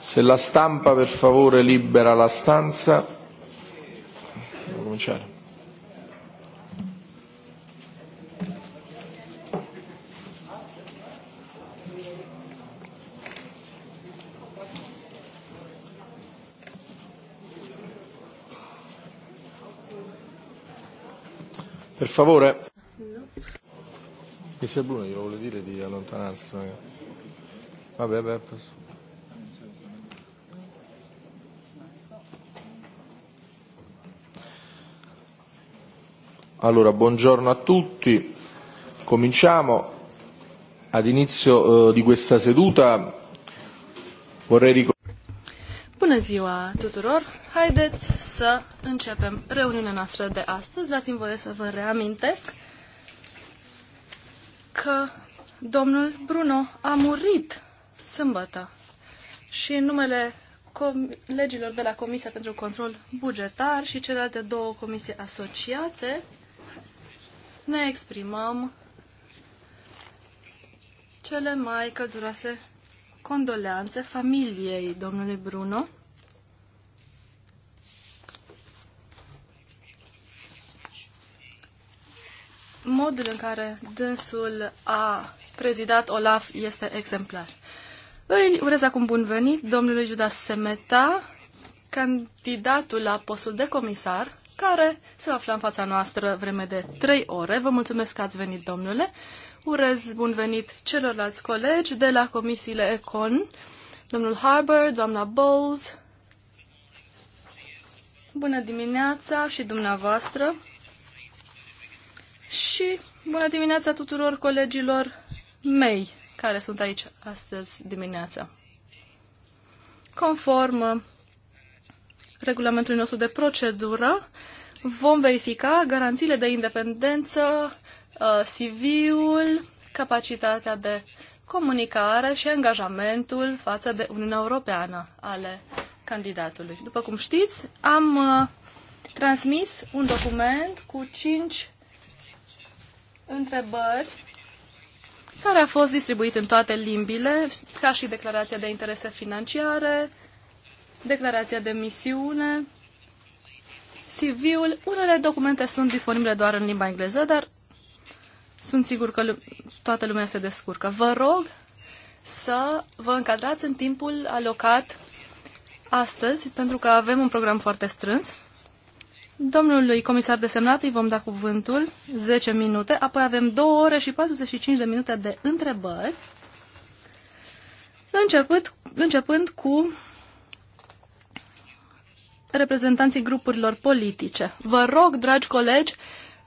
Se la stampa per favore libera la stanza. Devo cominciare. Per favore. Mr. Bruno, io volevo dire di allontanarsi? Vabbè, beh, posso. Allora, buongiorno a tutti. Cominciamo. Ad inizio uh, di questa seduta vorrei ricordare. Bună ziua tuturor! Haideți să începem reuniunea noastră de astăzi. Dați-mi voie să vă reamintesc că domnul Bruno a murit sâmbătă. Și în numele legilor de la Comisia pentru Control Bugetar și celelalte două comisii asociate, ne exprimăm cele mai călduroase condoleanțe familiei domnului Bruno. Modul în care dânsul a prezidat Olaf este exemplar. Îi urez acum bun venit domnului Judas Semeta, candidatul la postul de comisar, care se va afla în fața noastră vreme de 3 ore. Vă mulțumesc că ați venit, domnule. Urez bun venit celorlalți colegi de la comisiile Econ, domnul Harbour, doamna Bowles. Bună dimineața și dumneavoastră. Și bună dimineața tuturor colegilor mei care sunt aici astăzi dimineața. Conform regulamentului nostru de procedură, vom verifica garanțiile de independență, uh, CV-ul, capacitatea de comunicare și angajamentul față de Uniunea Europeană ale candidatului. După cum știți, am uh, transmis un document cu cinci întrebări care a fost distribuit în toate limbile, ca și declarația de interese financiare, declarația de misiune, CV-ul. Unele documente sunt disponibile doar în limba engleză, dar sunt sigur că toată lumea se descurcă. Vă rog să vă încadrați în timpul alocat astăzi, pentru că avem un program foarte strâns. Domnului comisar desemnat îi vom da cuvântul 10 minute, apoi avem 2 ore și 45 de minute de întrebări, începând, începând cu reprezentanții grupurilor politice. Vă rog, dragi colegi,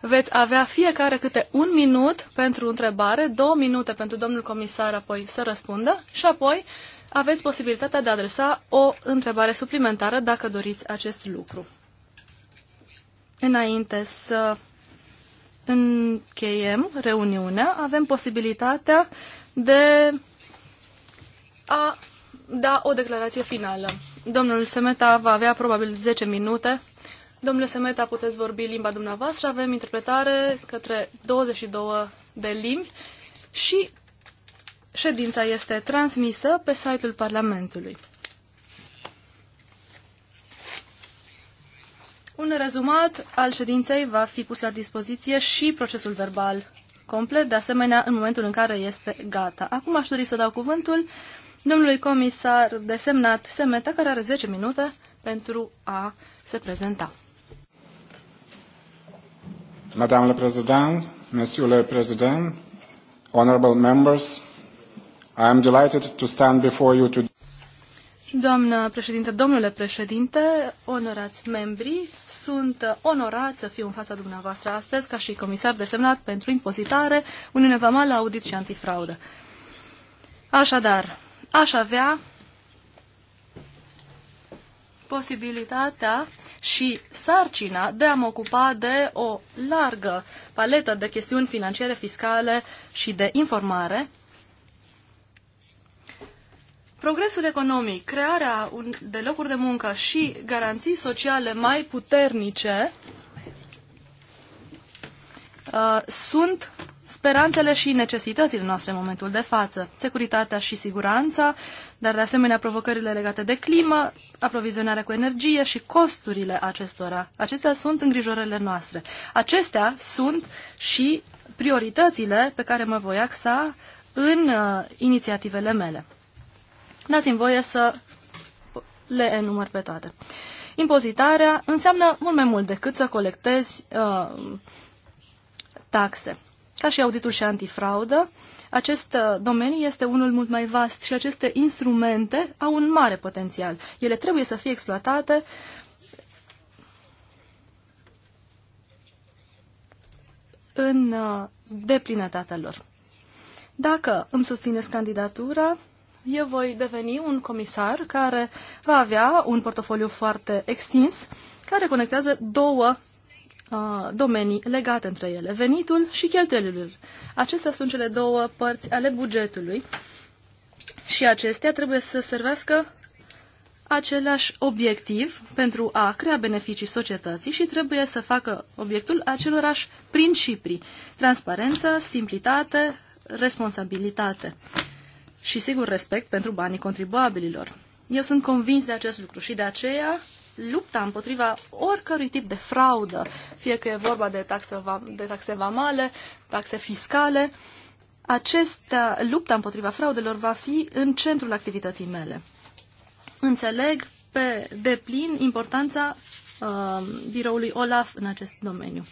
veți avea fiecare câte un minut pentru întrebare, două minute pentru domnul comisar apoi să răspundă și apoi aveți posibilitatea de a adresa o întrebare suplimentară dacă doriți acest lucru înainte să încheiem reuniunea, avem posibilitatea de a da o declarație finală. Domnul Semeta va avea probabil 10 minute. Domnule Semeta, puteți vorbi limba dumneavoastră. Avem interpretare către 22 de limbi și ședința este transmisă pe site-ul Parlamentului. Un rezumat al ședinței va fi pus la dispoziție și procesul verbal complet, de asemenea în momentul în care este gata. Acum aș dori să dau cuvântul domnului comisar desemnat Semeta, care are 10 minute pentru a se prezenta. Madame le Président, Monsieur le Président, honorable members, I am delighted to stand before you today. Doamnă președinte, domnule președinte, onorați membri, sunt onorat să fiu în fața dumneavoastră astăzi ca și comisar desemnat pentru impozitare, Uniunea Vamală, Audit și Antifraudă. Așadar, aș avea posibilitatea și sarcina de a mă ocupa de o largă paletă de chestiuni financiare, fiscale și de informare, Progresul economic, crearea de locuri de muncă și garanții sociale mai puternice uh, sunt speranțele și necesitățile noastre în momentul de față. Securitatea și siguranța, dar de asemenea provocările legate de climă, aprovizionarea cu energie și costurile acestora. Acestea sunt îngrijorările noastre. Acestea sunt și prioritățile pe care mă voi axa în uh, inițiativele mele. Dați-mi voie să le enumăr pe toate. Impozitarea înseamnă mult mai mult decât să colectezi uh, taxe. Ca și auditul și antifraudă, acest uh, domeniu este unul mult mai vast și aceste instrumente au un mare potențial. Ele trebuie să fie exploatate în uh, deplinătatea lor. Dacă îmi susțineți candidatura, eu voi deveni un comisar care va avea un portofoliu foarte extins, care conectează două uh, domenii legate între ele, venitul și cheltuielile. Acestea sunt cele două părți ale bugetului și acestea trebuie să servească același obiectiv pentru a crea beneficii societății și trebuie să facă obiectul acelorași principii. Transparență, simplitate, responsabilitate și sigur respect pentru banii contribuabililor. Eu sunt convins de acest lucru și de aceea lupta împotriva oricărui tip de fraudă, fie că e vorba de taxe, de taxe vamale, taxe fiscale, acesta, lupta împotriva fraudelor va fi în centrul activității mele. Înțeleg pe deplin importanța uh, biroului OLAF în acest domeniu.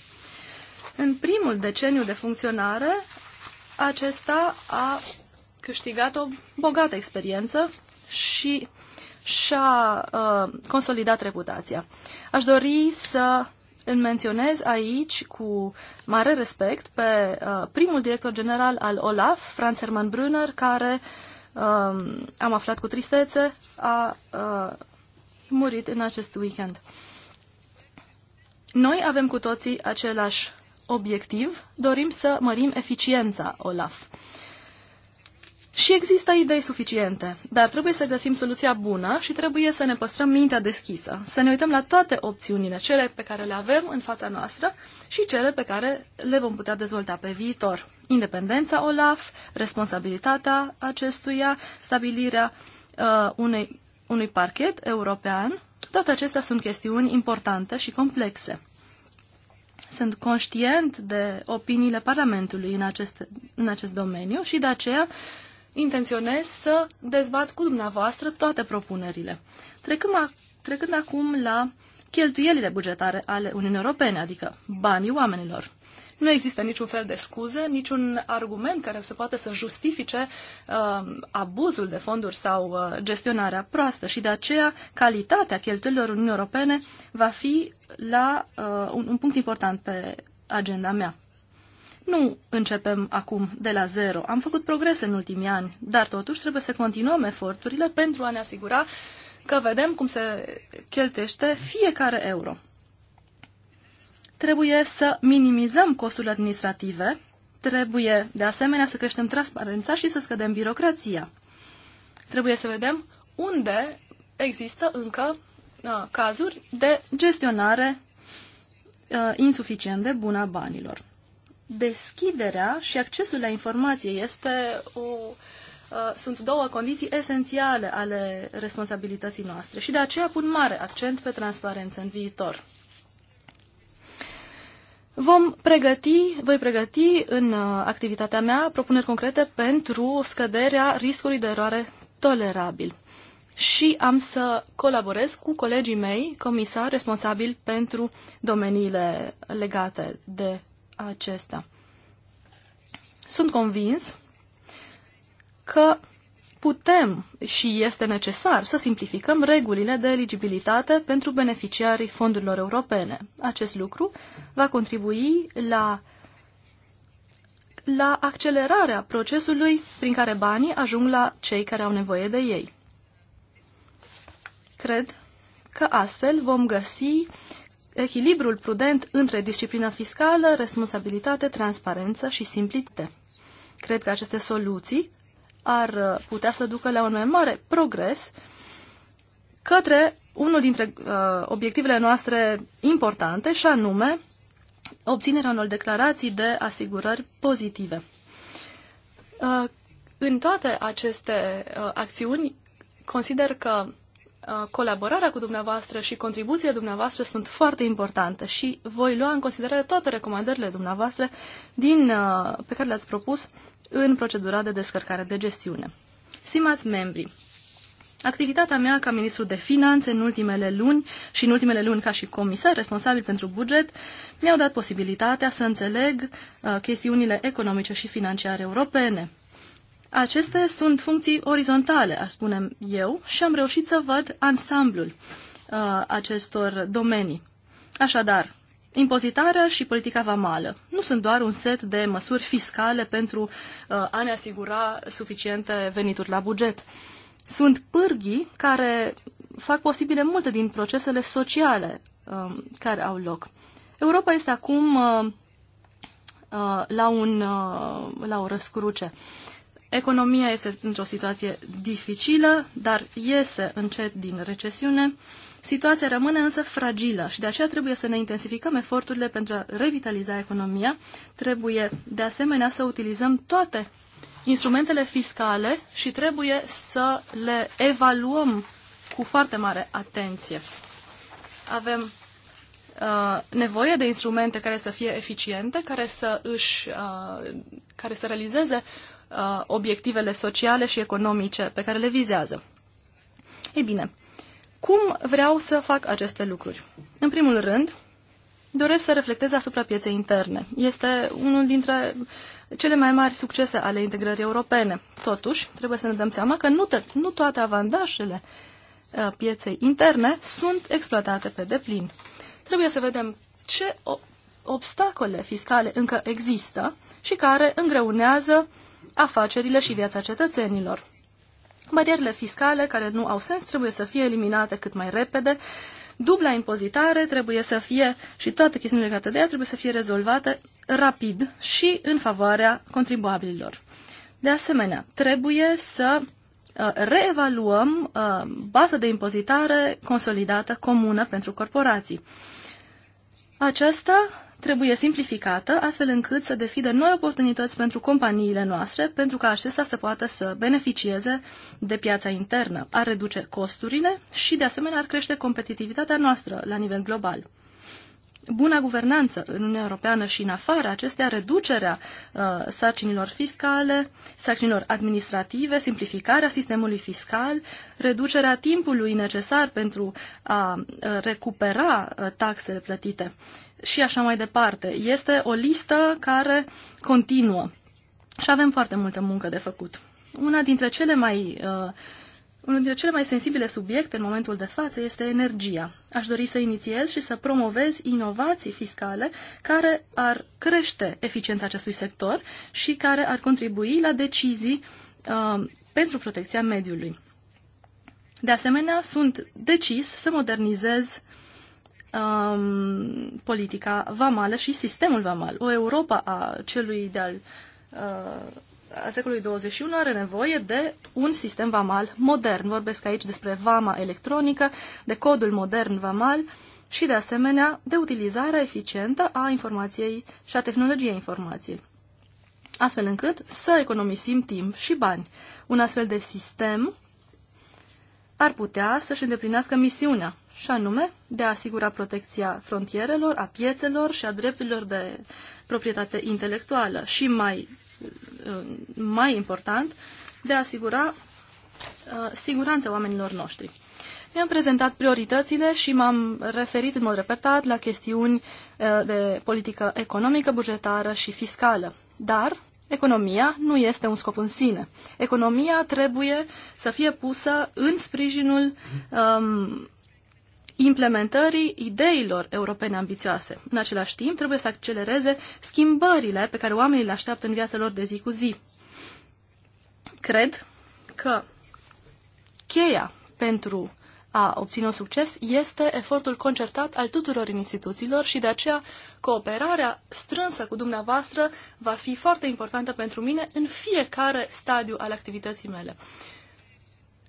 În primul deceniu de funcționare, acesta a câștigat o bogată experiență și și-a uh, consolidat reputația. Aș dori să îl menționez aici cu mare respect pe uh, primul director general al OLAF, Franz Hermann Brunner, care, uh, am aflat cu tristețe, a uh, murit în acest weekend. Noi avem cu toții același obiectiv, dorim să mărim eficiența OLAF. Și există idei suficiente, dar trebuie să găsim soluția bună și trebuie să ne păstrăm mintea deschisă, să ne uităm la toate opțiunile, cele pe care le avem în fața noastră și cele pe care le vom putea dezvolta pe viitor. Independența OLAF, responsabilitatea acestuia, stabilirea uh, unei, unui parchet european, toate acestea sunt chestiuni importante și complexe. Sunt conștient de opiniile Parlamentului în acest, în acest domeniu și de aceea uh, intenționez să dezbat cu dumneavoastră toate propunerile. Trecând, a, trecând acum la cheltuielile bugetare ale Uniunii Europene, adică banii oamenilor. Nu există niciun fel de scuze, niciun argument care se poate să justifice uh, abuzul de fonduri sau uh, gestionarea proastă și de aceea calitatea cheltuielilor Uniunii Europene va fi la uh, un, un punct important pe agenda mea. Nu începem acum de la zero. Am făcut progrese în ultimii ani, dar totuși trebuie să continuăm eforturile pentru a ne asigura că vedem cum se cheltuiește fiecare euro. Trebuie să minimizăm costurile administrative, trebuie de asemenea să creștem transparența și să scădem birocrația. Trebuie să vedem unde există încă a, uh, cazuri de gestionare a, uh, insuficient de bună a banilor deschiderea și accesul la informație este o, uh, sunt două condiții esențiale ale responsabilității noastre și de aceea pun mare accent pe transparență în viitor. Vom pregăti, voi pregăti în uh, activitatea mea propuneri concrete pentru scăderea riscului de eroare tolerabil. Și am să colaborez cu colegii mei, comisar responsabil pentru domeniile legate de acesta. Sunt convins că putem și este necesar să simplificăm regulile de eligibilitate pentru beneficiarii fondurilor europene. Acest lucru va contribui la, la accelerarea procesului prin care banii ajung la cei care au nevoie de ei. Cred că astfel vom găsi echilibrul prudent între disciplina fiscală, responsabilitate, transparență și simplitate. Cred că aceste soluții ar uh, putea să ducă la un mai mare progres către unul dintre uh, obiectivele noastre importante și anume obținerea unor declarații de asigurări pozitive. Uh, în toate aceste uh, acțiuni, consider că Uh, colaborarea cu dumneavoastră și contribuțiile dumneavoastră sunt foarte importante și voi lua în considerare toate recomandările dumneavoastră din, uh, pe care le-ați propus în procedura de descărcare de gestiune. Stimați membri, activitatea mea ca ministru de finanțe în ultimele luni și în ultimele luni ca și comisar responsabil pentru buget mi-au dat posibilitatea să înțeleg uh, chestiunile economice și financiare europene. Acestea sunt funcții orizontale, aș spunem eu, și am reușit să văd ansamblul uh, acestor domenii. Așadar, impozitarea și politica vamală nu sunt doar un set de măsuri fiscale pentru uh, a ne asigura suficiente venituri la buget. Sunt pârghii care fac posibile multe din procesele sociale uh, care au loc. Europa este acum uh, uh la, un, uh, la o răscruce. Economia este într-o situație dificilă, dar iese încet din recesiune. Situația rămâne însă fragilă și de aceea trebuie să ne intensificăm eforturile pentru a revitaliza economia. Trebuie de asemenea să utilizăm toate instrumentele fiscale și trebuie să le evaluăm cu foarte mare atenție. Avem uh, nevoie de instrumente care să fie eficiente, care să își, uh, care să realizeze uh, obiectivele sociale și economice pe care le vizează. Ei bine, cum vreau să fac aceste lucruri? În primul rând, doresc să reflectez asupra pieței interne. Este unul dintre cele mai mari succese ale integrării europene. Totuși, trebuie să ne dăm seama că nu, te, nu toate avantajele uh, pieței interne sunt exploatate pe deplin. Trebuie să vedem ce obstacole fiscale încă există și care îngreunează afacerile și viața cetățenilor. Barierele fiscale care nu au sens trebuie să fie eliminate cât mai repede, dubla impozitare trebuie să fie și toate chestiunile legate de ea trebuie să fie rezolvate rapid și în favoarea contribuabililor. De asemenea, trebuie să uh, reevaluăm uh, baza de impozitare consolidată comună pentru corporații. Aceasta trebuie simplificată, astfel încât să deschidă noi oportunități pentru companiile noastre, pentru ca acestea să poată să beneficieze de piața internă, ar reduce costurile și, de asemenea, ar crește competitivitatea noastră la nivel global. Buna guvernanță în Uniunea Europeană și în afara acestea, reducerea uh, sarcinilor fiscale, sarcinilor administrative, simplificarea sistemului fiscal, reducerea timpului necesar pentru a uh, recupera uh, taxele plătite. Uh, și așa mai departe. Este o listă care continuă și avem foarte multă muncă de făcut. Una dintre cele mai, uh, unul dintre cele mai sensibile subiecte în momentul de față este energia. Aș dori să inițiez și să promovez inovații fiscale care ar crește eficiența acestui sector și care ar contribui la decizii uh, pentru protecția mediului. De asemenea, sunt decis să modernizez um, politica vamală și sistemul vamal. O Europa a celui de-al uh, a secolului 21 are nevoie de un sistem vamal modern. Vorbesc aici despre vama electronică, de codul modern vamal și, de asemenea, de utilizarea eficientă a informației și a tehnologiei informației. Astfel încât să economisim timp și bani. Un astfel de sistem ar putea să-și îndeplinească misiunea și anume de a asigura protecția frontierelor, a piețelor și a drepturilor de proprietate intelectuală și, mai, uh, mai important, de a asigura uh, siguranța oamenilor noștri. Mi-am prezentat prioritățile și m-am referit în mod repetat la chestiuni uh, de politică economică, bugetară și fiscală. Dar economia nu este un scop în sine. Economia trebuie să fie pusă în sprijinul um, implementării ideilor europene ambițioase. În același timp, trebuie să accelereze schimbările pe care oamenii le așteaptă în viața lor de zi cu zi. Cred că cheia pentru a obține un succes este efortul concertat al tuturor instituțiilor și de aceea cooperarea strânsă cu dumneavoastră va fi foarte importantă pentru mine în fiecare stadiu al activității mele.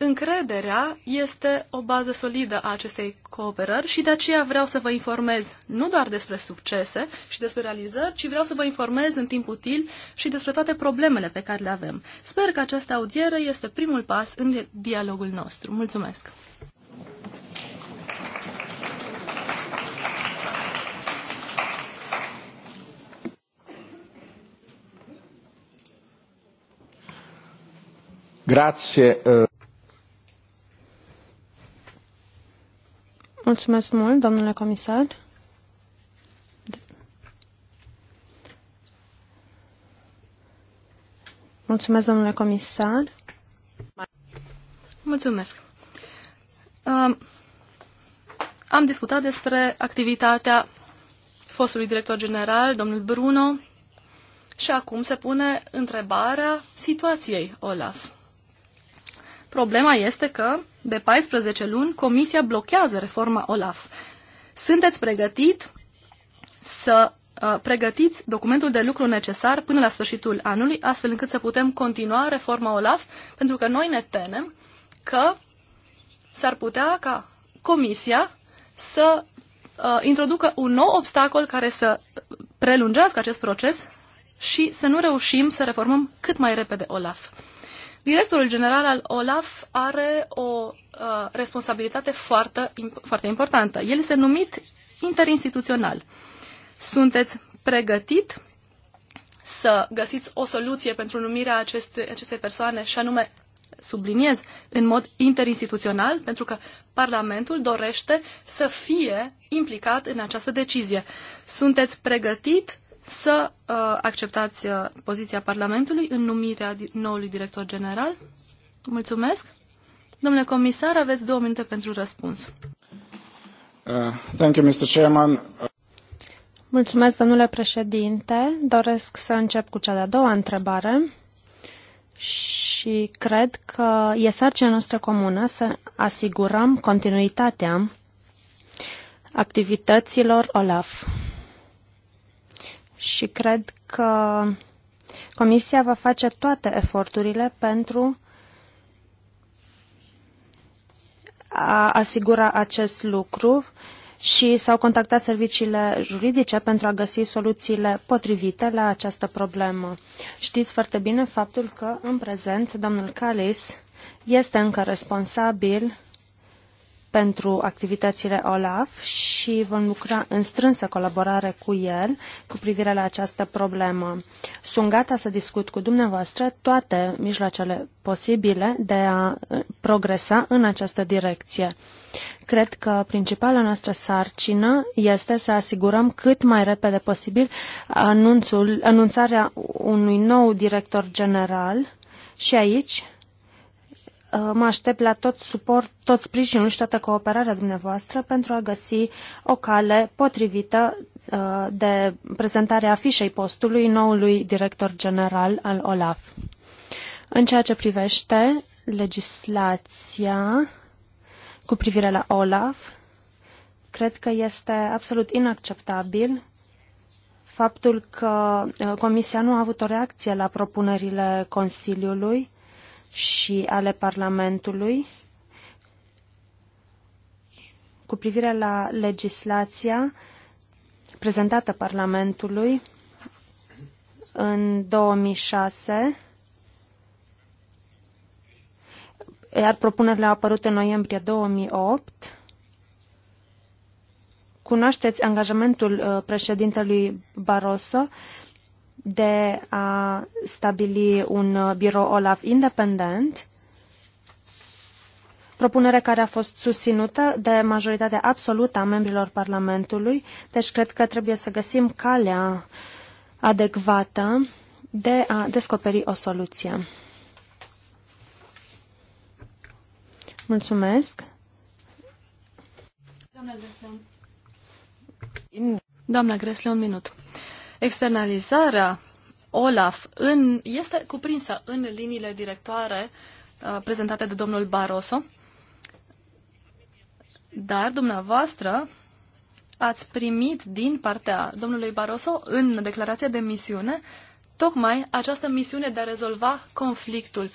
Încrederea este o bază solidă a acestei cooperări și de aceea vreau să vă informez nu doar despre succese și despre realizări, ci vreau să vă informez în timp util și despre toate problemele pe care le avem. Sper că această audiere este primul pas în dialogul nostru. Mulțumesc! Grazie. Uh, Mulțumesc mult, domnule comisar. Mulțumesc, domnule comisar. Mulțumesc. Um, am discutat despre activitatea fostului director general, domnul Bruno, și acum se pune întrebarea situației Olaf. Problema este că de 14 luni Comisia blochează reforma OLAF. Sunteți pregătit să uh, pregătiți documentul de lucru necesar până la sfârșitul anului, astfel încât să putem continua reforma OLAF, pentru că noi ne temem că s-ar putea ca Comisia să uh, introducă un nou obstacol care să prelungească acest proces și să nu reușim să reformăm cât mai repede OLAF. Directorul general al OLAF are o uh, responsabilitate foarte, imp- foarte importantă. El este numit interinstituțional. Sunteți pregătit să găsiți o soluție pentru numirea acestui, acestei persoane și anume subliniez, în mod interinstituțional, pentru că Parlamentul dorește să fie implicat în această decizie. Sunteți pregătit să uh, acceptați uh, poziția Parlamentului în numirea noului director general? Mulțumesc. Domnule comisar, aveți două minute pentru răspuns. Uh, thank you, Mr. Chairman. Mulțumesc, domnule președinte. Doresc să încep cu cea de-a doua întrebare și cred că e sarcina noastră comună să asigurăm continuitatea activităților OLAF și cred că Comisia va face toate eforturile pentru a asigura acest lucru și s-au contactat serviciile juridice pentru a găsi soluțiile potrivite la această problemă. Știți foarte bine faptul că, în prezent, domnul Calis este încă responsabil pentru activitățile OLAF și vom lucra în strânsă colaborare cu el cu privire la această problemă. Sunt gata să discut cu dumneavoastră toate mijloacele posibile de a uh, progresa în această direcție. Cred că principala noastră sarcină este să asigurăm cât mai repede posibil anunțul, anunțarea unui nou director general și aici Uh, mă aștept la tot suport, tot sprijinul și toată cooperarea dumneavoastră pentru a găsi o cale potrivită uh, de prezentare a fișei postului noului director general al OLAF. În ceea ce privește legislația cu privire la OLAF, cred că este absolut inacceptabil faptul că uh, Comisia nu a avut o reacție la propunerile Consiliului și ale Parlamentului cu privire la legislația prezentată Parlamentului în 2006, iar propunerile au apărut în noiembrie 2008. Cunoașteți angajamentul uh, președintelui Barroso de a stabili un birou OLAF independent, propunere care a fost susținută de majoritatea absolută a membrilor Parlamentului, deci cred că trebuie să găsim calea adecvată de a descoperi o soluție. Mulțumesc. Doamna Gresle, un minut. Externalizarea OLAF în, este cuprinsă în liniile directoare uh, prezentate de domnul Barroso, dar dumneavoastră ați primit din partea domnului Barroso în declarația de misiune tocmai această misiune de a rezolva conflictul.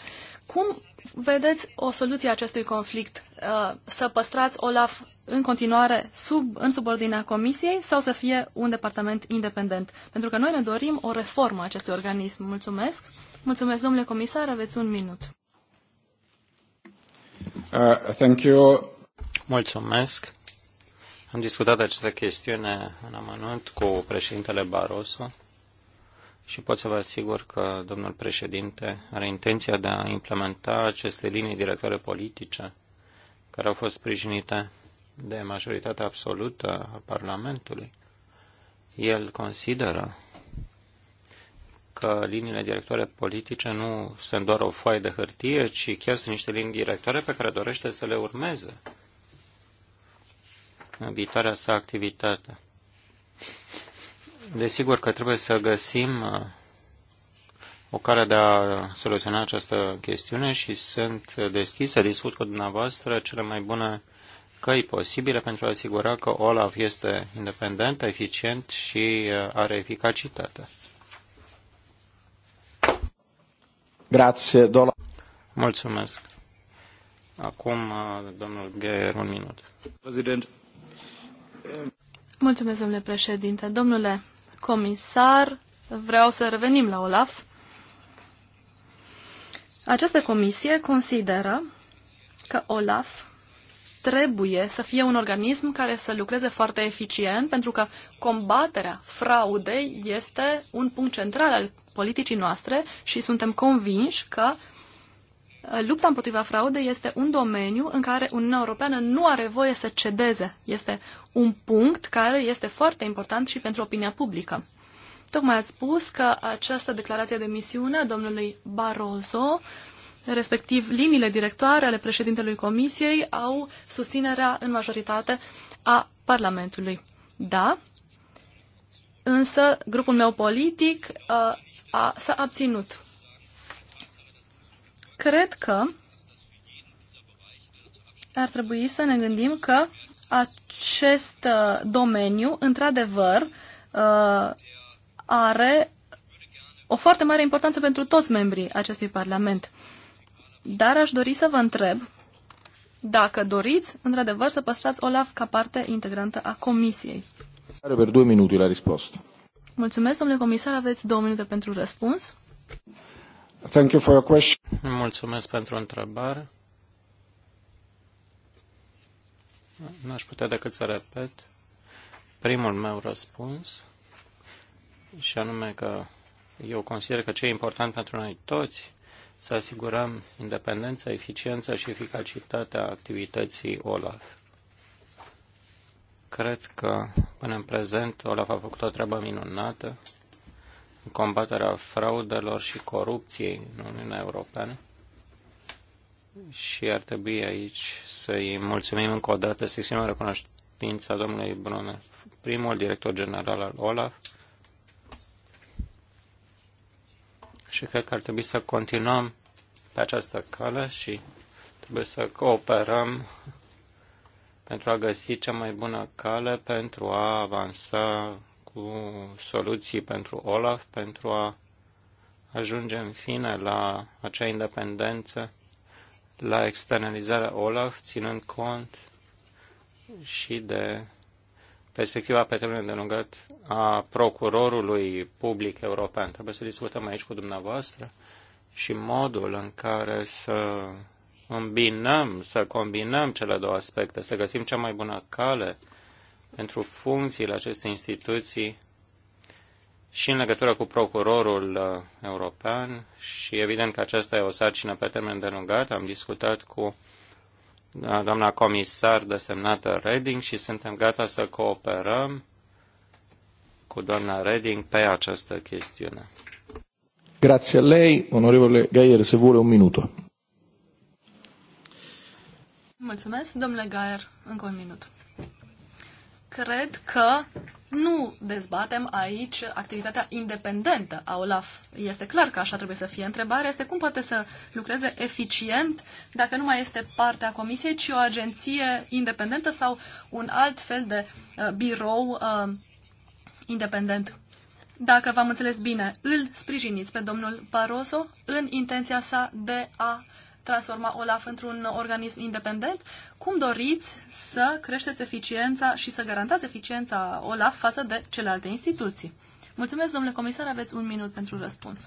Cum vedeți o soluție a acestui conflict? Uh, să păstrați Olaf în continuare sub, în subordinea comisiei sau să fie un departament independent. Pentru că noi ne dorim o reformă a acestui organism. Mulțumesc. Mulțumesc, domnule comisar. Aveți un minut. Uh, thank you. Mulțumesc. Am discutat această chestiune în amănunt cu președintele Barroso și pot să vă asigur că domnul președinte are intenția de a implementa aceste linii directoare politice care au fost sprijinite de majoritate absolută a Parlamentului, el consideră că liniile directoare politice nu sunt doar o foaie de hârtie, ci chiar sunt niște linii directoare pe care dorește să le urmeze în viitoarea sa activitate. Desigur că trebuie să găsim uh, o cale de a soluționa această chestiune și sunt deschis să discut cu dumneavoastră cele mai bune căi posibile pentru a asigura că OLAF este independent, eficient și uh, are eficacitate. Grazie, Mulțumesc. Acum, uh, domnul Geier, un minut. President. Mulțumesc, domnule președinte. Domnule comisar, vreau să revenim la OLAF. Această comisie consideră că OLAF trebuie să fie un organism care să lucreze foarte eficient, pentru că combaterea fraudei este un punct central al politicii noastre și suntem convinși că uh, lupta împotriva fraudei este un domeniu în care Uniunea Europeană nu are voie să cedeze. Este un punct care este foarte important și pentru opinia publică. Tocmai ați spus că această declarație de misiune a domnului Barroso uh, respectiv liniile directoare ale președintelui Comisiei, au susținerea în majoritate a Parlamentului. Da, însă grupul meu politic uh, a, s-a abținut. Cred că ar trebui să ne gândim că acest uh, domeniu, într-adevăr, uh, are o foarte mare importanță pentru toți membrii acestui Parlament. Dar aș dori să vă întreb dacă doriți, într-adevăr, să păstrați OLAF ca parte integrantă a Comisiei. Are per două minute la răspuns. Mulțumesc, domnule comisar, aveți două minute pentru răspuns. Thank you for your question. Mulțumesc pentru întrebare. N-aș putea decât să repet primul meu răspuns, și anume că eu consider că ce e important pentru noi toți să asigurăm independența, eficiența și eficacitatea activității OLAF. Cred că până în prezent OLAF a făcut o treabă minunată în combaterea fraudelor și corupției în Uniunea Europeană și ar trebui aici să-i mulțumim încă o dată, să exprimăm recunoștința domnului Brunner, primul director general al OLAF, și cred că ar trebui să continuăm pe această cale și trebuie să cooperăm pentru a găsi cea mai bună cale pentru a avansa cu soluții pentru Olaf, pentru a ajunge în fine la acea independență, la externalizarea Olaf, ținând cont și de perspectiva pe termen îndelungat a procurorului public european. Trebuie să discutăm aici cu dumneavoastră și modul în care să îmbinăm, să combinăm cele două aspecte, să găsim cea mai bună cale pentru funcțiile acestei instituții și în legătură cu procurorul uh, european și evident că aceasta e o sarcină pe termen îndelungat. Am discutat cu doamna comisar desemnată Reding și suntem gata să cooperăm cu doamna Reding pe această chestiune. Grazie a lei, onorevole Gaier, se vuole un minut. Mulțumesc, domnule Gaier, încă un minut. Cred că nu dezbatem aici activitatea independentă a OLAF. Este clar că așa trebuie să fie. Întrebarea este cum poate să lucreze eficient dacă nu mai este partea comisiei, ci o agenție independentă sau un alt fel de uh, birou uh, independent. Dacă v-am înțeles bine, îl sprijiniți pe domnul Barroso în intenția sa de a uh, transforma OLAF într-un organism independent? Cum doriți să creșteți eficiența și să garantați eficiența OLAF față de celelalte instituții? Mulțumesc, domnule comisar, aveți un minut pentru răspuns.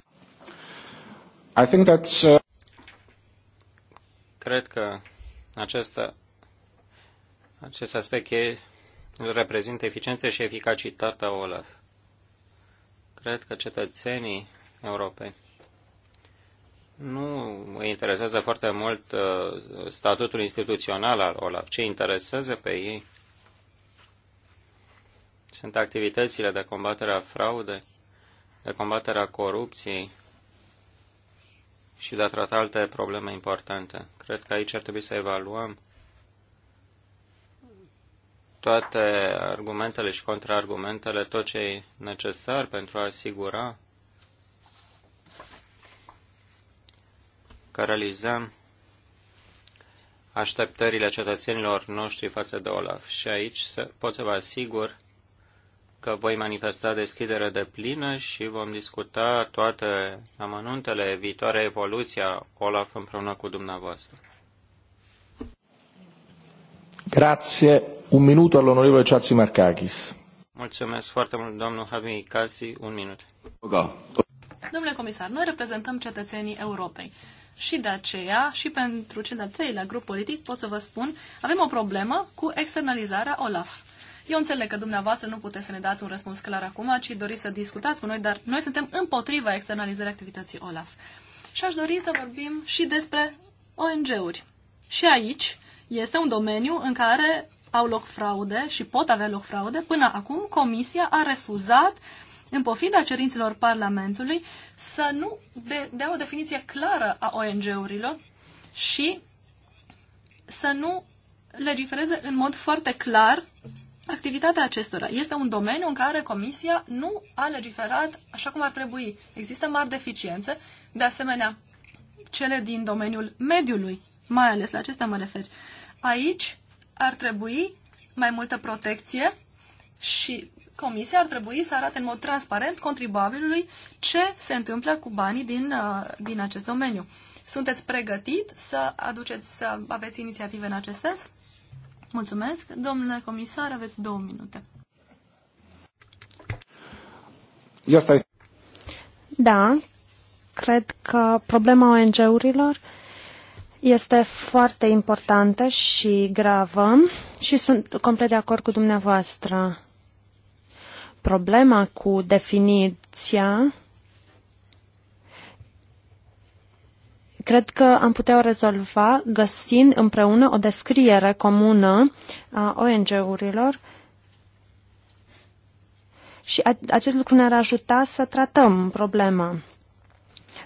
I think that's, uh... Cred că această, acest aspect e, îl reprezintă eficiența și eficacitatea OLAF. Cred că cetățenii europeni nu mă interesează foarte mult uh, statutul instituțional al OLAF. Ce interesează pe ei sunt activitățile de combatere a fraudei, de combatere a corupției și de a trata alte probleme importante. Cred că aici ar trebui să evaluăm toate argumentele și contraargumentele, tot ce e necesar pentru a asigura că realizăm așteptările cetățenilor noștri față de Olaf. Și aici pot să vă asigur că voi manifesta deschidere de plină și vom discuta toate amănuntele viitoare evoluția Olaf împreună cu dumneavoastră. Grazie. Un minut al onorevole Ciazzi Marcakis. Mulțumesc foarte mult, domnul Hami Casi. Un minut. Domnule comisar, noi reprezentăm cetățenii Europei și de aceea, și pentru cel de-al treilea grup politic, pot să vă spun, avem o problemă cu externalizarea OLAF. Eu înțeleg că dumneavoastră nu puteți să ne dați un răspuns clar acum, ci doriți să discutați cu noi, dar noi suntem împotriva externalizării activității OLAF. Și aș dori să vorbim și despre ONG-uri. Și aici este un domeniu în care au loc fraude și pot avea loc fraude. Până acum, Comisia a refuzat uh, în pofida cerințelor Parlamentului, să nu de, dea o definiție clară a ONG-urilor și să nu legifereze în mod foarte clar activitatea acestora. Este un domeniu în care Comisia nu a legiferat așa cum ar trebui. Există mari deficiențe, de asemenea, cele din domeniul mediului, mai ales la acestea mă refer. Aici ar trebui mai multă protecție și Comisia ar trebui să arate în mod transparent contribuabilului ce se întâmplă cu banii din, uh, din acest domeniu. Sunteți pregătit să aduceți, să aveți inițiative în acest sens? Mulțumesc. Domnule comisar, aveți două minute. Da, cred că problema ONG-urilor este foarte importantă și gravă și sunt complet de acord cu dumneavoastră. Problema cu definiția cred că am putea o rezolva găsind împreună o descriere comună a ONG-urilor și acest lucru ne-ar ajuta să tratăm problema.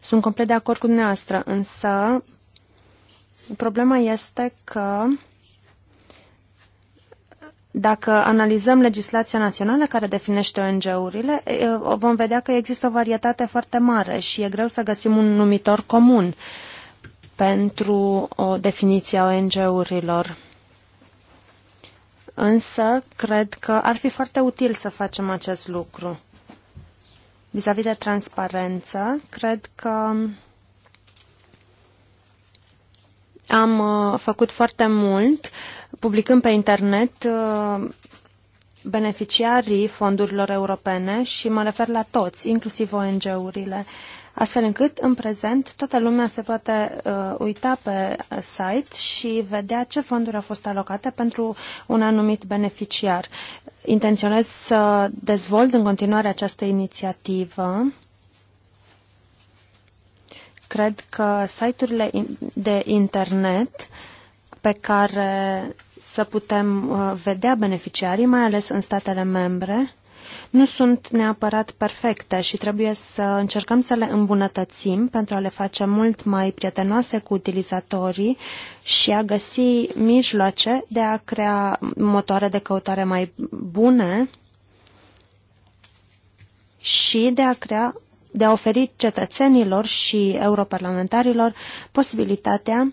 Sunt complet de acord cu dumneavoastră, însă problema este că dacă analizăm legislația națională care definește ONG-urile, vom vedea că există o varietate foarte mare și e greu să găsim un numitor comun pentru o definiție a ONG-urilor. Însă, cred că ar fi foarte util să facem acest lucru. Vis-a-vis -vis de transparență, cred că am uh, făcut foarte mult uh, publicăm pe internet uh, beneficiarii fondurilor europene și mă refer la toți, inclusiv ONG-urile, astfel încât, în prezent, toată lumea se poate uh, uita pe site și vedea ce fonduri au fost alocate pentru un anumit beneficiar. Intenționez să dezvolt în continuare această inițiativă cred că site-urile de internet pe care să putem uh, vedea beneficiarii, mai ales în statele membre, nu sunt neapărat perfecte și trebuie să încercăm să le îmbunătățim pentru a le face mult mai prietenoase cu utilizatorii și a găsi mijloace de a crea motoare de căutare mai bune și de a crea de a oferi cetățenilor și europarlamentarilor posibilitatea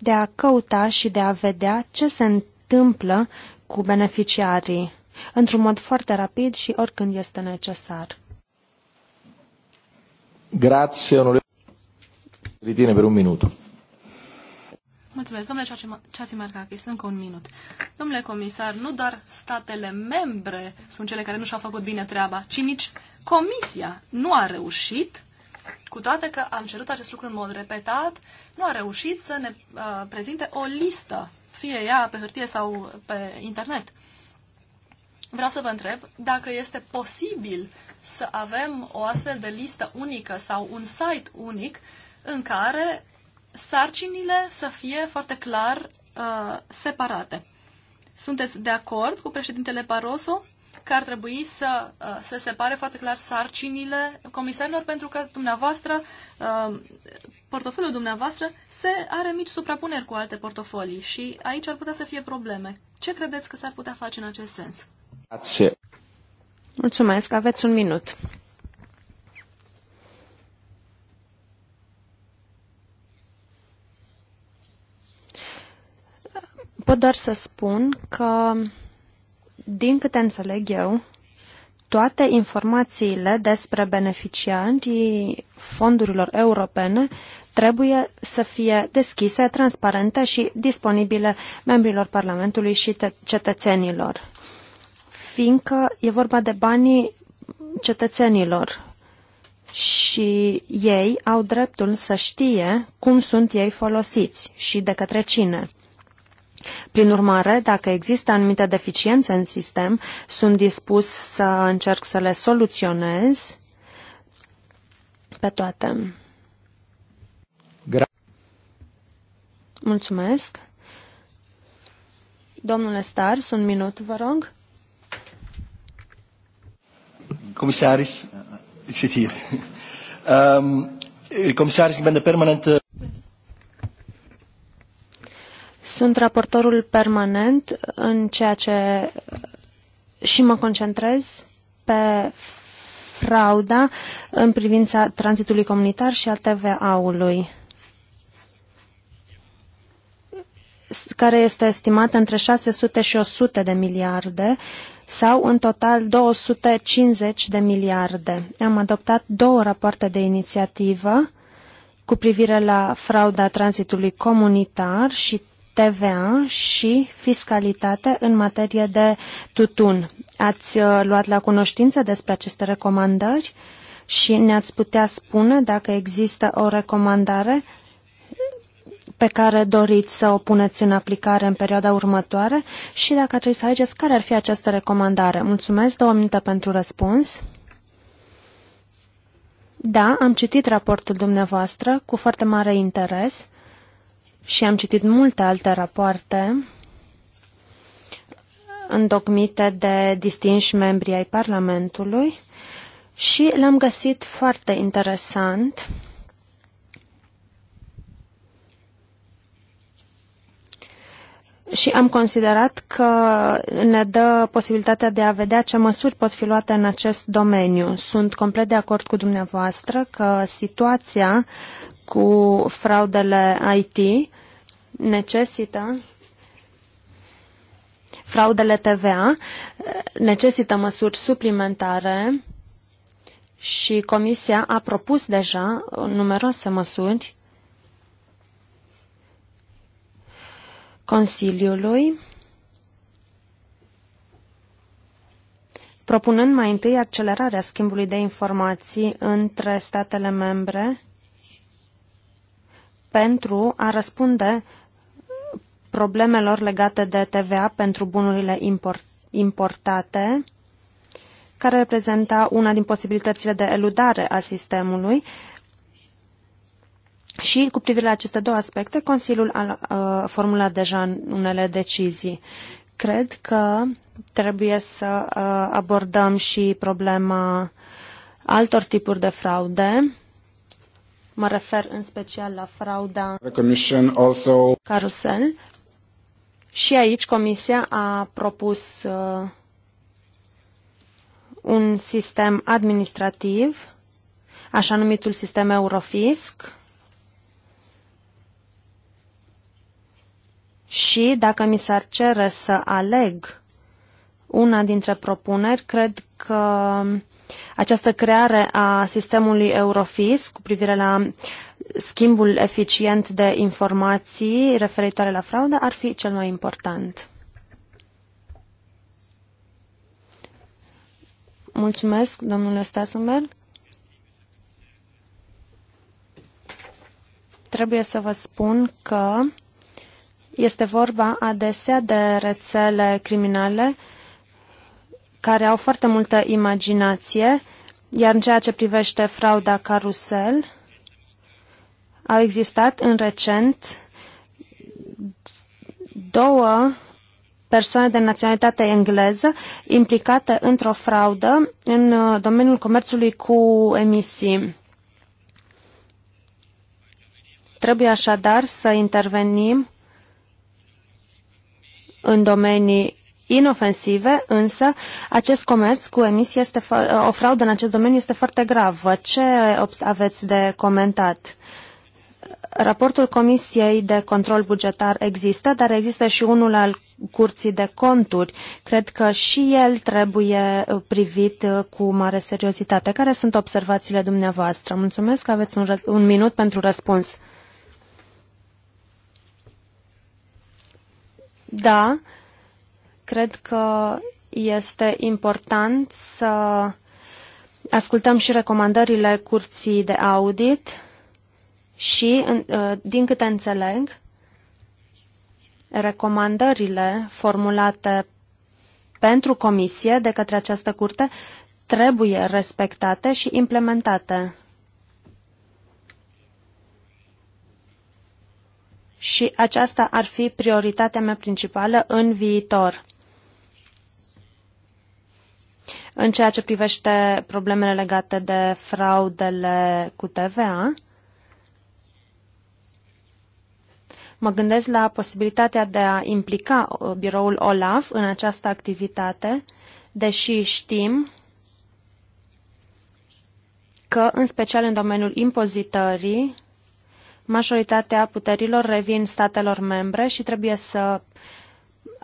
de a căuta și de a vedea ce se întâmplă cu beneficiarii într-un mod foarte rapid și oricând este necesar. Grazie, onorevole. Ritine per un minut. Mulțumesc, domnule este încă un minut. Domnule comisar, nu doar statele membre sunt cele care nu și-au făcut bine treaba, ci nici comisia nu a reușit, cu toate că am cerut acest lucru în mod repetat nu a reușit să ne uh, prezinte o listă, fie ea pe hârtie sau pe internet. Vreau să vă întreb dacă este posibil să avem o astfel de listă unică sau un site unic în care sarcinile să fie foarte clar uh, separate. Sunteți de acord cu președintele Barroso că ar trebui să uh, se separe foarte clar sarcinile comisarilor pentru că dumneavoastră uh, portofoliul dumneavoastră se are mici suprapuneri cu alte portofolii și aici ar putea să fie probleme. Ce credeți că s-ar putea face în acest sens? Grazie. Mulțumesc, aveți un minut. Pot doar să spun că, din câte înțeleg eu, toate informațiile despre beneficiarii fondurilor europene trebuie să fie deschise, transparente și disponibile membrilor Parlamentului și cetățenilor, fiindcă e vorba de banii cetățenilor și ei au dreptul să știe cum sunt ei folosiți și de către cine. Prin urmare, dacă există anumite deficiențe în sistem, sunt dispus să încerc să le soluționez pe toate. Mulțumesc. Domnule Star, sunt minut, vă rog. Comisaris, ik zit hier. Um, commissaris, ik ben de permanente... Sunt raportorul permanent în ceea ce și mă concentrez pe frauda în privința tranzitului comunitar și a TVA-ului, care este estimată între 600 și 100 de miliarde sau în total 250 de miliarde. Am adoptat două rapoarte de inițiativă cu privire la frauda tranzitului comunitar și TVA și fiscalitate în materie de tutun. Ați uh, luat la cunoștință despre aceste recomandări și ne-ați putea spune dacă există o recomandare pe care doriți să o puneți în aplicare în perioada următoare și dacă ar să alegeți care ar fi această recomandare. Mulțumesc, două minute pentru răspuns. Da, am citit raportul dumneavoastră cu foarte mare interes și am citit multe alte rapoarte îndocmite de distinși membri ai Parlamentului și l-am găsit foarte interesant. Și am considerat că ne dă posibilitatea de a vedea ce măsuri pot fi luate în acest domeniu. Sunt complet de acord cu dumneavoastră că situația cu fraudele IT necesită fraudele TVA, necesită măsuri suplimentare și Comisia a propus deja numeroase măsuri Consiliului, propunând mai întâi accelerarea schimbului de informații între statele membre pentru a răspunde problemelor legate de TVA pentru bunurile import importate, care reprezenta una din posibilitățile de eludare a sistemului. Și cu privire la aceste două aspecte, Consiliul a, a formulat deja unele decizii. Cred că trebuie să a, abordăm și problema altor tipuri de fraude. Mă refer în special la frauda carusel și aici Comisia a propus uh, un sistem administrativ, așa numitul sistem Eurofisc, și dacă mi s-ar cere să aleg una dintre propuneri, cred că um, această creare a sistemului Eurofisc cu privire la schimbul eficient de informații referitoare la fraudă ar fi cel mai important. Mulțumesc, domnule Stasenberg. Trebuie să vă spun că este vorba adesea de rețele criminale care au foarte multă imaginație, iar în ceea ce privește frauda carusel, au existat în recent două persoane de naționalitate engleză implicate într-o fraudă în uh, domeniul comerțului cu emisii. Trebuie așadar să intervenim în domenii inofensive, însă acest comerț cu emisii este o fraudă în acest domeniu este foarte gravă. Ce aveți de comentat? Uh, Raportul Comisiei de Control Bugetar există, dar există și unul al Curții de Conturi. Cred că și el trebuie uh, privit uh, cu mare seriozitate. Care sunt observațiile dumneavoastră? Mulțumesc că aveți un, un minut pentru răspuns. Da, cred că este important să ascultăm și recomandările Curții de Audit și, uh, din câte înțeleg, recomandările formulate pentru comisie de către această curte trebuie respectate și implementate. Și aceasta ar fi prioritatea mea principală în viitor. În ceea ce privește problemele legate de fraudele cu TVA, Mă gândesc la posibilitatea de a implica uh, biroul OLAF în această activitate, deși știm că, în special în domeniul impozitării, majoritatea puterilor revin statelor membre și trebuie să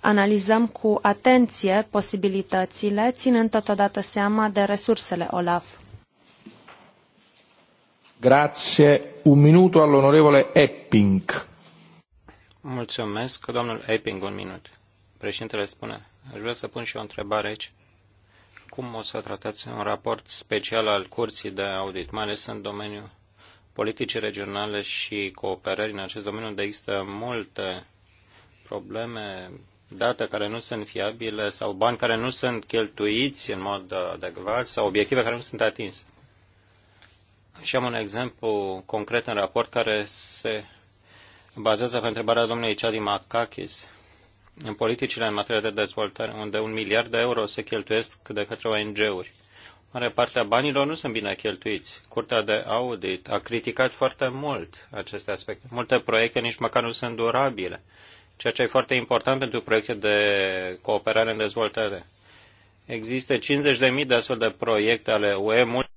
analizăm cu atenție posibilitățile, ținând totodată seama de resursele OLAF. Grazie. Un minuto all'onorevole Epping. Mulțumesc, domnul Epping, un minut. Președintele spune, aș vrea să pun și o întrebare aici. Cum o să tratați un raport special al Curții de Audit, mai ales în domeniul politicii regionale și cooperării în acest domeniu, unde există multe probleme, date care nu sunt fiabile sau bani care nu sunt cheltuiți în mod adecvat sau obiective care nu sunt atinse. Și am un exemplu concret în raport care se bazează pe întrebarea domnului Chadi Makakis în politicile în materie de dezvoltare, unde un miliard de euro se cheltuiesc de către ONG-uri. Mare parte a banilor nu sunt bine cheltuiți. Curtea de audit a criticat foarte mult aceste aspecte. Multe proiecte nici măcar nu sunt durabile, ceea ce e foarte important pentru proiecte de cooperare în dezvoltare. Există 50.000 de astfel de proiecte ale UE, multe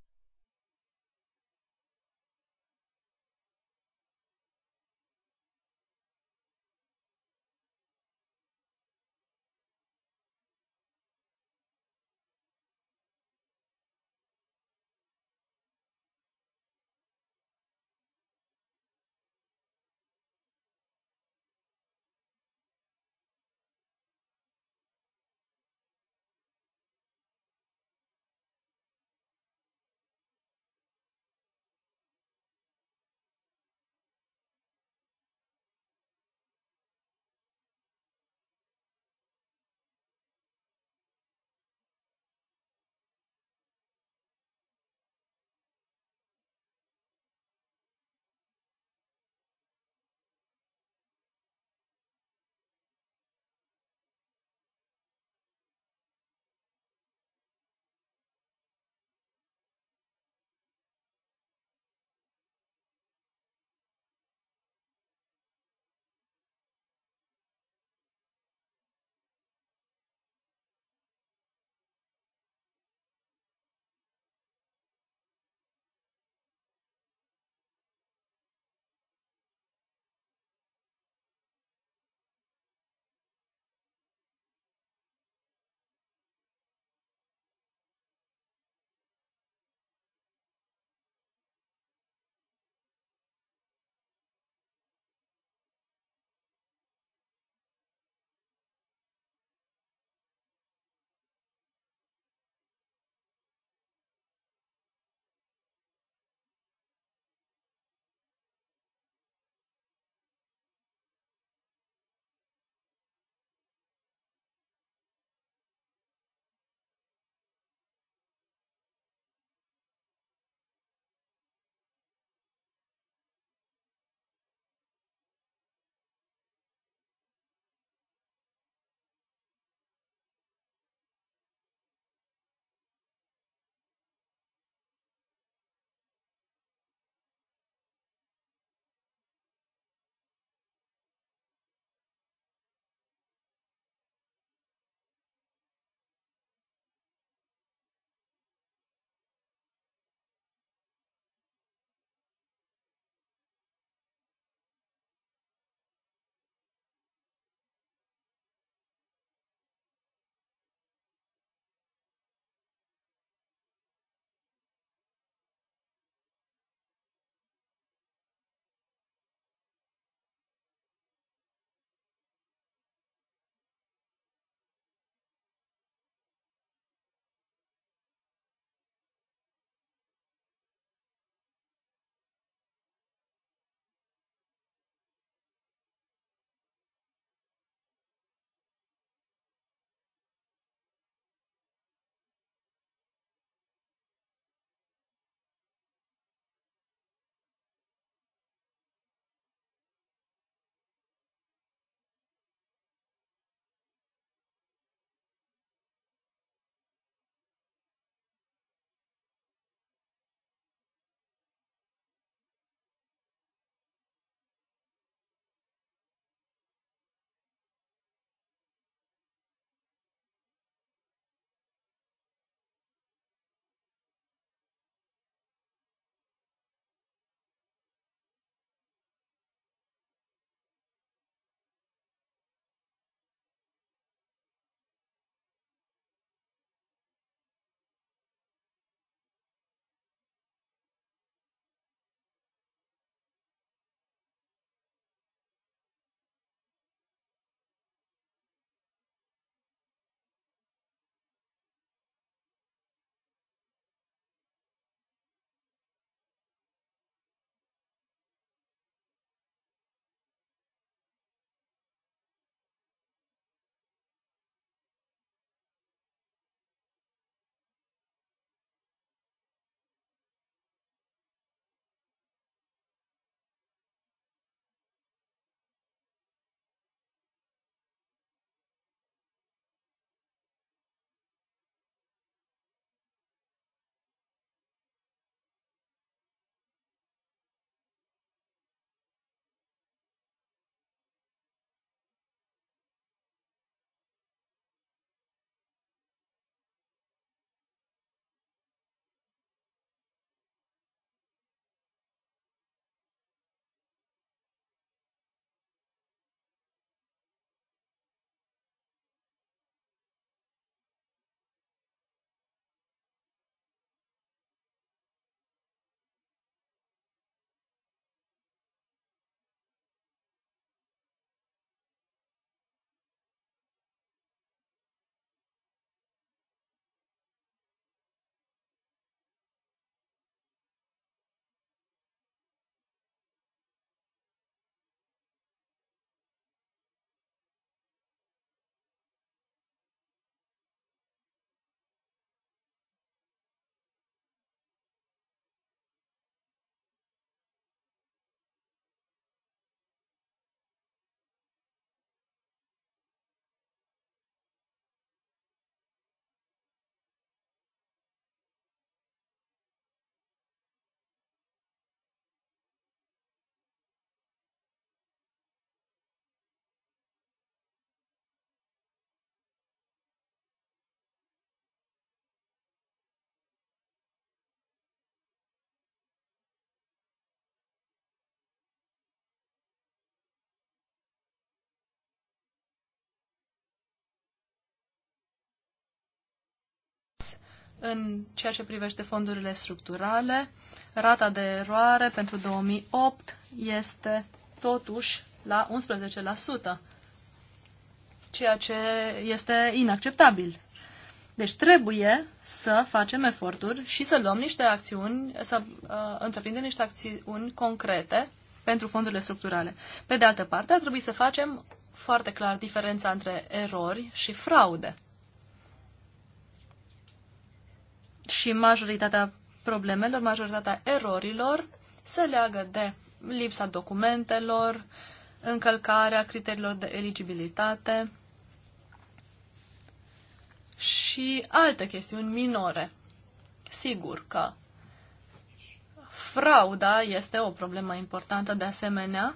în ceea ce privește fondurile structurale, rata de eroare pentru 2008 este totuși la 11%, ceea ce este inacceptabil. Deci trebuie să facem eforturi și să luăm niște acțiuni, să uh, întreprindem niște acțiuni concrete pentru fondurile structurale. Pe de altă parte, ar trebui să facem foarte clar diferența între erori și fraude. și majoritatea problemelor, majoritatea erorilor se leagă de lipsa documentelor, încălcarea criteriilor de eligibilitate și alte chestiuni minore. Sigur că frauda este o problemă importantă de asemenea.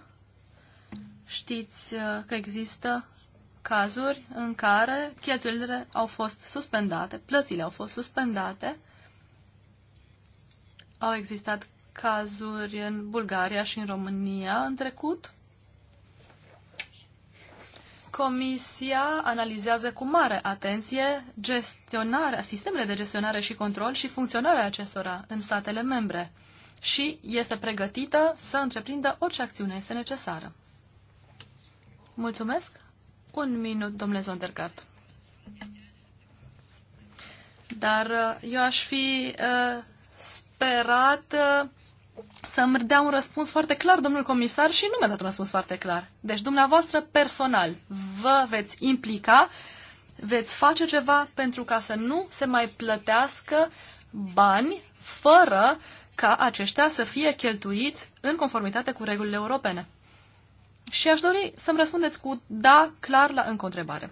Știți uh, că există cazuri în care cheltuielile au fost suspendate, plățile au fost suspendate. Au existat cazuri în Bulgaria și în România în trecut. Comisia analizează cu mare atenție gestionarea, sistemele de gestionare și control și funcționarea acestora în statele membre și este pregătită să întreprindă orice acțiune este necesară. Mulțumesc! Un minut, domnule Zondergaard. Dar uh, eu aș fi uh, sperat uh, să-mi dea un răspuns foarte clar, domnul comisar, și nu mi-a dat un răspuns foarte clar. Deci, dumneavoastră, personal, vă veți implica, veți face ceva pentru ca să nu se mai plătească bani fără ca aceștia să fie cheltuiți în conformitate cu regulile europene. Și aș dori să-mi răspundeți cu da clar la încă o întrebare.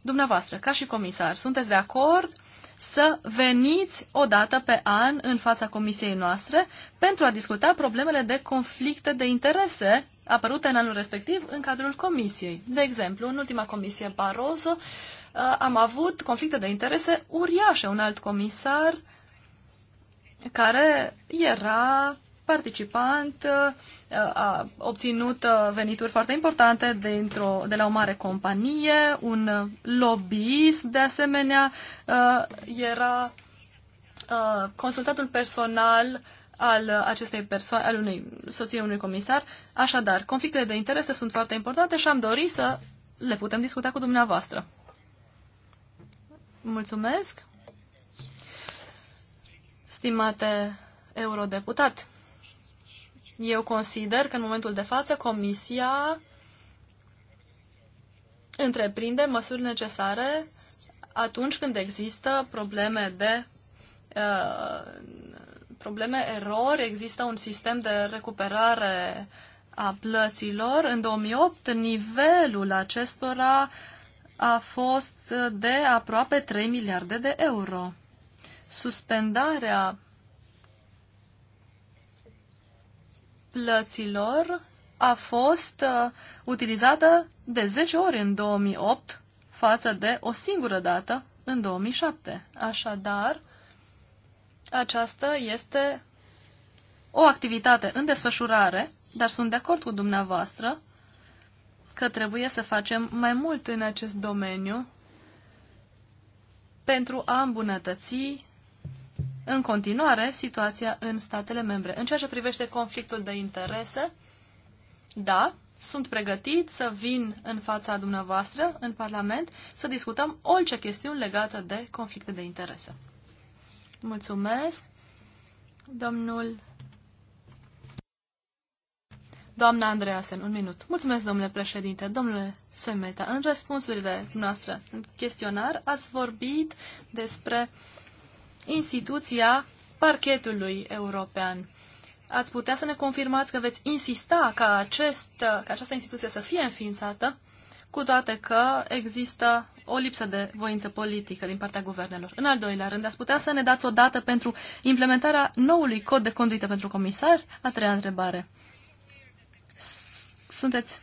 Dumneavoastră, ca și comisar, sunteți de acord să veniți o dată pe an în fața comisiei noastre pentru a discuta problemele de conflicte de interese apărute în anul respectiv în cadrul comisiei. De exemplu, în ultima comisie Barroso uh, am avut conflicte de interese uriașe. Un alt comisar care era participant uh, a obținut uh, venituri foarte importante dintr-o, de la o mare companie, un uh, lobbyist de asemenea era consultatul personal al acestei persoane, al unei soție unui comisar. Așadar, conflictele de interese sunt foarte importante și am dorit să le putem discuta cu dumneavoastră. Mulțumesc. Stimate eurodeputat, eu consider că în momentul de față Comisia întreprinde măsuri necesare atunci când există probleme de uh, probleme, erori, există un sistem de recuperare a plăților. În 2008 nivelul acestora a fost de aproape 3 miliarde de euro. Suspendarea plăților a fost uh, utilizată de 10 ori în 2008 față de o singură dată în 2007. Așadar, aceasta este o activitate în desfășurare, dar sunt de acord cu dumneavoastră că trebuie să facem mai mult în acest domeniu pentru a îmbunătăți în continuare situația în statele membre. În ceea ce privește conflictul de interese, da, sunt pregătit să vin în fața dumneavoastră, în Parlament, să discutăm orice chestiune legată de conflicte de interese. Mulțumesc, domnul... Doamna Andreasen, un minut. Mulțumesc, domnule președinte, domnule Semeta. În răspunsurile noastre în chestionar ați vorbit despre instituția parchetului european. Ați putea să ne confirmați că veți insista ca, acest, ca această instituție să fie înființată, cu toate că există o lipsă de voință politică din partea guvernelor. În al doilea rând, ați putea să ne dați o dată pentru implementarea noului cod de conduită pentru comisar? A treia întrebare. Sunteți,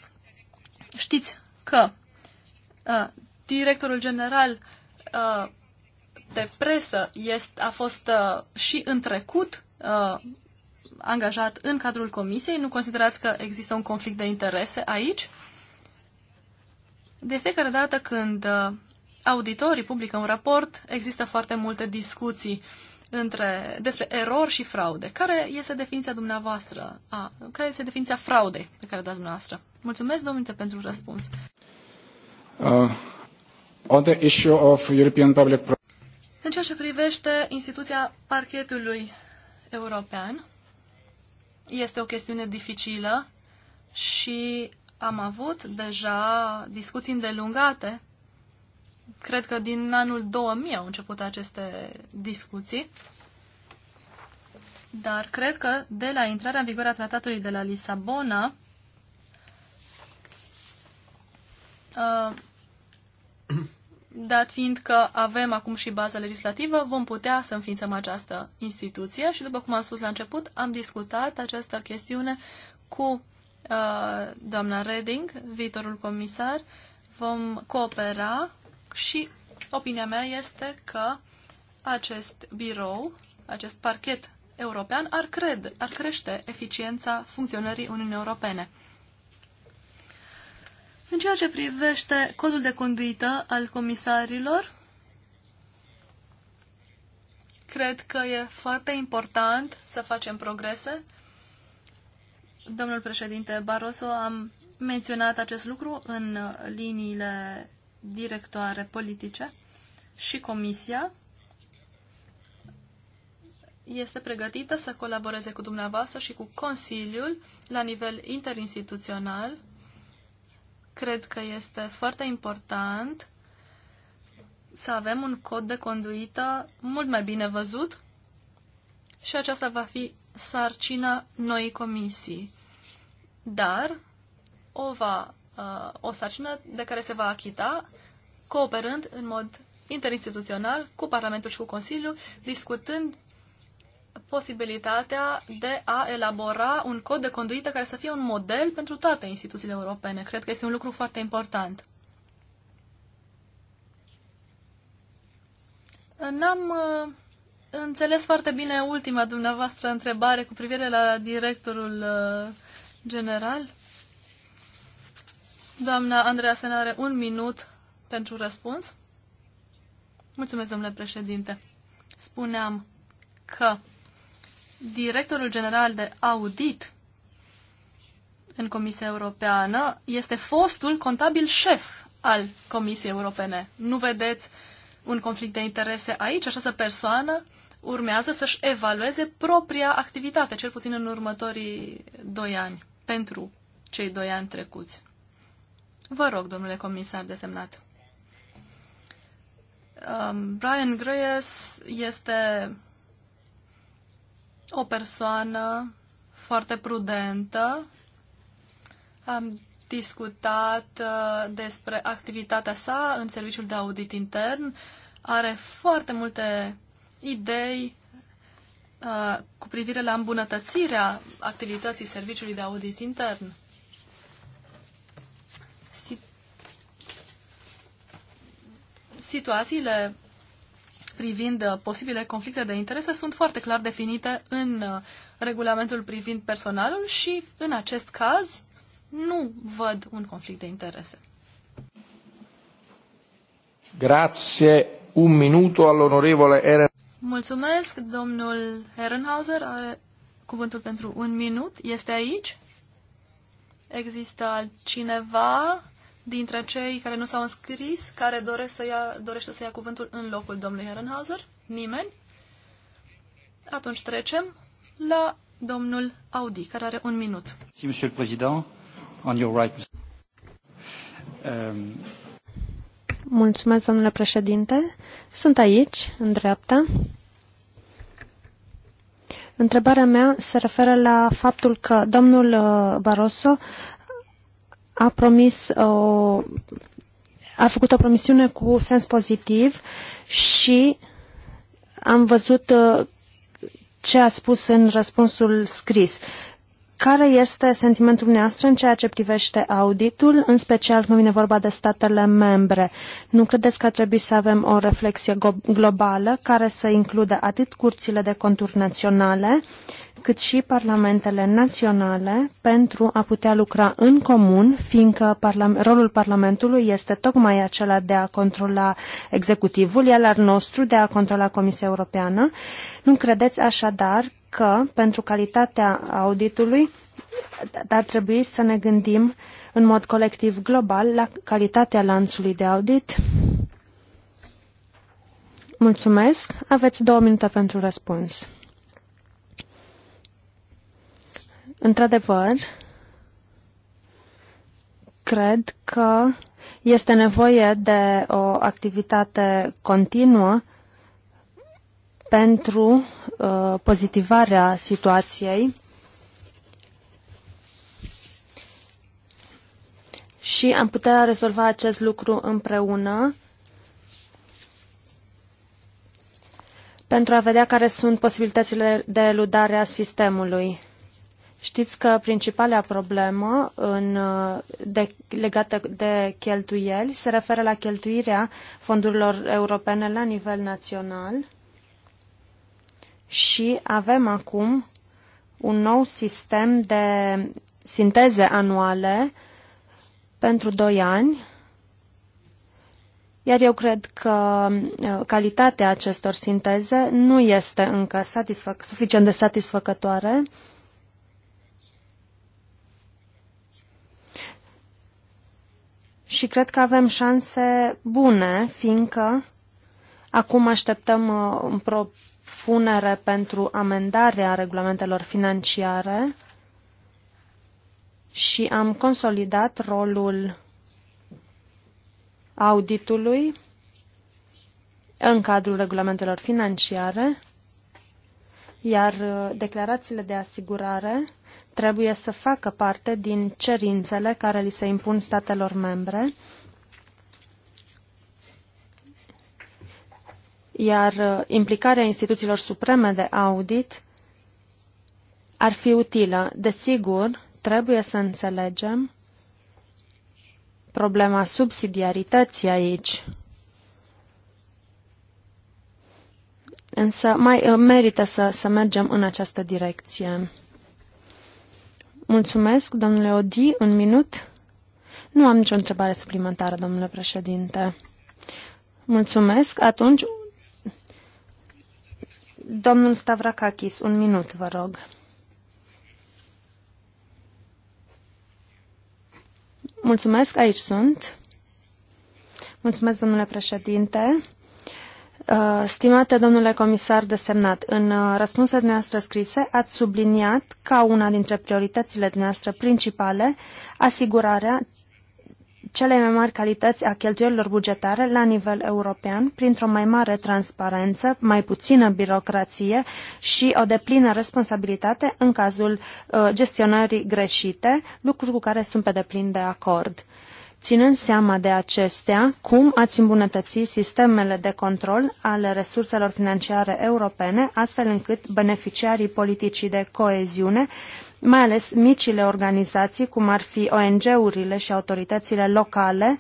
știți că uh, directorul general uh, de presă este, a fost uh, și în trecut uh, angajat în cadrul comisiei? Nu considerați că există un conflict de interese aici? De fiecare dată când uh, auditorii publică un raport, există foarte multe discuții între, despre erori și fraude. Care este definiția dumneavoastră? A, care este definiția fraudei pe care o dați dumneavoastră? Mulțumesc, domnule, pentru răspuns. Uh, on the issue of European public în ceea ce privește instituția parchetului european, este o chestiune dificilă și am avut deja discuții îndelungate. Cred că din anul 2000 au început aceste discuții. Dar cred că de la intrarea în vigoare a tratatului de la Lisabona, uh, dat fiind că avem acum și bază legislativă, vom putea să înființăm această instituție și, după cum am spus la început, am discutat această chestiune cu uh, doamna Reding, viitorul comisar, vom coopera și opinia mea este că acest birou, acest parchet european ar, cred, ar crește eficiența funcționării Uniunii Europene. În ceea ce privește codul de conduită al comisarilor, cred că e foarte important să facem progrese. Domnul președinte Barroso, am menționat acest lucru în liniile directoare politice și Comisia este pregătită să colaboreze cu dumneavoastră și cu Consiliul la nivel interinstituțional cred că este foarte important să avem un cod de conduită mult mai bine văzut și aceasta va fi sarcina noii comisii. Dar o, va, uh, o sarcină de care se va achita cooperând în mod interinstituțional cu Parlamentul și cu Consiliul, discutând posibilitatea de a elabora un cod de conduită care să fie un model pentru toate instituțiile europene. Cred că este un lucru foarte important. N-am uh, înțeles foarte bine ultima dumneavoastră întrebare cu privire la directorul uh, general. Doamna Andreea Senare, un minut pentru răspuns. Mulțumesc, domnule președinte. Spuneam că directorul general de audit în Comisia Europeană este fostul contabil șef al Comisiei Europene. Nu vedeți un conflict de interese aici? Această persoană urmează să-și evalueze propria activitate, cel puțin în următorii doi ani, pentru cei doi ani trecuți. Vă rog, domnule comisar desemnat. Um, Brian Greyes este o persoană foarte prudentă. Am discutat uh, despre activitatea sa în serviciul de audit intern. Are foarte multe idei uh, cu privire la îmbunătățirea activității serviciului de audit intern. situațiile privind uh, posibile conflicte de interese sunt foarte clar definite în uh, regulamentul privind personalul și, în acest caz, nu văd un conflict de interese. Grazie. Un minuto all'onorevole Eren. Mulțumesc, domnul Ehrenhauser are cuvântul pentru un minut. Este aici? Există altcineva dintre cei care nu s-au înscris, care doresc să ia, dorește să ia cuvântul în locul domnului Herrenhauser? Nimeni? Atunci trecem la domnul Audi, care are un minut. Si, monsieur le président, on your right. Um... Mulțumesc, domnule președinte. Sunt aici, în dreapta. Întrebarea mea se referă la faptul că domnul uh, Barroso a promis o, a făcut o promisiune cu sens pozitiv și am văzut uh, ce a spus în răspunsul scris. Care este sentimentul noastră în ceea ce privește auditul, în special când vine vorba de statele membre? Nu credeți că ar trebui să avem o reflexie globală care să includă atât curțile de conturi naționale, cât și parlamentele naționale pentru a putea lucra în comun, fiindcă rolul Parlamentului este tocmai acela de a controla executivul, iar al nostru de a controla Comisia Europeană. Nu credeți așadar că, pentru calitatea auditului, ar trebui să ne gândim în mod colectiv global la calitatea lanțului de audit? Mulțumesc. Aveți două minute pentru răspuns. Într-adevăr, cred că este nevoie de o activitate continuă pentru uh, pozitivarea situației și am putea rezolva acest lucru împreună pentru a vedea care sunt posibilitățile de eludare a sistemului. Știți că principala problemă în, de, legată de cheltuieli se referă la cheltuirea fondurilor europene la nivel național și avem acum un nou sistem de sinteze anuale pentru 2 ani, iar eu cred că uh, calitatea acestor sinteze nu este încă suficient de satisfăcătoare. și cred că avem șanse bune, fiindcă acum așteptăm o uh, propunere pentru amendarea regulamentelor financiare și am consolidat rolul auditului în cadrul regulamentelor financiare, iar uh, declarațiile de asigurare trebuie să facă parte din cerințele care li se impun statelor membre, iar uh, implicarea instituțiilor supreme de audit ar fi utilă. Desigur, trebuie să înțelegem problema subsidiarității aici. Însă mai uh, merită să, să mergem în această direcție. Mulțumesc, domnule Odi, un minut. Nu am nicio întrebare suplimentară, domnule președinte. Mulțumesc. Atunci, domnul Stavrakakis, un minut, vă rog. Mulțumesc, aici sunt. Mulțumesc, domnule președinte. Uh, stimate domnule comisar desemnat, în uh, răspunsurile dumneavoastră scrise ați subliniat ca una dintre prioritățile dumneavoastră principale asigurarea cele mai mari calități a cheltuielilor bugetare la nivel european printr-o mai mare transparență, mai puțină birocrație și o deplină responsabilitate în cazul uh, gestionării greșite, lucruri cu care sunt pe deplin de acord. Ținând seama de acestea, cum ați îmbunătăți sistemele de control ale resurselor financiare europene, astfel încât beneficiarii politicii de coeziune, mai ales micile organizații, cum ar fi ONG-urile și autoritățile locale,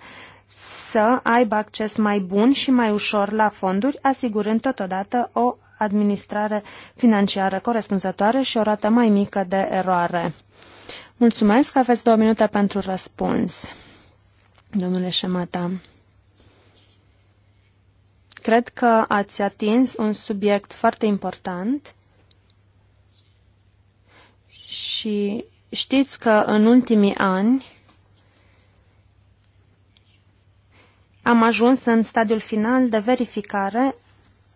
să aibă acces mai bun și mai ușor la fonduri, asigurând totodată o administrare financiară corespunzătoare și o rată mai mică de eroare. Mulțumesc, aveți două minute pentru răspuns domnule Șemata. Cred că ați atins un subiect foarte important și știți că în ultimii ani am ajuns în stadiul final de verificare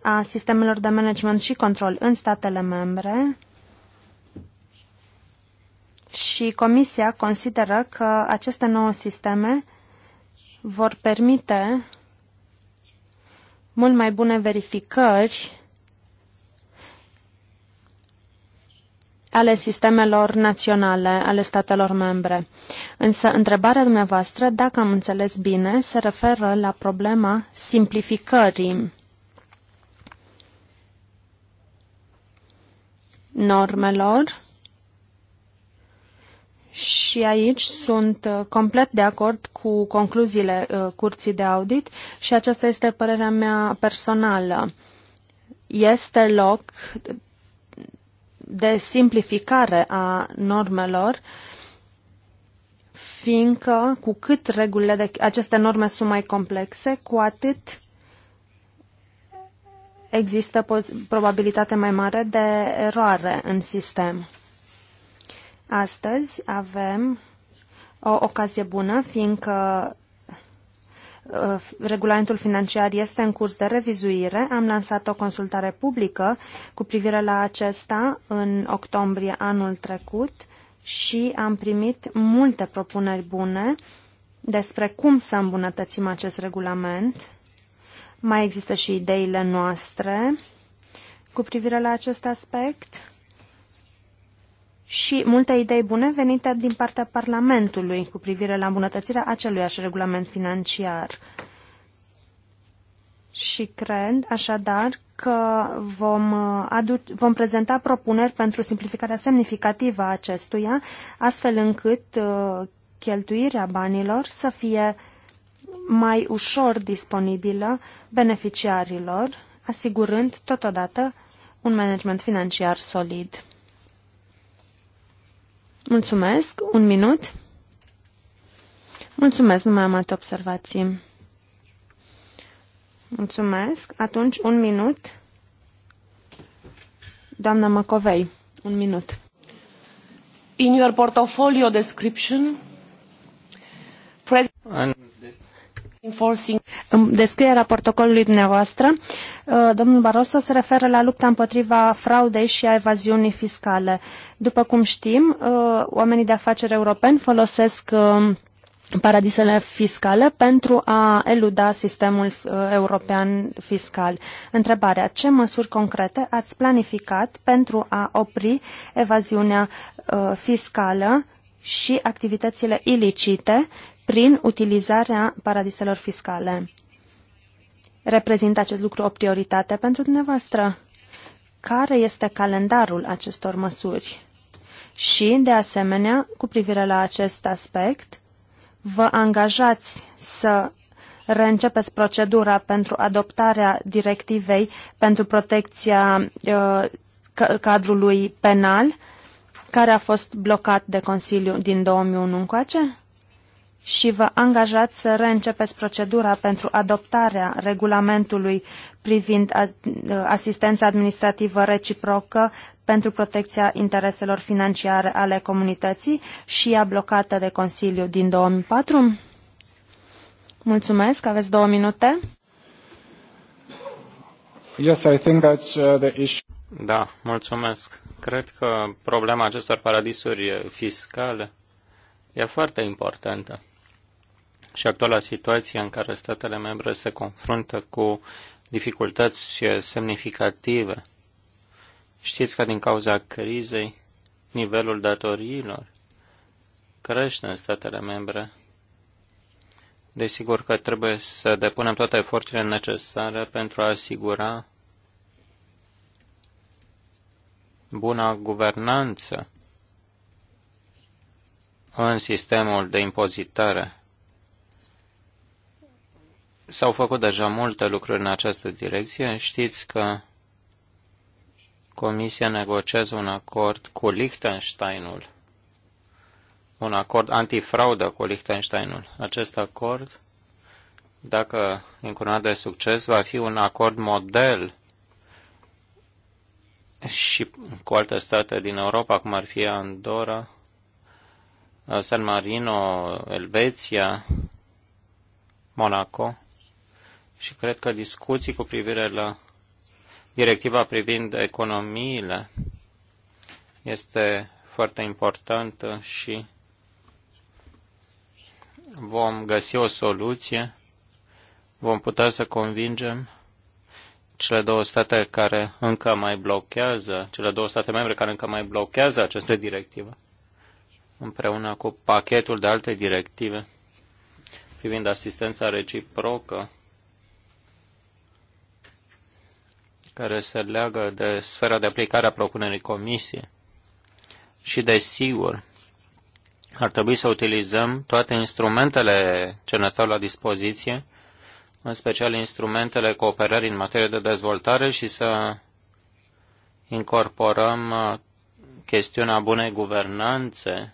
a sistemelor de management și control în statele membre și Comisia consideră că aceste nouă sisteme vor permite mult mai bune verificări ale sistemelor naționale, ale statelor membre. Însă, întrebarea dumneavoastră, dacă am înțeles bine, se referă la problema simplificării normelor și aici sunt uh, complet de acord cu concluziile uh, curții de audit și aceasta este părerea mea personală. Este loc de simplificare a normelor, fiindcă cu cât regulile de aceste norme sunt mai complexe, cu atât există probabilitate mai mare de eroare în sistem. Astăzi avem o ocazie bună, fiindcă uh, regulamentul financiar este în curs de revizuire. Am lansat o consultare publică cu privire la acesta în octombrie anul trecut și am primit multe propuneri bune despre cum să îmbunătățim acest regulament. Mai există și ideile noastre cu privire la acest aspect și multe idei bune venite din partea Parlamentului cu privire la îmbunătățirea aceluiași regulament financiar. Și cred, așadar, că vom, uh, vom prezenta propuneri pentru simplificarea semnificativă a acestuia, astfel încât uh, cheltuirea banilor să fie mai ușor disponibilă beneficiarilor, asigurând totodată un management financiar solid. Mulțumesc. Un minut. Mulțumesc, nu mai am alte observații. Mulțumesc. Atunci, un minut. Doamna Macovei, un minut. In your portfolio description, Descrierea protocolului dumneavoastră, uh, domnul Barroso se referă la lupta împotriva fraudei și a evaziunii fiscale. După cum știm, uh, oamenii de afaceri europeni folosesc uh, paradisele fiscale pentru a eluda sistemul european fiscal. Întrebarea, ce măsuri concrete ați planificat pentru a opri evaziunea fiscală și activitățile ilicite prin utilizarea paradiselor fiscale. Reprezintă acest lucru o prioritate pentru dumneavoastră? Care este calendarul acestor măsuri? Și, de asemenea, cu privire la acest aspect, vă angajați să reîncepeți procedura pentru adoptarea directivei pentru protecția uh, cadrului penal, care a fost blocat de Consiliu din 2001 încoace? și vă angajați să reîncepeți procedura pentru adoptarea regulamentului privind asistența administrativă reciprocă pentru protecția intereselor financiare ale comunității și a blocată de Consiliu din 2004? Mulțumesc, aveți două minute. Yes, I think that's, uh, the issue. Da, mulțumesc. Cred că problema acestor paradisuri fiscale e foarte importantă și actuala situație în care statele membre se confruntă cu dificultăți semnificative. Știți că din cauza crizei, nivelul datoriilor crește în statele membre. Desigur că trebuie să depunem toate eforturile necesare pentru a asigura buna guvernanță în sistemul de impozitare S-au făcut deja multe lucruri în această direcție. Știți că Comisia negociază un acord cu Liechtensteinul, un acord antifraudă cu Liechtensteinul. Acest acord, dacă încunat de succes, va fi un acord model și cu alte state din Europa, cum ar fi Andorra, San Marino, Elveția, Monaco și cred că discuții cu privire la directiva privind economiile este foarte importantă și vom găsi o soluție, vom putea să convingem cele două state care încă mai blochează, cele două state membre care încă mai blochează această directivă, împreună cu pachetul de alte directive privind asistența reciprocă, care se leagă de sfera de aplicare a propunerii comisie. Și, desigur, ar trebui să utilizăm toate instrumentele ce ne stau la dispoziție, în special instrumentele cooperării în materie de dezvoltare și să incorporăm uh, chestiunea bunei guvernanțe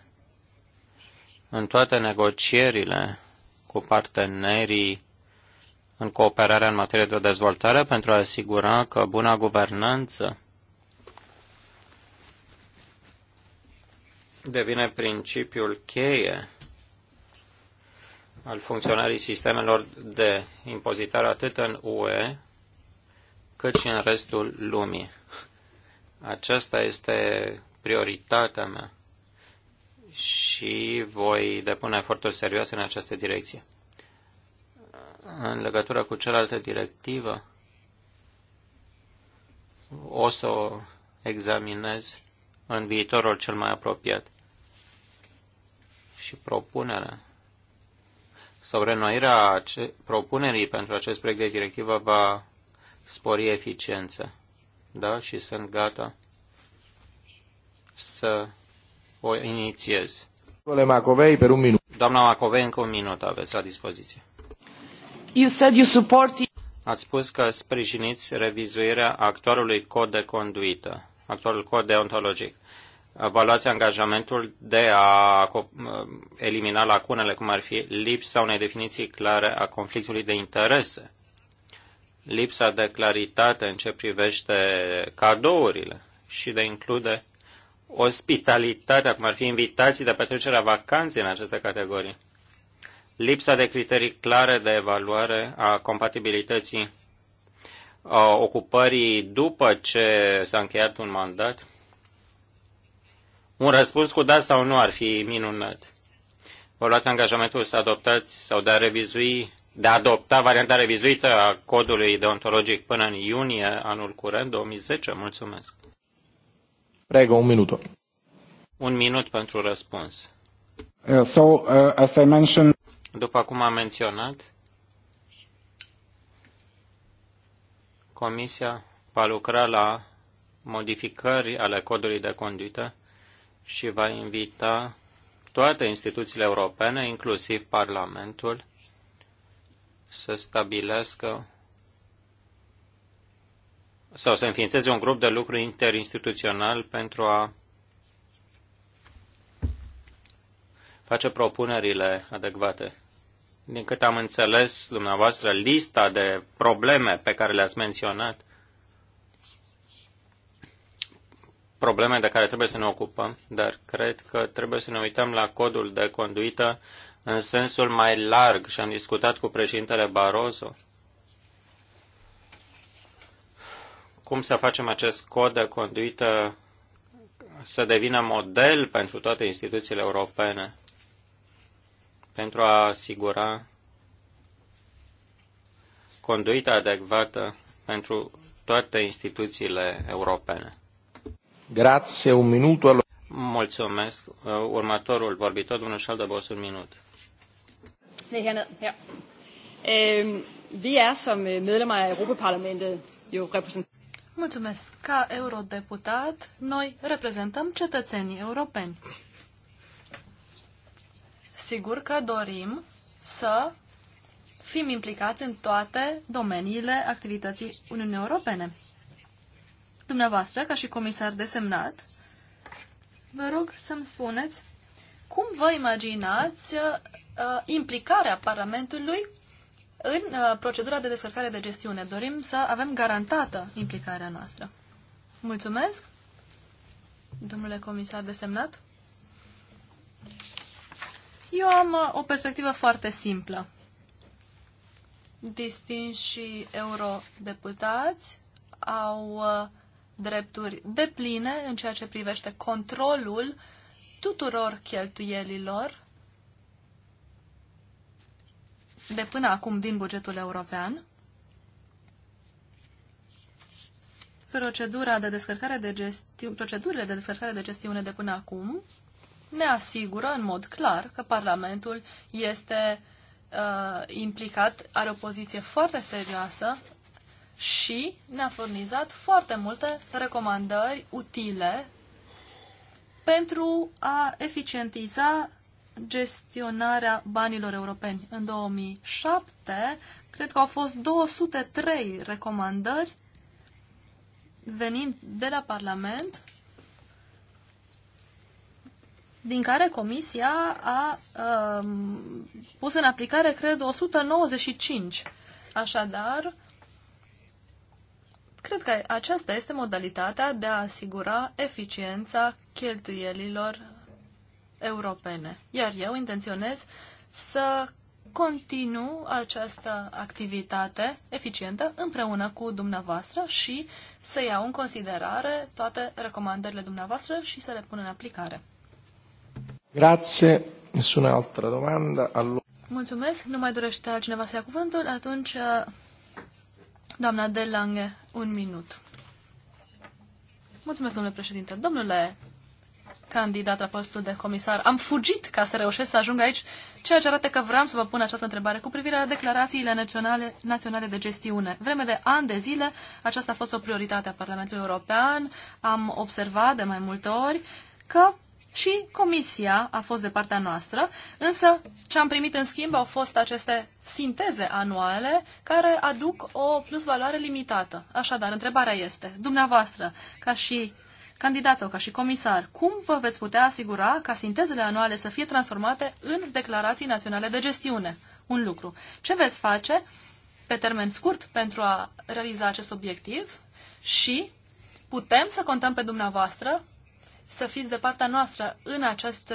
în toate negocierile cu partenerii în cooperarea în materie de dezvoltare pentru a asigura că buna guvernanță devine principiul cheie al funcționării sistemelor de impozitare atât în UE cât și în restul lumii. Aceasta este prioritatea mea și voi depune eforturi serioase în această direcție în legătură cu cealaltă directivă, o să o examinez în viitorul cel mai apropiat. Și propunerea sau renoirea propunerii pentru acest proiect de directivă va spori eficiența. Da? Și sunt gata să o inițiez. Doamna Macovei, încă un minut aveți la dispoziție you said you support... Ați spus că sprijiniți revizuirea actualului cod de conduită, actualul cod deontologic. Vă luați angajamentul de a elimina lacunele, cum ar fi lipsa unei definiții clare a conflictului de interese, lipsa de claritate în ce privește cadourile și de include ospitalitatea, cum ar fi invitații de petrecerea vacanței în aceste categorii lipsa de criterii clare de evaluare a compatibilității a ocupării după ce s-a încheiat un mandat? Un răspuns cu da sau nu ar fi minunat. Vă luați angajamentul să adoptați sau de a revizui, de a adopta varianta revizuită a codului deontologic până în iunie anul curent 2010? Mulțumesc. Prego, un minut. Un minut pentru răspuns. Uh, so, uh, as I mentioned... După cum am menționat, Comisia va lucra la modificări ale codului de conduită și va invita toate instituțiile europene, inclusiv Parlamentul, să stabilească sau să înființeze un grup de lucru interinstituțional pentru a face propunerile adecvate. Din câte am înțeles dumneavoastră, lista de probleme pe care le-ați menționat, probleme de care trebuie să ne ocupăm, dar cred că trebuie să ne uităm la codul de conduită în sensul mai larg și am discutat cu președintele Barroso cum să facem acest cod de conduită să devină model pentru toate instituțiile europene pentru a asigura conduita adecvată pentru toate instituțiile europene. Grație, un minut. Al... Mulțumesc. Următorul vorbitor, domnul Șaldăbos, un minut. Er er øh, Mulțumesc. Ca eurodeputat, noi reprezentăm cetățenii europeni sigur că dorim să fim implicați în toate domeniile activității Uniunii Europene. Dumneavoastră, ca și comisar desemnat, vă rog să-mi spuneți cum vă imaginați uh, implicarea Parlamentului în uh, procedura de descărcare de gestiune. Dorim să avem garantată implicarea noastră. Mulțumesc, domnule comisar desemnat. Eu am uh, o perspectivă foarte simplă. Distinși eurodeputați au uh, drepturi depline în ceea ce privește controlul tuturor cheltuielilor de până acum din bugetul european. Procedura de descărcare de gestiune, procedurile de descărcare de gestiune de până acum ne asigură în mod clar că Parlamentul este uh, implicat, are o poziție foarte serioasă și ne-a furnizat foarte multe recomandări utile pentru a eficientiza gestionarea banilor europeni. În 2007, cred că au fost 203 recomandări venind de la Parlament din care Comisia a uh, pus în aplicare, cred, 195. Așadar, cred că aceasta este modalitatea de a asigura eficiența cheltuielilor europene. Iar eu intenționez să continu această activitate eficientă împreună cu dumneavoastră și să iau în considerare toate recomandările dumneavoastră și să le pun în aplicare. Grazie. Nessuna altra domanda. Allora... Mulțumesc. Nu mai dorește cineva să ia cuvântul? Atunci, uh, doamna Delange, un minut. Mulțumesc, domnule președinte. Domnule candidat la postul de comisar, am fugit ca să reușesc să ajung aici, ceea ce arată că vreau să vă pun această întrebare cu privire la declarațiile naționale, naționale de gestiune. Vreme de ani de zile, aceasta a fost o prioritate a Parlamentului European. Am observat de mai multe ori că și comisia a fost de partea noastră, însă ce am primit în schimb au fost aceste sinteze anuale care aduc o plusvaloare limitată. Așadar, întrebarea este, dumneavoastră, ca și candidat sau ca și comisar, cum vă veți putea asigura ca sintezele anuale să fie transformate în declarații naționale de gestiune? Un lucru. Ce veți face pe termen scurt pentru a realiza acest obiectiv și putem să contăm pe dumneavoastră să fiți de partea noastră în acest,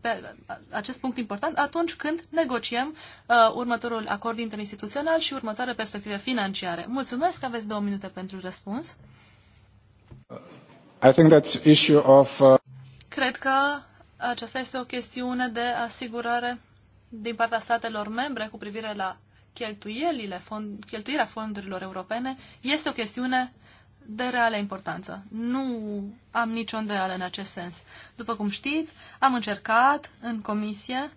pe, acest punct important atunci când negociem uh, următorul acord interinstituțional și următoarele perspective financiare. Mulțumesc, aveți două minute pentru răspuns. I think that's issue of, uh... Cred că aceasta este o chestiune de asigurare din partea statelor membre cu privire la cheltuielile, fond, cheltuirea fondurilor europene. Este o chestiune de reală importanță. Nu am nicio îndoială în acest sens. După cum știți, am încercat în comisie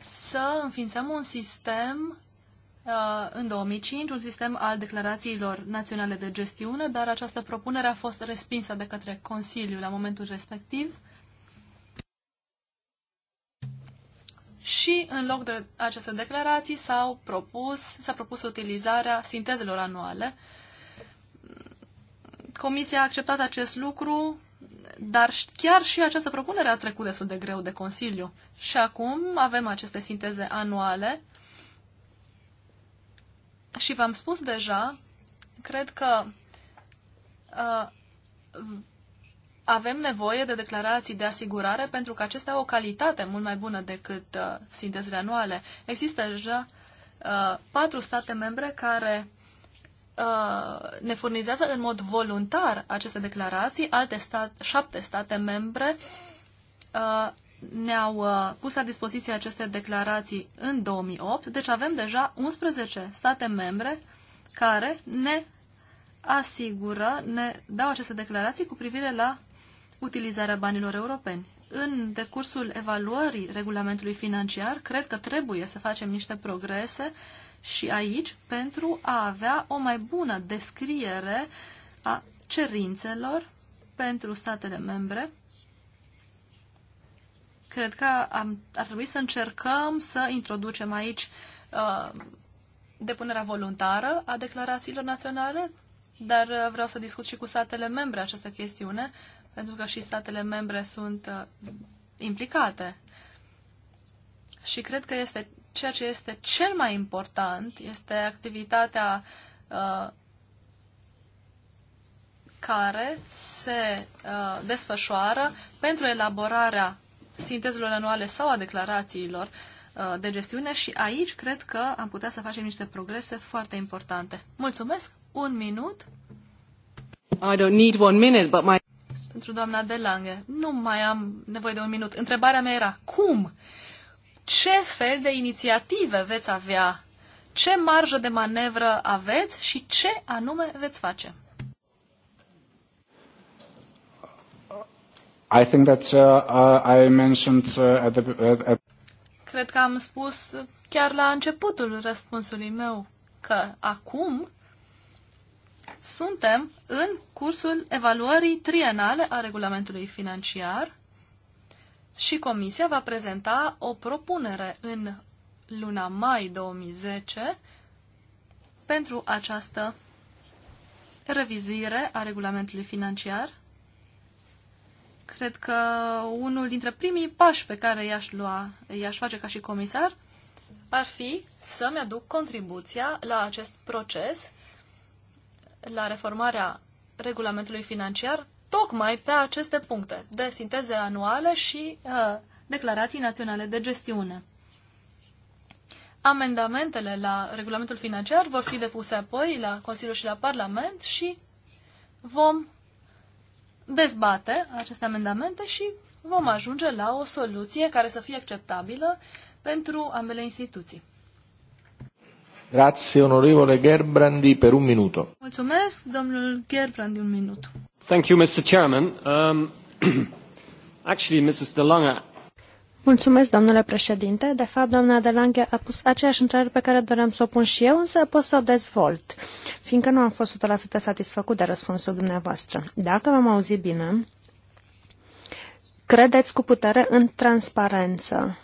să înființăm un sistem uh, în 2005, un sistem al declarațiilor naționale de gestiune, dar această propunere a fost respinsă de către Consiliu la momentul respectiv și în loc de aceste declarații s-au propus, s-a propus utilizarea sintezelor anuale. Comisia a acceptat acest lucru, dar chiar și această propunere a trecut destul de greu de Consiliu. Și acum avem aceste sinteze anuale și v-am spus deja, cred că uh, avem nevoie de declarații de asigurare pentru că acestea au o calitate mult mai bună decât uh, sintezele anuale. Există deja uh, patru state membre care uh, ne furnizează în mod voluntar aceste declarații, alte stat, șapte state membre uh, ne-au uh, pus la dispoziție aceste declarații în 2008, deci avem deja 11 state membre care ne asigură, ne dau aceste declarații cu privire la utilizarea banilor europeni. În decursul evaluării regulamentului financiar, cred că trebuie să facem niște progrese și aici pentru a avea o mai bună descriere a cerințelor pentru statele membre. Cred că am, ar trebui să încercăm să introducem aici uh, depunerea voluntară a declarațiilor naționale, dar uh, vreau să discut și cu statele membre această chestiune, pentru că și statele membre sunt uh, implicate. Și cred că este ceea ce este cel mai important este activitatea uh, care se uh, desfășoară pentru elaborarea sintezelor anuale sau a declarațiilor uh, de gestiune și aici cred că am putea să facem niște progrese foarte importante. Mulțumesc! Un minut! I don't need one minute, but my pentru doamna De Lange. Nu mai am nevoie de un minut. Întrebarea mea era cum? Ce fel de inițiative veți avea? Ce marjă de manevră aveți și ce anume veți face? I think that uh, uh I mentioned uh, at the, uh, at... Cred că am spus chiar la începutul răspunsului meu că acum suntem în cursul evaluării trienale a regulamentului financiar și Comisia va prezenta o propunere în luna mai 2010 pentru această revizuire a regulamentului financiar. Cred că unul dintre primii pași pe care i-aș, lua, i-aș face ca și comisar ar fi să-mi aduc contribuția la acest proces la reformarea regulamentului financiar tocmai pe aceste puncte de sinteze anuale și uh, declarații naționale de gestiune. Amendamentele la regulamentul financiar vor fi depuse apoi la Consiliu și la Parlament și vom dezbate aceste amendamente și vom ajunge la o soluție care să fie acceptabilă pentru ambele instituții. Grazie, onorevole Gerbrandi, per un Mulțumesc, domnul Gerbrandi, un minut. Thank you, Mr. Chairman. Um, actually, Mrs. De Lange... Mulțumesc, domnule președinte. De fapt, doamna De Lange a pus aceeași întrebare pe care doream să o pun și eu, însă pot să o dezvolt, fiindcă nu am fost 100% satisfăcut de răspunsul dumneavoastră. Dacă v-am auzit bine, credeți cu putere în transparență.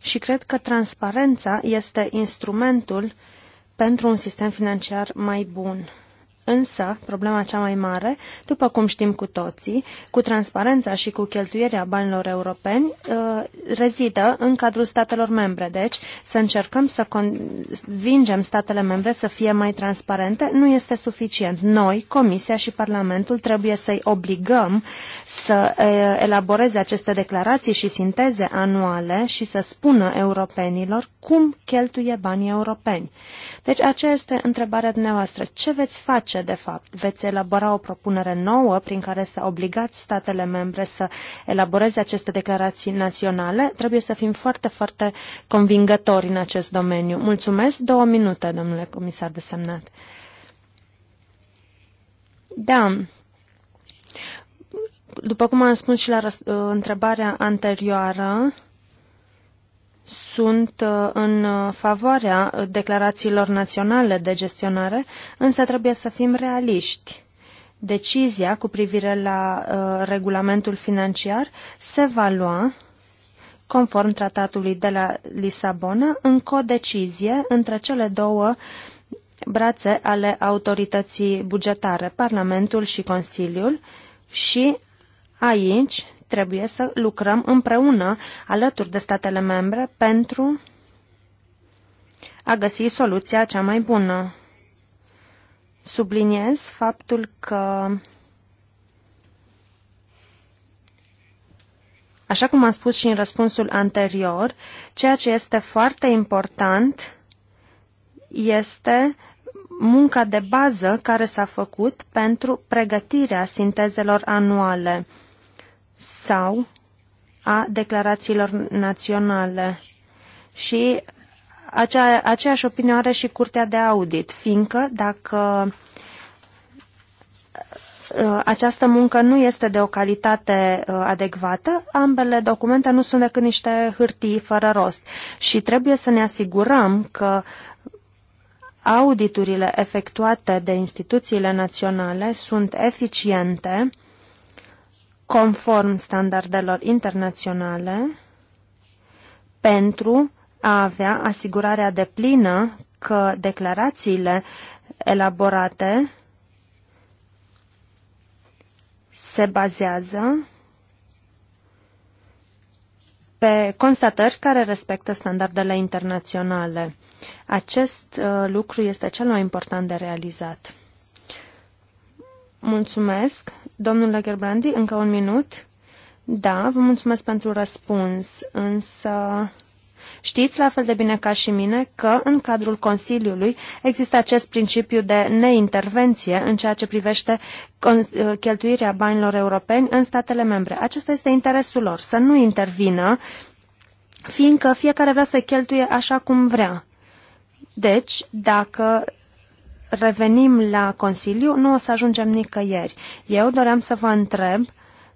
Și cred că transparența este instrumentul pentru un sistem financiar mai bun. Însă, problema cea mai mare, după cum știm cu toții, cu transparența și cu cheltuirea banilor europeni, uh, rezidă în cadrul statelor membre. Deci, să încercăm să convingem statele membre să fie mai transparente nu este suficient. Noi, Comisia și Parlamentul, trebuie să-i obligăm să uh, elaboreze aceste declarații și sinteze anuale și să spună europenilor cum cheltuie banii europeni. Deci, aceea este întrebarea dumneavoastră. Ce veți face? ce de fapt? Veți elabora o propunere nouă prin care să obligați statele membre să elaboreze aceste declarații naționale? Trebuie să fim foarte, foarte convingători în acest domeniu. Mulțumesc. Două minute, domnule comisar desemnat. Da, după cum am spus și la întrebarea anterioară, sunt uh, în uh, favoarea uh, declarațiilor naționale de gestionare, însă trebuie să fim realiști. Decizia cu privire la uh, regulamentul financiar se va lua conform tratatului de la Lisabona în codecizie între cele două brațe ale autorității bugetare, Parlamentul și Consiliul, și aici trebuie să lucrăm împreună alături de statele membre pentru a găsi soluția cea mai bună. Subliniez faptul că Așa cum am spus și în răspunsul anterior, ceea ce este foarte important este munca de bază care s-a făcut pentru pregătirea sintezelor anuale sau a declarațiilor naționale. Și acea, aceeași opinie are și Curtea de Audit, fiindcă dacă ă, această muncă nu este de o calitate ă, adecvată, ambele documente nu sunt decât niște hârtii fără rost și trebuie să ne asigurăm că auditurile efectuate de instituțiile naționale sunt eficiente conform standardelor internaționale pentru a avea asigurarea de plină că declarațiile elaborate se bazează pe constatări care respectă standardele internaționale. Acest uh, lucru este cel mai important de realizat. Mulțumesc. Domnule Gerbrandi, încă un minut. Da, vă mulțumesc pentru răspuns, însă știți la fel de bine ca și mine că în cadrul Consiliului există acest principiu de neintervenție în ceea ce privește cheltuirea banilor europeni în statele membre. Acesta este interesul lor, să nu intervină, fiindcă fiecare vrea să cheltuie așa cum vrea. Deci, dacă revenim la Consiliu, nu o să ajungem nicăieri. Eu doream să vă întreb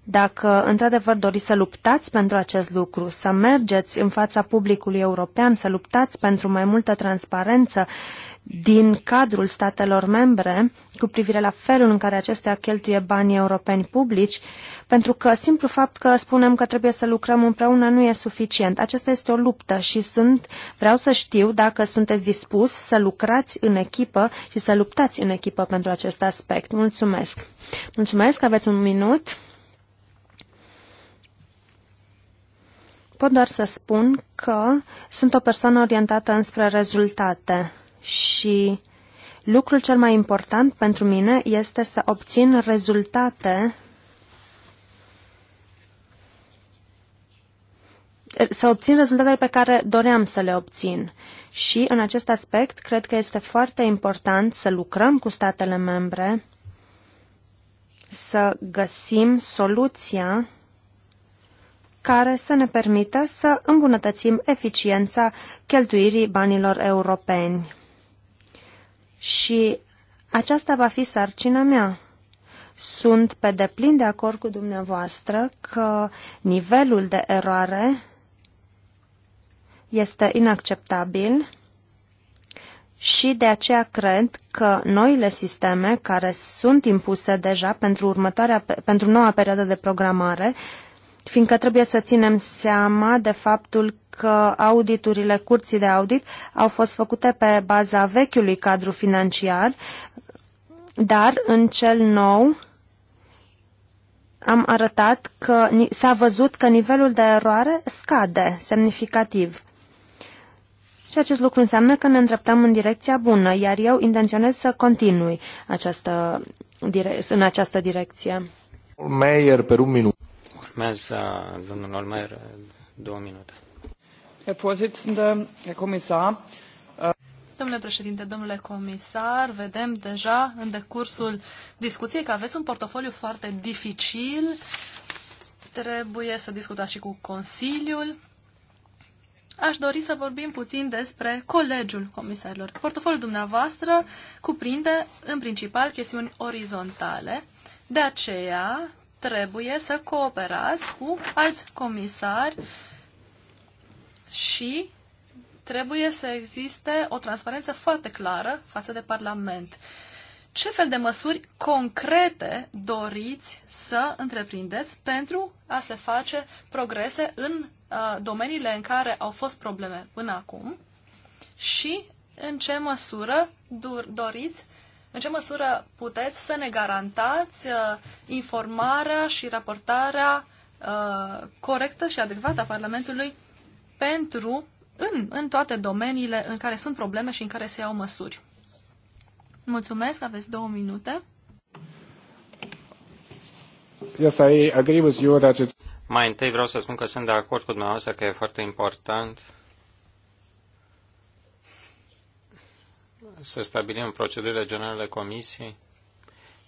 dacă într-adevăr doriți să luptați pentru acest lucru, să mergeți în fața publicului european, să luptați pentru mai multă transparență din cadrul statelor membre cu privire la felul în care acestea cheltuie banii europeni publici, pentru că simplu fapt că spunem că trebuie să lucrăm împreună nu e suficient. Aceasta este o luptă și sunt, vreau să știu dacă sunteți dispus să lucrați în echipă și să luptați în echipă pentru acest aspect. Mulțumesc! Mulțumesc, aveți un minut. Pot doar să spun că sunt o persoană orientată înspre rezultate și lucrul cel mai important pentru mine este să obțin rezultate să obțin rezultatele pe care doream să le obțin. Și în acest aspect, cred că este foarte important să lucrăm cu statele membre, să găsim soluția care să ne permită să îmbunătățim eficiența cheltuirii banilor europeni. Și aceasta va fi sarcina mea. Sunt pe deplin de acord cu dumneavoastră că nivelul de eroare este inacceptabil și de aceea cred că noile sisteme care sunt impuse deja pentru, următoarea, pentru noua perioadă de programare uh, fiindcă trebuie să ținem seama de faptul că auditurile curții de audit au fost făcute pe baza vechiului cadru financiar, dar în cel nou am arătat că s-a văzut că nivelul de eroare scade semnificativ. Și acest lucru înseamnă că ne îndreptăm în direcția bună, iar eu intenționez să continui această, în această direcție. Meyer, per un minut. Urmează domnul Olmer două minute. Domnule președinte, domnule comisar, vedem deja în decursul discuției că aveți un portofoliu foarte dificil. Trebuie să discutați și cu Consiliul. Aș dori să vorbim puțin despre colegiul comisarilor. Portofoliul dumneavoastră cuprinde în principal chestiuni orizontale. De aceea trebuie să cooperați cu alți comisari și trebuie să existe o transparență foarte clară față de Parlament. Ce fel de măsuri concrete doriți să întreprindeți pentru a se face progrese în uh, domeniile în care au fost probleme până acum și în ce măsură doriți în ce măsură puteți să ne garantați uh, informarea și raportarea uh, corectă și adecvată a Parlamentului pentru în, în toate domeniile în care sunt probleme și în care se iau măsuri. Mulțumesc, aveți două minute. Yes, I agree with you that it's... Mai întâi vreau să spun că sunt de acord cu dumneavoastră că e foarte important să stabilim procedurile generale comisiei,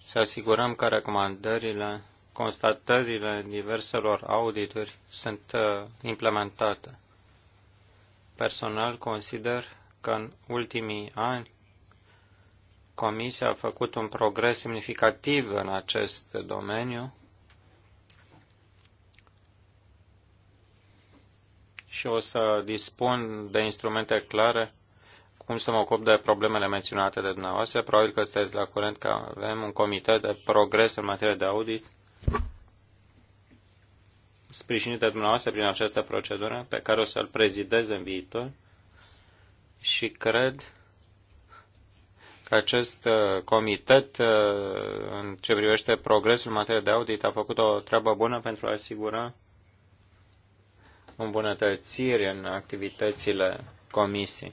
să asigurăm că recomandările, constatările diverselor audituri sunt uh, implementate. Personal consider că în ultimii ani Comisia a făcut un progres semnificativ în acest domeniu și o să dispun de instrumente clare cum să mă ocup de problemele menționate de dumneavoastră? Probabil că sunteți la curent că avem un comitet de progres în materie de audit sprijinit de dumneavoastră prin această procedură pe care o să-l prezidez în viitor și cred că acest uh, comitet uh, în ce privește progresul în materie de audit a făcut o treabă bună pentru a asigura îmbunătățiri în activitățile comisiei.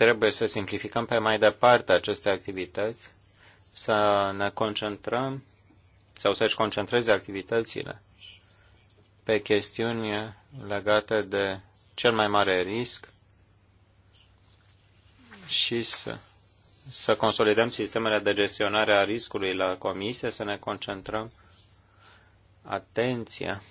Trebuie să simplificăm pe mai departe aceste activități, să ne concentrăm sau să-și concentreze activitățile pe chestiuni legate de cel mai mare risc și să, să consolidăm sistemele de gestionare a riscului la comisie, să ne concentrăm atenția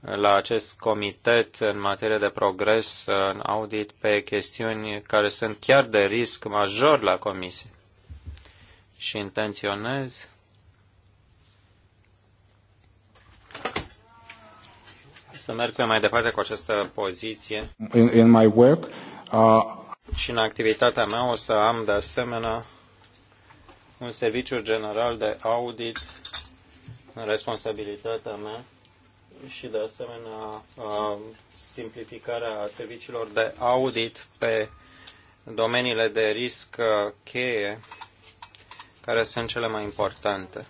la acest comitet în materie de progres în audit pe chestiuni care sunt chiar de risc major la comisie. Și intenționez să merg pe mai departe cu această poziție. In, in my work, uh... Și în activitatea mea o să am de asemenea un serviciu general de audit în responsabilitatea mea și de asemenea simplificarea serviciilor de audit pe domeniile de risc cheie care sunt cele mai importante.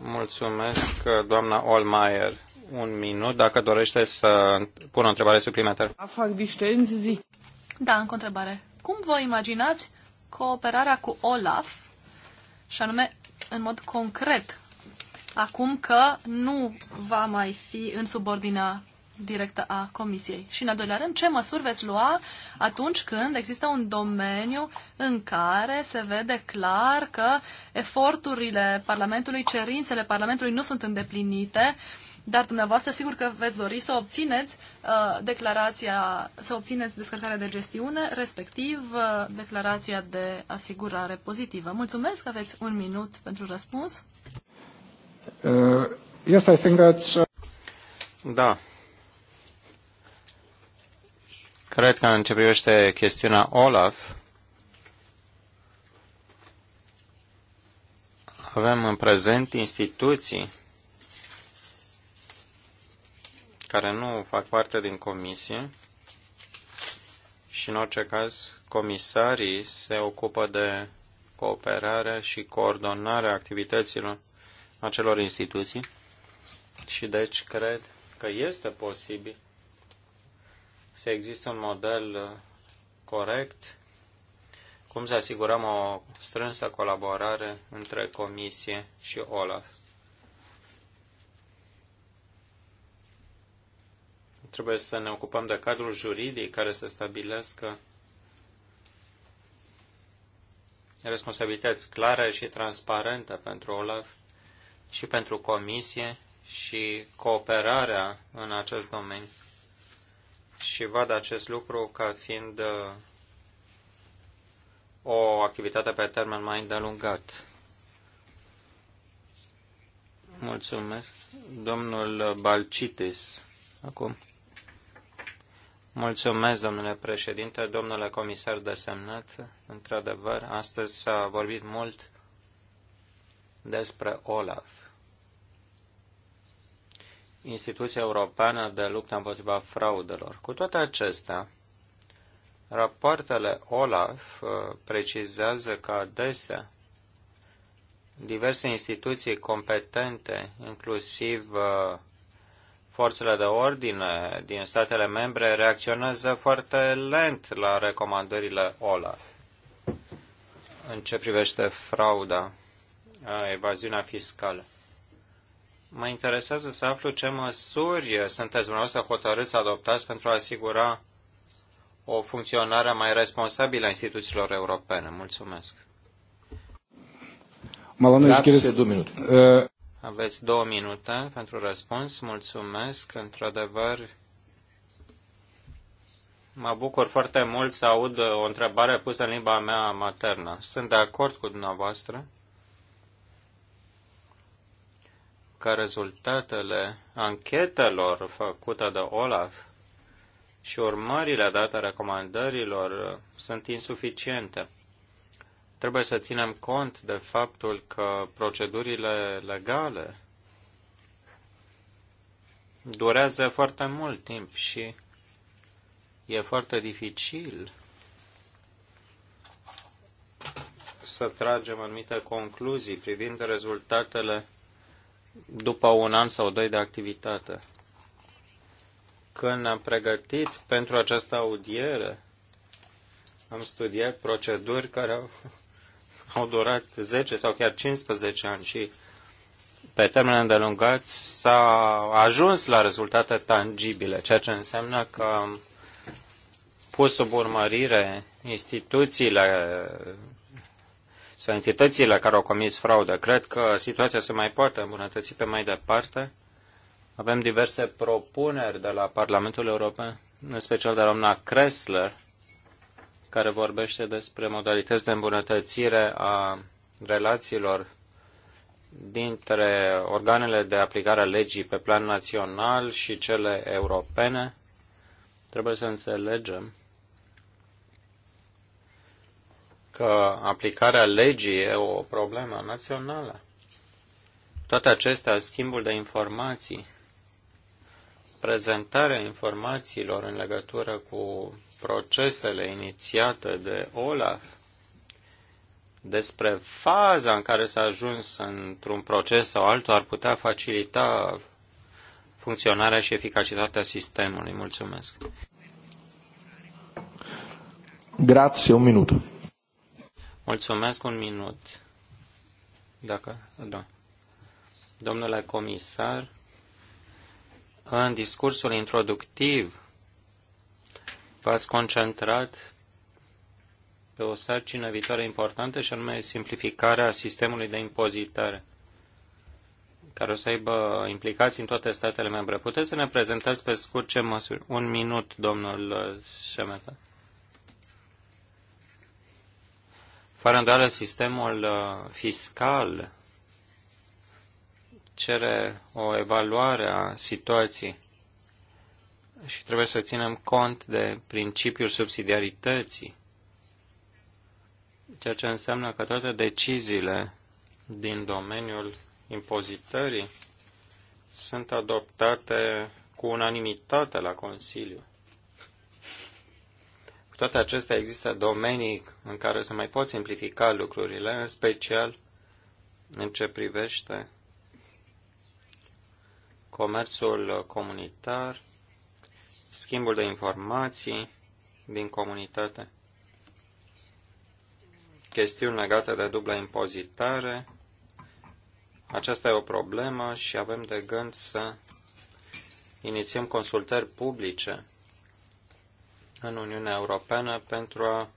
Mulțumesc, doamna Olmayer Un minut, dacă dorește să pun o întrebare suplimentară. Da, încă o întrebare. Cum vă imaginați cooperarea cu OLAF, și anume, în mod concret, acum că nu va mai fi în subordinea directă a Comisiei? Și, în al doilea rând, ce măsuri veți lua atunci când există un domeniu în care se vede clar că eforturile Parlamentului, cerințele Parlamentului nu sunt îndeplinite, dar dumneavoastră sigur că veți dori să obțineți uh, declarația, să obțineți descărcarea de gestiune, respectiv uh, declarația de asigurare pozitivă. Mulțumesc, că aveți un minut pentru răspuns. Uh, yes, I think that's... Uh, da. Cred că în ce privește chestiunea Olaf, avem în prezent instituții care nu fac parte din comisie și, în orice caz, comisarii se ocupă de cooperarea și coordonarea activităților acelor instituții și deci cred că este posibil să existe un model uh, corect cum să asigurăm o strânsă colaborare între Comisie și OLAF. Trebuie să ne ocupăm de cadrul juridic care să stabilească responsabilități clare și transparente pentru OLAF și pentru comisie și cooperarea în acest domeniu și văd acest lucru ca fiind uh, o activitate pe termen mai îndelungat. Mulțumesc. Domnul Balcitis, acum. Mulțumesc, domnule președinte, domnule comisar desemnat. Într-adevăr, astăzi s-a vorbit mult despre OLAF, Instituția Europeană de Luptă împotriva Fraudelor. Cu toate acestea, rapoartele OLAF uh, precizează că adesea diverse instituții competente, inclusiv uh, forțele de ordine din statele membre, reacționează foarte lent la recomandările OLAF în ce privește frauda evaziunea fiscală. Mă interesează să aflu ce măsuri sunteți dumneavoastră hotărâți să adoptați pentru a asigura o funcționare mai responsabilă a instituțiilor europene. Mulțumesc. două minute. Uh, Aveți două minute pentru răspuns. Mulțumesc. Într-adevăr, mă bucur foarte mult să aud o întrebare pusă în limba mea maternă. Sunt de acord cu dumneavoastră că rezultatele anchetelor făcute de Olaf și urmările date recomandărilor sunt insuficiente. Trebuie să ținem cont de faptul că procedurile legale durează foarte mult timp și e foarte dificil să tragem anumite concluzii privind rezultatele după un an sau doi de activitate. Când ne-am pregătit pentru această audiere, am studiat proceduri care au, au durat 10 sau chiar 15 ani și pe termen îndelungat s-a ajuns la rezultate tangibile, ceea ce înseamnă că am pus sub urmărire instituțiile sau entitățile care au comis fraudă. Cred că situația se mai poate îmbunătăți pe mai departe. Avem diverse propuneri de la Parlamentul European, în special de la doamna Kressler, care vorbește despre modalități de îmbunătățire a relațiilor dintre organele de aplicare a legii pe plan național și cele europene. Trebuie să înțelegem că aplicarea legii e o problemă națională. Toate acestea, schimbul de informații, prezentarea informațiilor în legătură cu procesele inițiate de Olaf, despre faza în care s-a ajuns într-un proces sau altul, ar putea facilita funcționarea și eficacitatea sistemului. Mulțumesc. Grazie, un minut. Mulțumesc un minut. Dacă, da. Domnule comisar, în discursul introductiv v-ați concentrat pe o sarcină viitoare importantă și anume simplificarea sistemului de impozitare care o să aibă implicații în toate statele membre. Puteți să ne prezentați pe scurt ce măsuri? Un minut, domnul Șemeta. Fără îndoială, sistemul uh, fiscal cere o evaluare a situației și trebuie să ținem cont de principiul subsidiarității, ceea ce înseamnă că toate deciziile din domeniul impozitării sunt adoptate cu unanimitate la Consiliu. Cu toate acestea, există domenii în care se mai pot simplifica lucrurile, în special în ce privește comerțul comunitar, schimbul de informații din comunitate, chestiuni legate de dubla impozitare. Aceasta e o problemă și avem de gând să inițiem consultări publice în Uniunea Europeană pentru a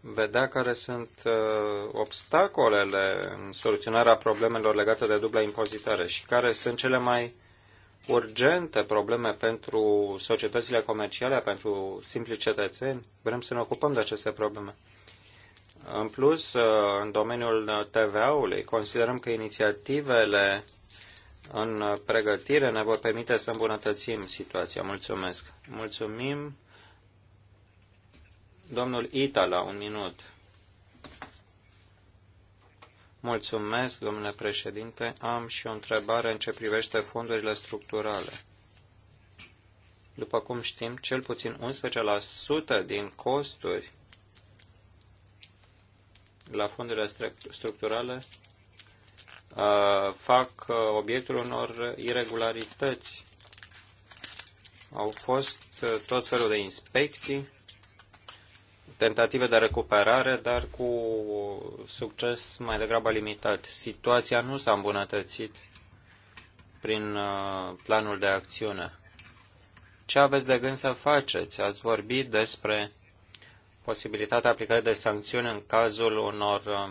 vedea care sunt uh, obstacolele în soluționarea problemelor legate de dubla impozitare și care sunt cele mai urgente probleme pentru societățile comerciale, pentru simpli cetățeni. Vrem să ne ocupăm de aceste probleme. În plus, uh, în domeniul TVA-ului, considerăm că inițiativele în pregătire ne vor permite să îmbunătățim situația. Mulțumesc! Mulțumim! Domnul Itala, un minut. Mulțumesc, domnule președinte. Am și o întrebare în ce privește fondurile structurale. După cum știm, cel puțin 11% din costuri la fondurile structurale uh, fac uh, obiectul unor irregularități. Au fost uh, tot felul de inspecții tentative de recuperare, dar cu succes mai degrabă limitat. Situația nu s-a îmbunătățit prin uh, planul de acțiune. Ce aveți de gând să faceți? Ați vorbit despre posibilitatea aplicării de sancțiuni în cazul unor uh,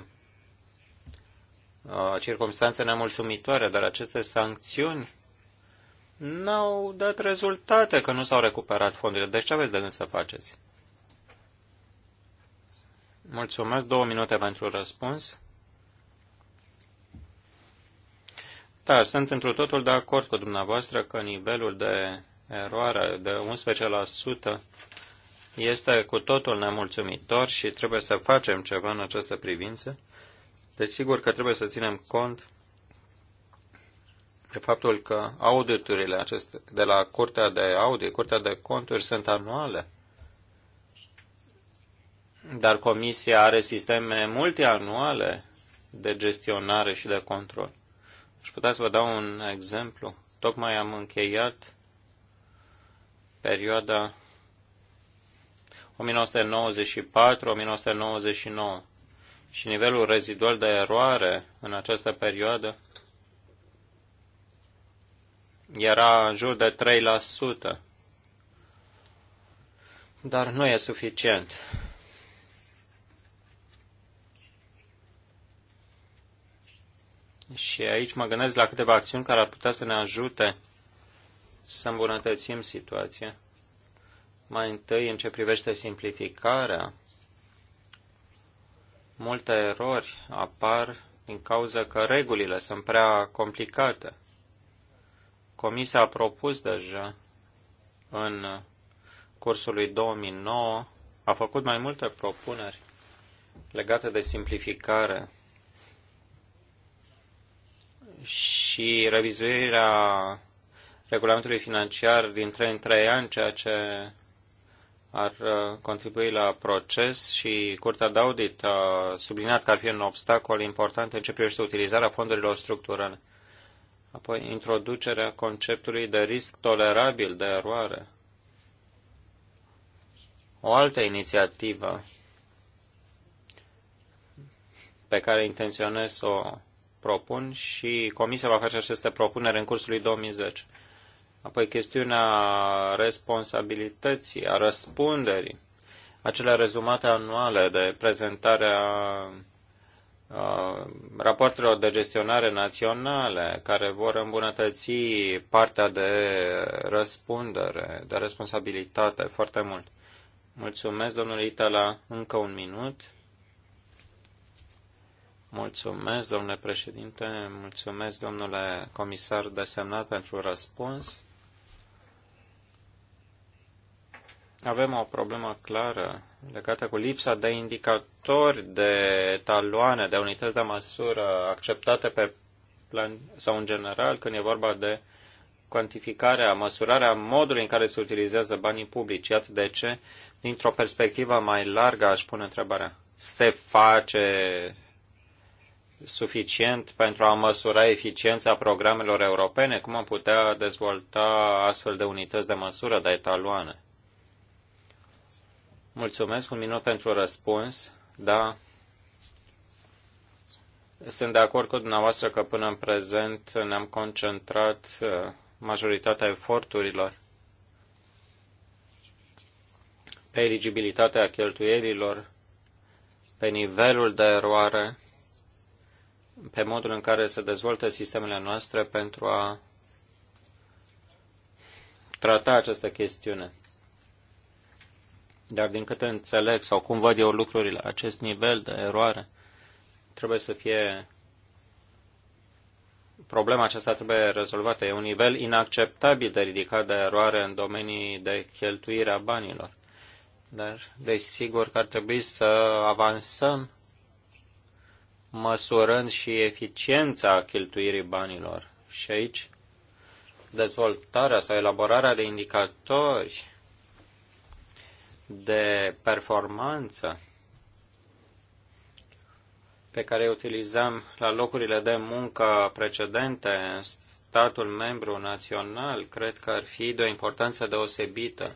uh, circumstanțe nemulțumitoare, dar aceste sancțiuni n-au dat rezultate că nu s-au recuperat fondurile. Deci ce aveți de gând să faceți? Mulțumesc. Două minute pentru răspuns. Da, sunt întru totul de acord cu dumneavoastră că nivelul de eroare de 11% este cu totul nemulțumitor și trebuie să facem ceva în această privință. Desigur că trebuie să ținem cont de faptul că auditurile aceste, de la Curtea de Audit, Curtea de Conturi sunt anuale dar Comisia are sisteme multianuale de gestionare și de control. Și puteți să vă dau un exemplu. Tocmai am încheiat perioada 1994-1999 și nivelul rezidual de eroare în această perioadă era în jur de 3%. Dar nu e suficient. Și aici mă gândesc la câteva acțiuni care ar putea să ne ajute să îmbunătățim situația. Mai întâi, în ce privește simplificarea, multe erori apar din cauza că regulile sunt prea complicate. Comisia a propus deja în cursul lui 2009, a făcut mai multe propuneri legate de simplificare și revizuirea regulamentului financiar din 3 în 3 ani, ceea ce ar uh, contribui la proces și Curtea de Audit a subliniat că ar fi un obstacol important în ce privește utilizarea fondurilor structurale. Apoi, introducerea conceptului de risc tolerabil de eroare. O altă inițiativă pe care intenționez să o propun și Comisia va face aceste propuneri în cursul lui 2010. Apoi chestiunea responsabilității, a răspunderii, acele rezumate anuale de prezentarea rapoartelor de gestionare naționale care vor îmbunătăți partea de răspundere, de responsabilitate foarte mult. Mulțumesc, domnule Itala, încă un minut. Mulțumesc, domnule președinte, mulțumesc, domnule comisar desemnat, pentru răspuns. Avem o problemă clară legată cu lipsa de indicatori, de taloane, de unități de măsură acceptate pe plan sau în general când e vorba de cuantificarea, măsurarea modului în care se utilizează banii publici. Iată de ce, dintr-o perspectivă mai largă, aș pune întrebarea. Se face suficient pentru a măsura eficiența programelor europene? Cum am putea dezvolta astfel de unități de măsură, de etaloane? Mulțumesc, un minut pentru răspuns. Da, sunt de acord cu dumneavoastră că până în prezent ne-am concentrat uh, majoritatea eforturilor pe eligibilitatea cheltuielilor, pe nivelul de eroare, pe modul în care se dezvoltă sistemele noastre pentru a trata această chestiune. Dar din câte înțeleg sau cum văd eu lucrurile, acest nivel de eroare trebuie să fie problema aceasta trebuie rezolvată. E un nivel inacceptabil de ridicat de eroare în domenii de cheltuire a banilor. Dar, desigur, că ar trebui să avansăm măsurând și eficiența cheltuirii banilor. Și aici dezvoltarea sau elaborarea de indicatori de performanță pe care îi utilizăm la locurile de muncă precedente în statul membru național, cred că ar fi de o importanță deosebită.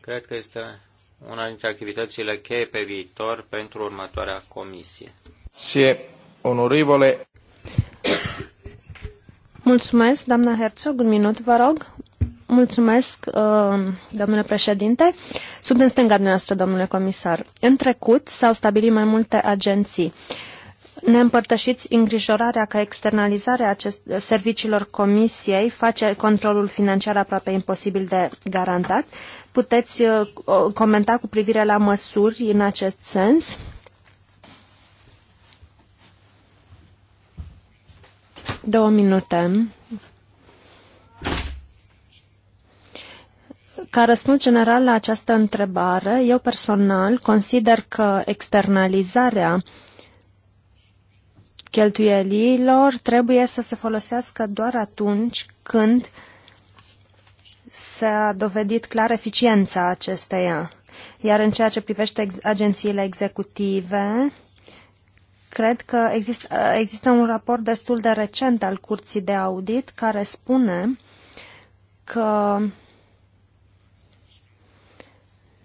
Cred că este una dintre activitățile cheie pe viitor pentru următoarea comisie. Sie, onorevole. Mulțumesc, doamna Herzog, un minut, vă rog. Mulțumesc, uh, domnule președinte. Sunt în stânga noastră, domnule comisar. În trecut s-au stabilit mai multe agenții ne împărtășiți îngrijorarea că externalizarea acest, serviciilor comisiei face controlul financiar aproape imposibil de garantat. Puteți uh, comenta cu privire la măsuri în acest sens? Două minute. Ca răspuns general la această întrebare, eu personal consider că externalizarea uh, cheltuielilor trebuie să se folosească doar atunci când s-a dovedit clar eficiența acesteia. Iar în ceea ce privește agențiile executive, cred că există, există un raport destul de recent al Curții de Audit care spune că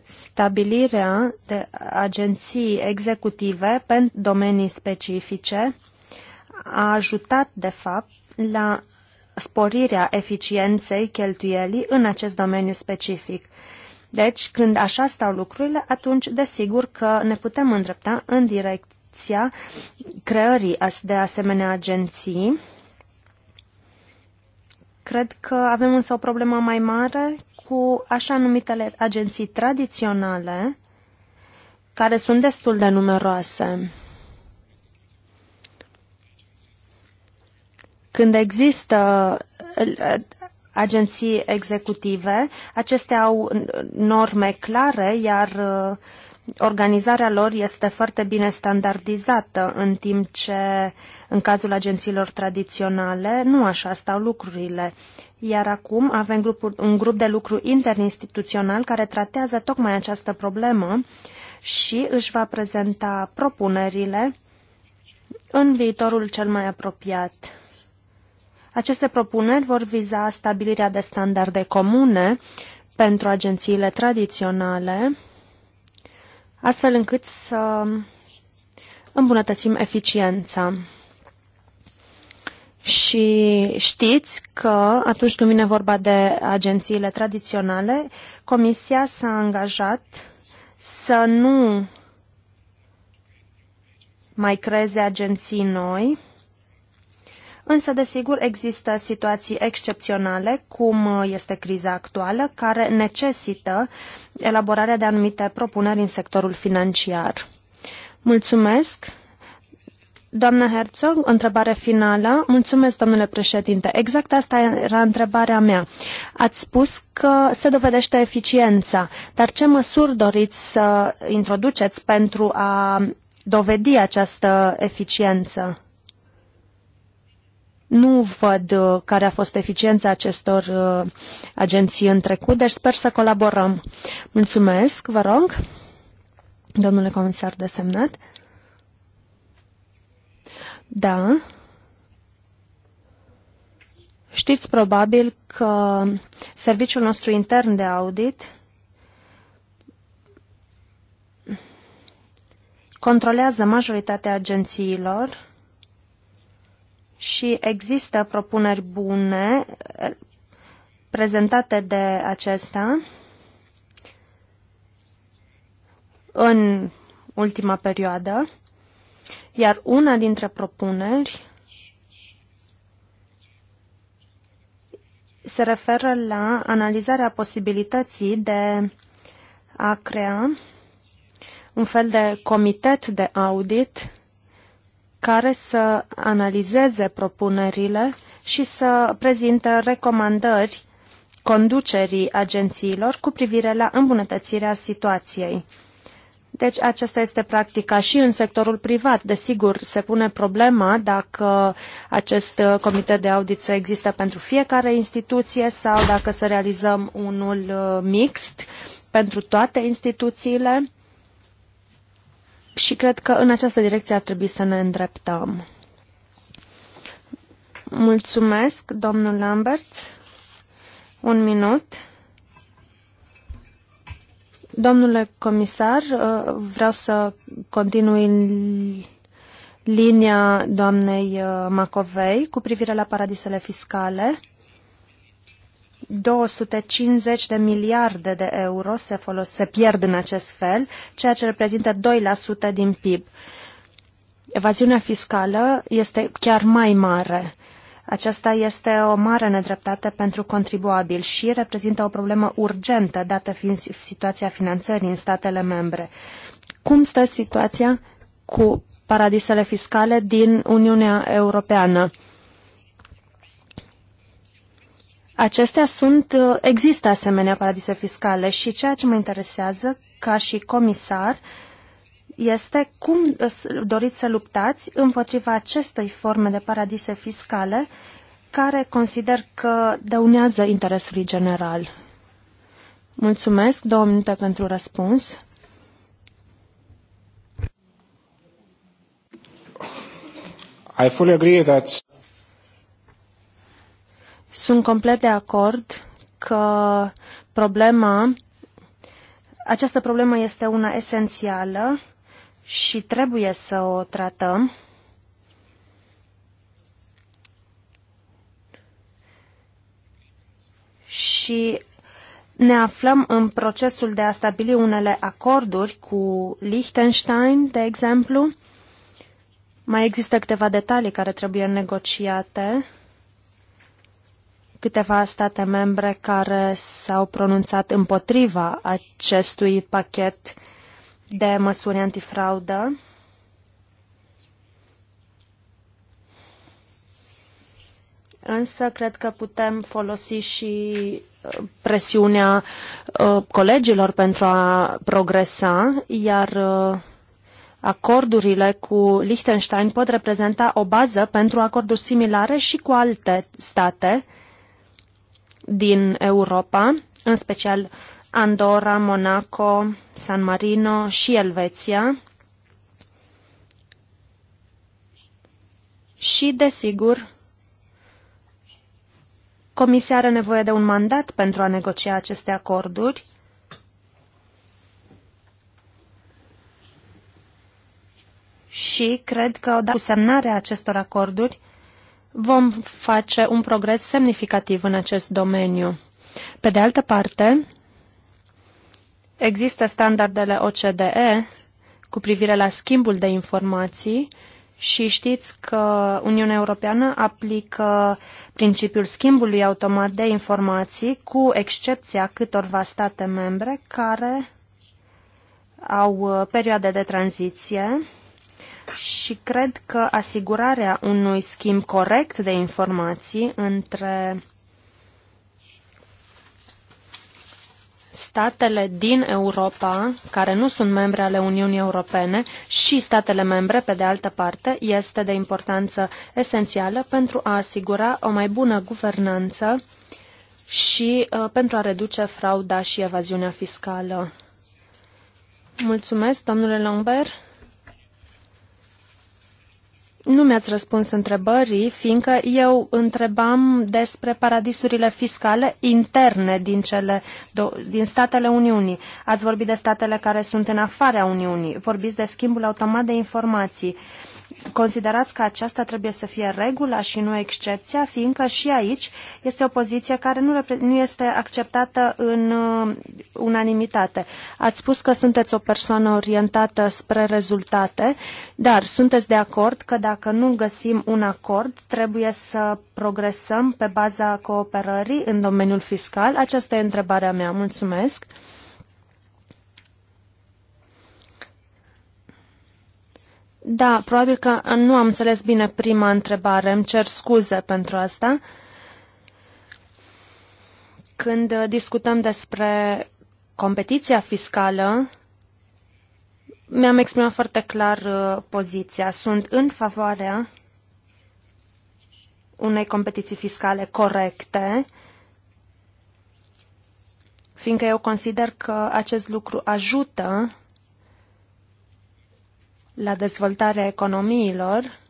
stabilirea de agenții executive pentru domenii specifice a ajutat, de fapt, la sporirea eficienței cheltuielii în acest domeniu specific. Deci, când așa stau lucrurile, atunci desigur că ne putem îndrepta în direcția creării de asemenea agenții. Cred că avem însă o problemă mai mare cu așa numitele agenții tradiționale, care sunt destul de numeroase. Când există uh, agenții executive, acestea au norme clare, iar uh, organizarea lor este foarte bine standardizată, în timp ce în cazul agențiilor tradiționale nu așa stau lucrurile. Iar acum avem grupul, un grup de lucru interinstituțional care tratează tocmai această problemă și își va prezenta propunerile în viitorul cel mai apropiat. Aceste propuneri vor viza stabilirea de standarde comune pentru agențiile tradiționale, astfel încât să îmbunătățim eficiența. Și știți că atunci când vine vorba de agențiile tradiționale, Comisia s-a angajat să nu mai creeze agenții noi, însă desigur există situații excepționale, cum uh, este criza actuală, care necesită elaborarea de anumite propuneri în sectorul financiar. Mulțumesc! Doamna Herzog, întrebare finală. Mulțumesc, domnule președinte. Exact asta era întrebarea mea. Ați spus că se dovedește eficiența, dar ce măsuri doriți să introduceți pentru a dovedi această eficiență? nu văd uh, care a fost eficiența acestor uh, agenții în trecut, deci sper să colaborăm. Mulțumesc, vă rog, domnule comisar desemnat. Da. Știți probabil că serviciul nostru intern de audit controlează majoritatea agențiilor și există propuneri bune eh, prezentate de acesta în ultima perioadă, iar una dintre propuneri se referă la analizarea posibilității de a crea un fel de comitet de audit care să analizeze propunerile și să prezinte recomandări conducerii agențiilor cu privire la îmbunătățirea situației. Deci aceasta este practica și în sectorul privat. Desigur, se pune problema dacă acest comitet de audit să există pentru fiecare instituție sau dacă să realizăm unul uh, mixt pentru toate instituțiile și cred că în această direcție ar trebui să ne îndreptăm. Mulțumesc, domnul Lambert. Un minut. Domnule comisar, uh, vreau să continui linia doamnei uh, Macovei cu privire la paradisele fiscale. 250 de miliarde de euro se, folos- se pierd în acest fel, ceea ce reprezintă 2% din PIB. Evaziunea fiscală este chiar mai mare. Aceasta este o mare nedreptate pentru contribuabil și reprezintă o problemă urgentă, dată fiind situația finanțării în statele membre. Cum stă situația cu paradisele fiscale din Uniunea Europeană? acestea sunt, uh, există asemenea paradise fiscale și ceea ce mă interesează ca și comisar este cum uh, doriți să luptați împotriva acestei forme de paradise fiscale care consider că dăunează interesului general. Mulțumesc, două minute pentru răspuns. I fully agree that sunt complet de acord că problema, această problemă este una esențială și trebuie să o tratăm. Și ne aflăm în procesul de a stabili unele acorduri cu Liechtenstein, de exemplu. Mai există câteva detalii care trebuie negociate câteva state membre care s-au pronunțat împotriva acestui pachet de măsuri antifraudă. Însă cred că putem folosi și uh, presiunea uh, colegilor pentru a progresa, iar uh, acordurile cu Liechtenstein pot reprezenta o bază pentru acorduri similare și cu alte state din Europa, în special Andorra, Monaco, San Marino și Elveția. Și, desigur, Comisia are nevoie de un mandat pentru a negocia aceste acorduri. Și cred că, odată cu semnarea acestor acorduri, vom face un progres semnificativ în acest domeniu. Pe de altă parte, există standardele OCDE cu privire la schimbul de informații și știți că Uniunea Europeană aplică principiul schimbului automat de informații, cu excepția câtorva state membre care au uh, perioade de tranziție și cred că asigurarea unui schimb corect de informații între statele din Europa, care nu sunt membre ale Uniunii Europene, și statele membre, pe de altă parte, este de importanță esențială pentru a asigura o mai bună guvernanță și uh, pentru a reduce frauda și evaziunea fiscală. Mulțumesc, domnule Lambert. Nu mi-ați răspuns întrebării, fiindcă eu întrebam despre paradisurile fiscale interne din, cele din statele Uniunii. Ați vorbit de statele care sunt în afara Uniunii. Vorbiți de schimbul automat de informații. Uh, considerați că aceasta trebuie să fie regula și nu excepția, fiindcă și aici este o poziție care nu, nu este acceptată în uh, unanimitate. Ați spus că sunteți o persoană orientată spre rezultate, dar sunteți de acord că dacă nu găsim un acord, trebuie să progresăm pe baza cooperării în domeniul fiscal? Aceasta e întrebarea mea. Mulțumesc. Da, probabil că nu am înțeles bine prima întrebare. Îmi cer scuze pentru asta. Când discutăm despre competiția fiscală, mi-am exprimat foarte clar uh, poziția. Sunt în favoarea unei competiții fiscale corecte, fiindcă eu consider că acest lucru ajută la dezvoltarea economiilor,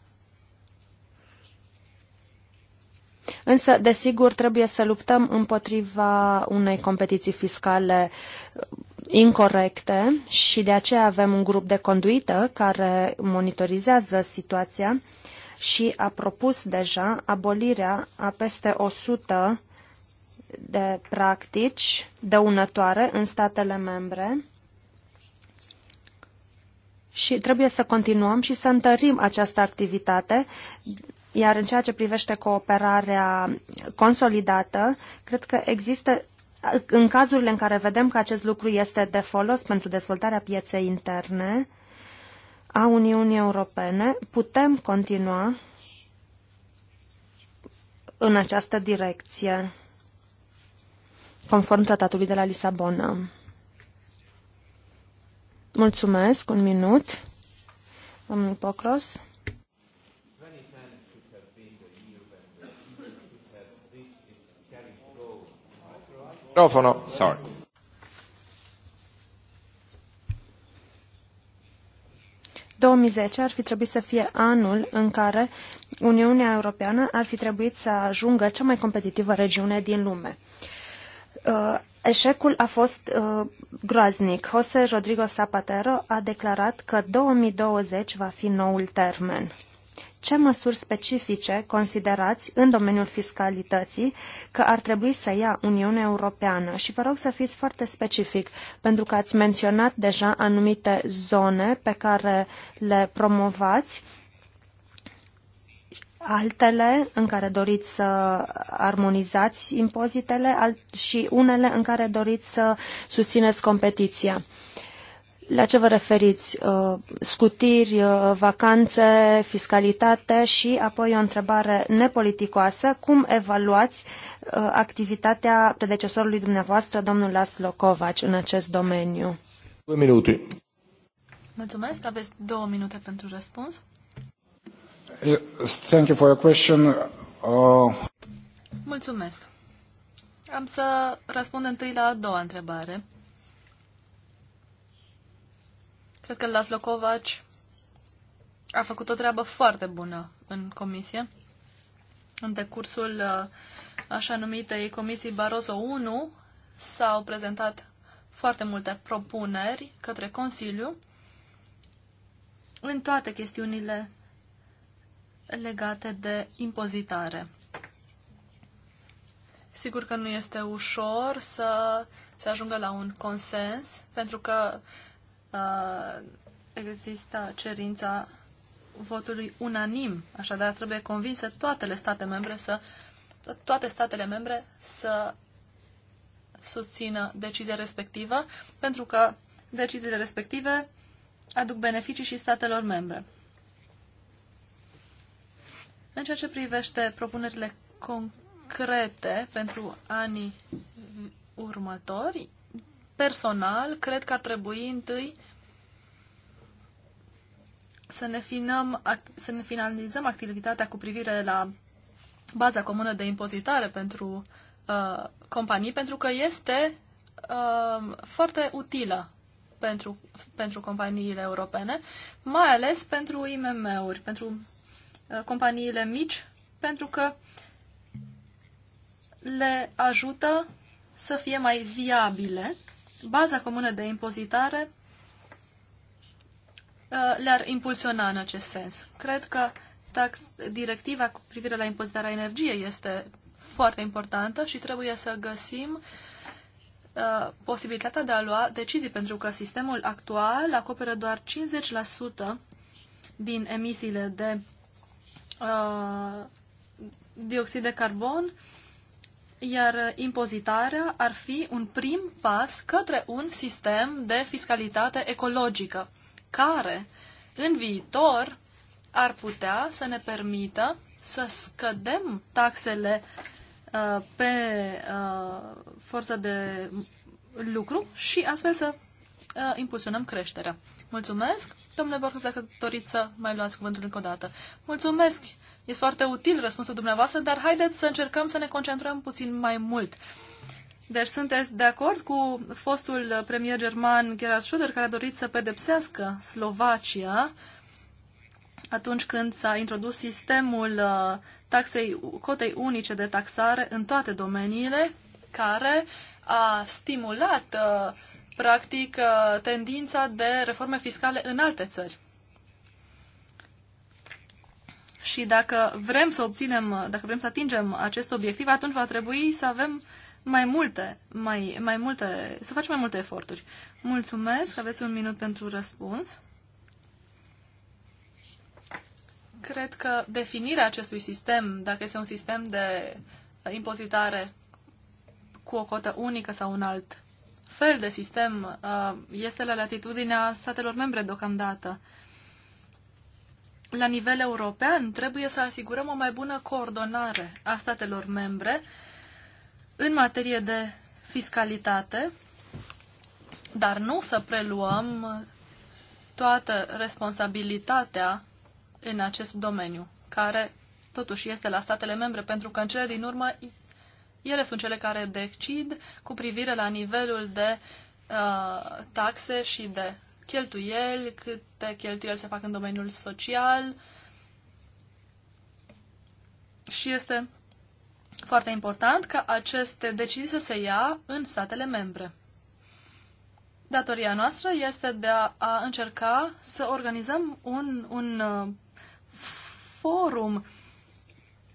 Însă, desigur, trebuie să luptăm împotriva unei competiții fiscale uh, incorrecte și de aceea avem un grup de conduită care monitorizează situația și a propus deja abolirea a peste 100 de practici dăunătoare în statele membre și trebuie să continuăm și să întărim această activitate, iar în ceea ce privește cooperarea consolidată, cred că există în cazurile în care vedem că acest lucru este de folos pentru dezvoltarea pieței interne a Uniunii Europene, putem continua în această direcție, conform tratatului de la Lisabona. Mulțumesc, un minut. Domnul Poclos. Microfono, sorry. ar fi trebuit să fie anul în care Uniunea Europeană ar fi trebuit să ajungă cea mai competitivă regiune din lume uh, Eșecul a fost uh, groaznic. José Rodrigo Zapatero a declarat că 2020 va fi noul termen. Ce măsuri specifice considerați în domeniul fiscalității că ar trebui să ia Uniunea Europeană? Și vă rog să fiți foarte specific, pentru că ați menționat deja anumite zone pe care le promovați. Uh, altele în care doriți să armonizați impozitele și unele în care doriți să susțineți competiția. La ce vă referiți? Uh, scutiri, uh, vacanțe, fiscalitate și apoi o întrebare nepoliticoasă. Cum evaluați uh, activitatea predecesorului dumneavoastră, domnul Laszlo Kovac, în acest domeniu? Două minute. Mulțumesc. Aveți două minute pentru răspuns. Thank you for your question. Uh, Mulțumesc. Am să răspund întâi la a doua întrebare. Cred că Laszlo Kovac a făcut o treabă foarte bună în comisie. În decursul uh, așa numitei comisii Barroso 1 s-au prezentat foarte multe propuneri către Consiliu în toate chestiunile legate de impozitare. Sigur că nu este ușor să se ajungă la un consens, pentru că uh, există cerința votului unanim, așadar trebuie convinsă toatele state membre să, toate statele membre să susțină decizia respectivă, pentru că deciziile respective aduc beneficii și statelor membre. În ceea ce privește propunerile concrete pentru anii următori, personal, cred că ar trebui întâi să ne, finăm, să ne finalizăm activitatea cu privire la baza comună de impozitare pentru uh, companii, pentru că este uh, foarte utilă pentru, pentru companiile europene, mai ales pentru IMM-uri, pentru Uh, companiile mici pentru că le ajută să fie mai viabile. Baza comună de impozitare uh, le-ar impulsiona în acest sens. Cred că tax, directiva cu privire la impozitarea energiei este foarte importantă și trebuie să găsim uh, posibilitatea de a lua decizii, pentru că sistemul actual acoperă doar 50% din emisiile de Uh, dioxid de carbon, iar impozitarea ar fi un prim pas către un sistem de fiscalitate ecologică, care în viitor ar putea să ne permită să scădem taxele uh, pe uh, forță de lucru și astfel să uh, impulsionăm creșterea. Mulțumesc! Domnule Borges, dacă doriți să mai luați cuvântul încă o dată. Mulțumesc! Este foarte util răspunsul dumneavoastră, dar haideți să încercăm să ne concentrăm puțin mai mult. Deci sunteți de acord cu fostul premier german Gerhard Schröder, care a dorit să pedepsească Slovacia atunci când s-a introdus sistemul uh, taxei, cotei unice de taxare în toate domeniile, care a stimulat uh, practic, uh, tendința de reforme fiscale în alte țări. Și dacă vrem să obținem, dacă vrem să atingem acest obiectiv, atunci va trebui să avem mai multe, mai, mai multe, să facem mai multe eforturi. Mulțumesc, aveți un minut pentru răspuns. Cred că definirea acestui sistem, dacă este un sistem de impozitare cu o cotă unică sau un alt fel de sistem uh, este la latitudinea statelor membre deocamdată. La nivel european trebuie să asigurăm o mai bună coordonare a statelor membre în materie de fiscalitate, dar nu să preluăm toată responsabilitatea în acest domeniu, care totuși este la statele membre, pentru că în cele din urmă ele sunt cele care decid cu privire la nivelul de uh, taxe și de cheltuieli, câte cheltuieli se fac în domeniul social. Și este foarte important ca aceste decizii să se ia în statele membre. Datoria noastră este de a, a încerca să organizăm un, un uh, forum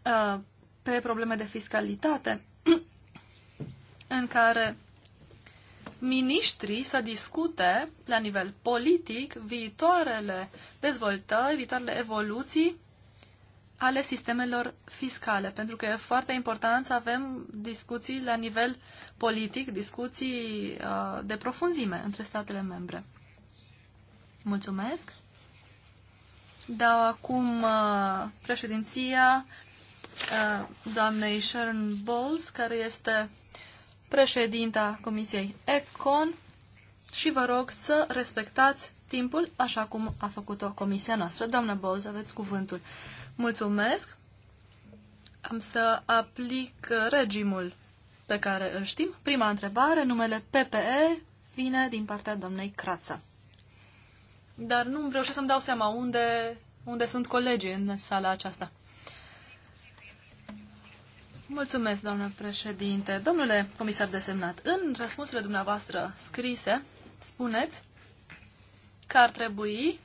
uh, pe probleme de fiscalitate în care miniștrii să discute la nivel politic viitoarele dezvoltări, viitoarele evoluții ale sistemelor fiscale, pentru că e foarte important să avem discuții la nivel politic, discuții uh, de profunzime între statele membre. Mulțumesc. Dau acum uh, președinția uh, doamnei Sharon Bowles, care este președinta Comisiei ECON și vă rog să respectați timpul așa cum a făcut-o comisia noastră. Doamna Boz, aveți cuvântul. Mulțumesc. Am să aplic regimul pe care îl știm. Prima întrebare, numele PPE vine din partea doamnei Crață. Dar nu reușesc să-mi dau seama unde, unde sunt colegii în sala aceasta. Mulțumesc, doamnă președinte. Domnule comisar desemnat, în răspunsurile dumneavoastră scrise, spuneți că ar trebui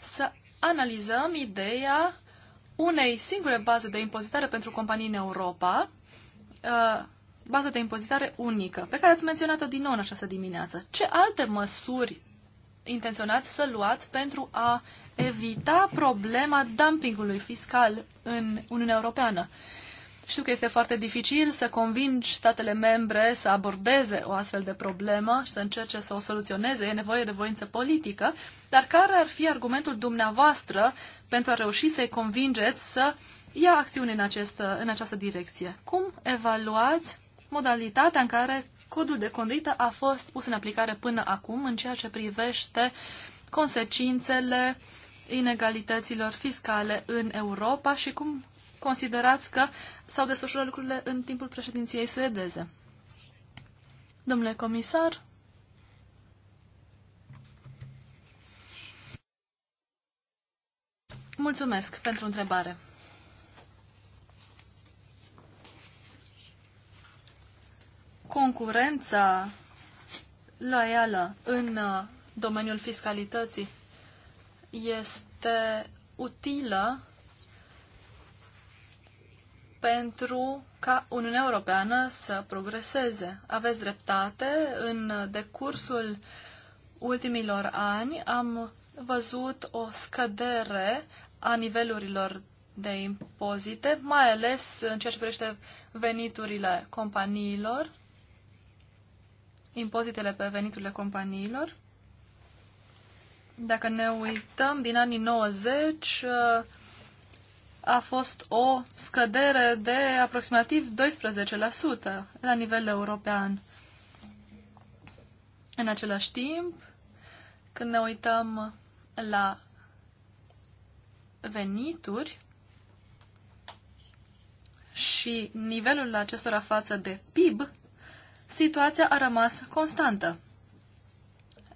să analizăm ideea unei singure baze de impozitare pentru companii în Europa, uh, bază de impozitare unică, pe care ați menționat-o din nou în această dimineață. Ce alte măsuri intenționați să luați pentru a evita problema dumpingului fiscal în Uniunea Europeană? Știu că este foarte dificil să convingi statele membre să abordeze o astfel de problemă și să încerce să o soluționeze. E nevoie de voință politică. Dar care ar fi argumentul dumneavoastră pentru a reuși să-i convingeți să ia acțiune în, acest, în această direcție? Cum evaluați modalitatea în care codul de conduită a fost pus în aplicare până acum în ceea ce privește consecințele inegalităților fiscale în Europa și cum considerați că s-au desfășurat lucrurile în timpul președinției suedeze? Domnule comisar, mulțumesc pentru întrebare. Concurența loială în uh, domeniul fiscalității este utilă pentru ca Uniunea Europeană să progreseze. Aveți dreptate, în decursul ultimilor ani am văzut o scădere a nivelurilor de impozite, mai ales în ceea ce privește veniturile companiilor, impozitele pe veniturile companiilor. Dacă ne uităm din anii 90, a fost o scădere de aproximativ 12% la nivel european. În același timp, când ne uităm la venituri și nivelul acestora față de PIB, situația a rămas constantă.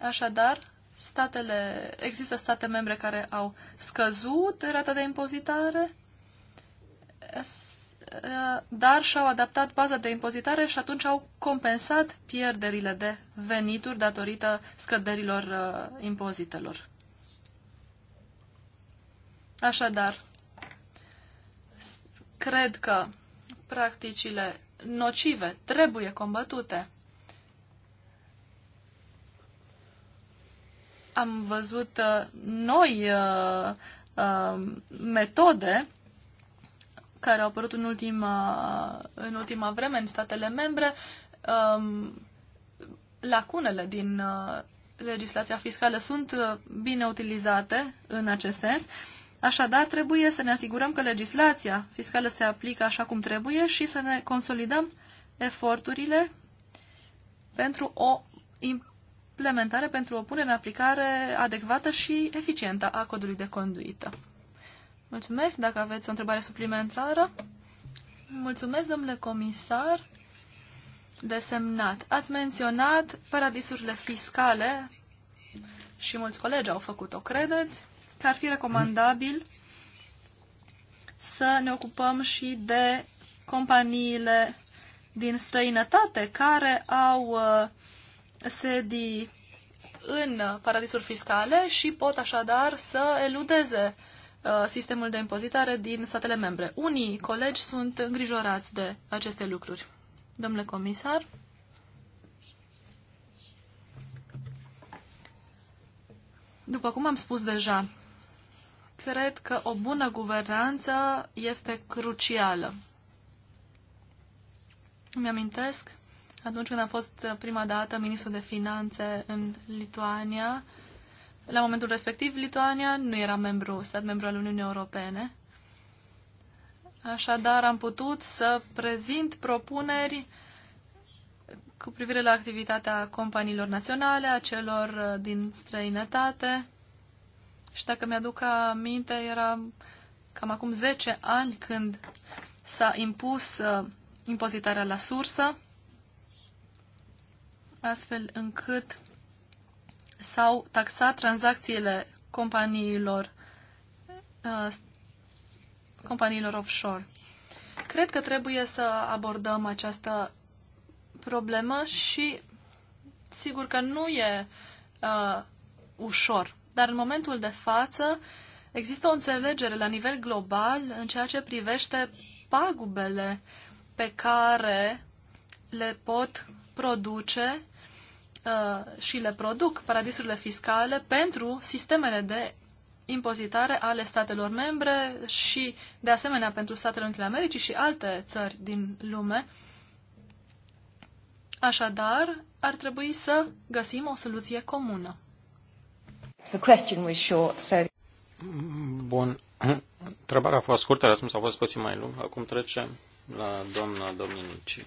Așadar, statele, există state membre care au scăzut rata de impozitare dar și-au adaptat baza de impozitare și atunci au compensat pierderile de venituri datorită scăderilor uh, impozitelor. Așadar, cred că practicile nocive trebuie combătute. Am văzut uh, noi uh, metode care au apărut în ultima, în ultima vreme în statele membre, um, lacunele din uh, legislația fiscală sunt uh, bine utilizate în acest sens. Așadar, trebuie să ne asigurăm că legislația fiscală se aplică așa cum trebuie și să ne consolidăm eforturile pentru o implementare, pentru o punere în aplicare adecvată și eficientă a codului de conduită. Mulțumesc dacă aveți o întrebare suplimentară. Mulțumesc, domnule comisar desemnat. Ați menționat paradisurile fiscale și mulți colegi au făcut-o, credeți, că ar fi recomandabil să ne ocupăm și de companiile din străinătate care au uh, sedii în paradisuri fiscale și pot așadar să eludeze Uh, sistemul de impozitare din statele membre. Unii colegi sunt îngrijorați de aceste lucruri. Domnule comisar, după cum am spus deja, cred că o bună guvernanță este crucială. Îmi amintesc atunci când am fost prima dată ministru de finanțe în Lituania, la momentul respectiv, Lituania nu era membru, stat membru al Uniunii Europene. Așadar, am putut să prezint propuneri cu privire la activitatea companiilor naționale, a celor uh, din străinătate. Și dacă mi-aduc aminte, era cam acum 10 ani când s-a impus uh, impozitarea la sursă, astfel încât s-au taxat tranzacțiile companiilor, uh, companiilor offshore. Cred că trebuie să abordăm această problemă și sigur că nu e uh, ușor, dar în momentul de față există o înțelegere la nivel global în ceea ce privește pagubele pe care le pot produce Uh, și le produc paradisurile fiscale pentru sistemele de impozitare ale statelor membre și, de asemenea, pentru Statele Unite ale Americii și alte țări din lume. Așadar, ar trebui să găsim o soluție comună. The question was short, so... Bun. Întrebarea a fost scurtă, răspunsul a fost puțin mai lung. Acum trecem la doamna Dominici.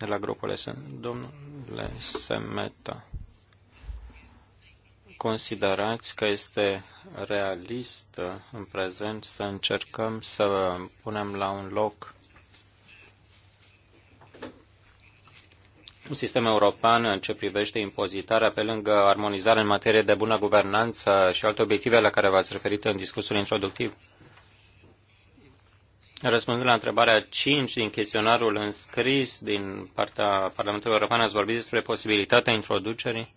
de la grupul SN. Domnule Semeta, considerați că este realist în prezent să încercăm să punem la un loc un sistem european în ce privește impozitarea, pe lângă armonizarea în materie de bună guvernanță și alte obiective la care v-ați referit în discursul introductiv? Răspundând la întrebarea 5 din chestionarul înscris din partea Parlamentului European, ați vorbit despre posibilitatea introducerii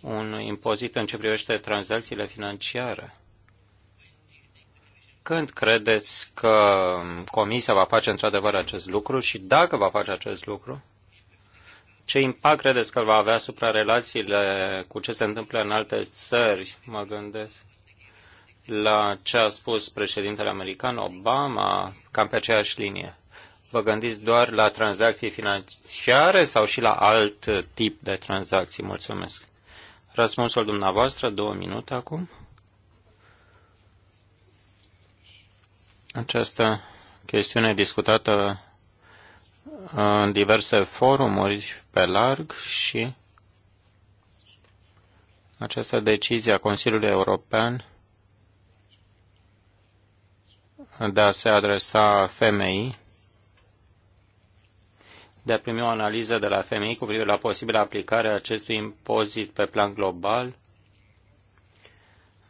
unui impozit în ce privește tranzacțiile financiare. Când credeți că Comisia va face într-adevăr acest lucru și dacă va face acest lucru, ce impact credeți că va avea asupra relațiile cu ce se întâmplă în alte țări, mă gândesc? la ce a spus președintele american Obama, cam pe aceeași linie. Vă gândiți doar la tranzacții financiare sau și la alt tip de tranzacții? Mulțumesc. Răspunsul dumneavoastră, două minute acum. Această chestiune discutată în diverse forumuri pe larg și această decizie a Consiliului European de a se adresa femeii, de a primi o analiză de la femei cu privire la posibilă aplicare a acestui impozit pe plan global.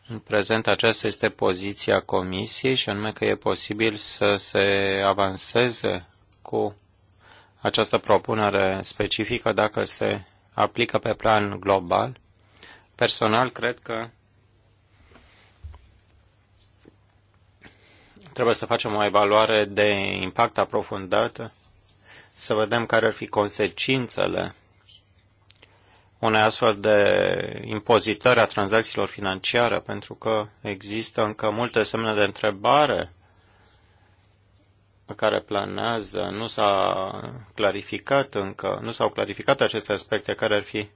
În prezent, aceasta este poziția Comisiei și anume că e posibil să se avanseze cu această propunere specifică dacă se aplică pe plan global. Personal, cred că Trebuie să facem o evaluare de impact aprofundată, să vedem care ar fi consecințele unei astfel de impozitări a tranzacțiilor financiare, pentru că există încă multe semne de întrebare care planează, nu s-a clarificat încă, nu s-au clarificat aceste aspecte, care ar fi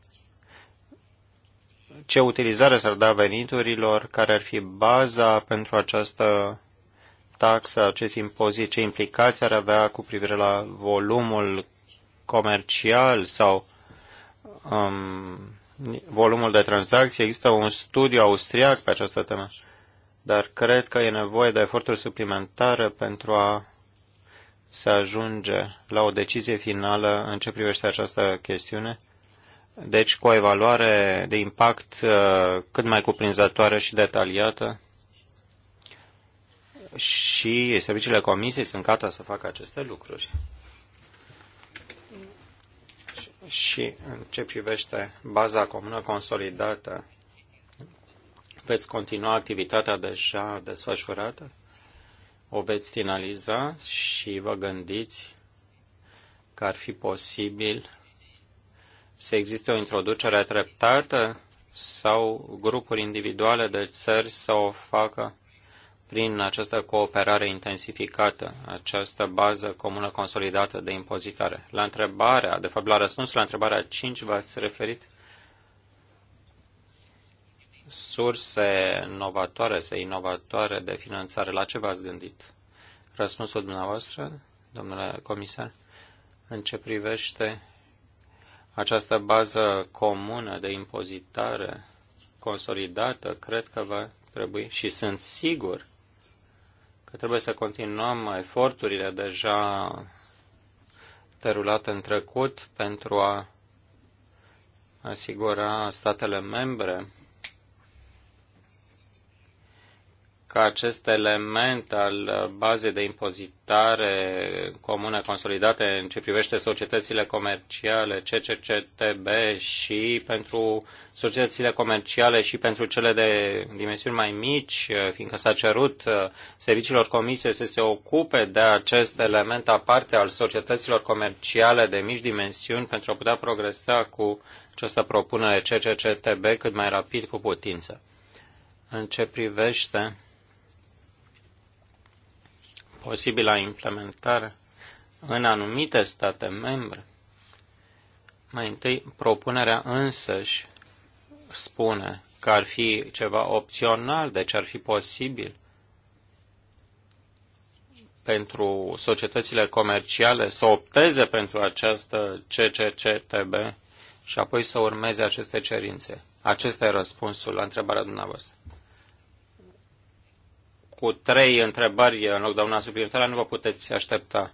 ce utilizare s-ar da veniturilor, care ar fi baza pentru această taxă, acest impozit, ce implicații ar avea cu privire la volumul comercial sau um, volumul de tranzacții. Există un studiu austriac pe această temă, dar cred că e nevoie de eforturi suplimentare pentru a se ajunge la o decizie finală în ce privește această chestiune. Deci cu o evaluare de impact uh, cât mai cuprinzătoare și detaliată și serviciile comisiei sunt gata să facă aceste lucruri. Și în ce privește baza comună consolidată, veți continua activitatea deja desfășurată? O veți finaliza și vă gândiți că ar fi posibil să existe o introducere treptată sau grupuri individuale de țări să o facă prin această cooperare intensificată, această bază comună consolidată de impozitare. La întrebarea, de fapt la răspunsul la întrebarea 5 v-ați referit surse novatoare se inovatoare de finanțare. La ce v-ați gândit? Răspunsul dumneavoastră, domnule comisar, în ce privește această bază comună de impozitare consolidată, cred că va trebui și sunt sigur că trebuie să continuăm eforturile deja derulate în trecut pentru a asigura statele membre ca acest element al bazei de impozitare comune consolidate în ce privește societățile comerciale, CCCTB și pentru societățile comerciale și pentru cele de dimensiuni mai mici, fiindcă s-a cerut uh, serviciilor comise să se ocupe de acest element aparte al societăților comerciale de mici dimensiuni pentru a putea progresa cu această propunere CCCTB cât mai rapid cu putință. În ce privește posibila implementare în anumite state membre. Mai întâi, propunerea însăși spune că ar fi ceva opțional, deci ar fi posibil pentru societățile comerciale să opteze pentru această CCCTB și apoi să urmeze aceste cerințe. Acesta e răspunsul la întrebarea dumneavoastră cu trei întrebări în loc de una suplimentară, nu vă puteți aștepta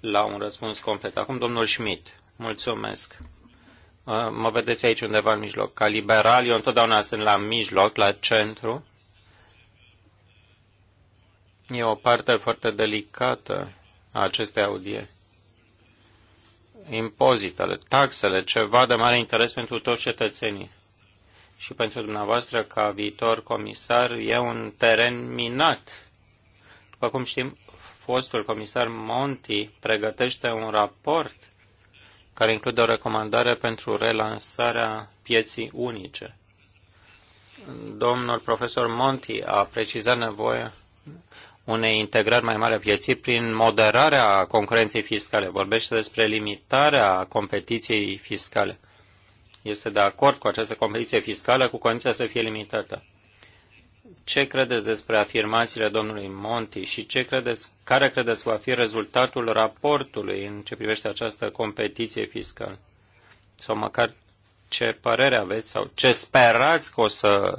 la un răspuns complet. Acum, domnul Schmidt, mulțumesc. Mă vedeți aici undeva în mijloc. Ca liberal, eu întotdeauna sunt la mijloc, la centru. E o parte foarte delicată a acestei audie. Impozitele, taxele, ceva de mare interes pentru toți cetățenii și pentru dumneavoastră ca viitor comisar e un teren minat. După cum știm, fostul comisar Monti pregătește un raport care include o recomandare pentru relansarea pieții unice. Domnul profesor Monti a precizat nevoia unei integrări mai mari a pieții prin moderarea concurenței fiscale. Vorbește despre limitarea competiției fiscale este de acord cu această competiție fiscală cu condiția să fie limitată. Ce credeți despre afirmațiile domnului Monti și ce credeți, care credeți va fi rezultatul raportului în ce privește această competiție fiscală? Sau măcar ce părere aveți sau ce sperați că o să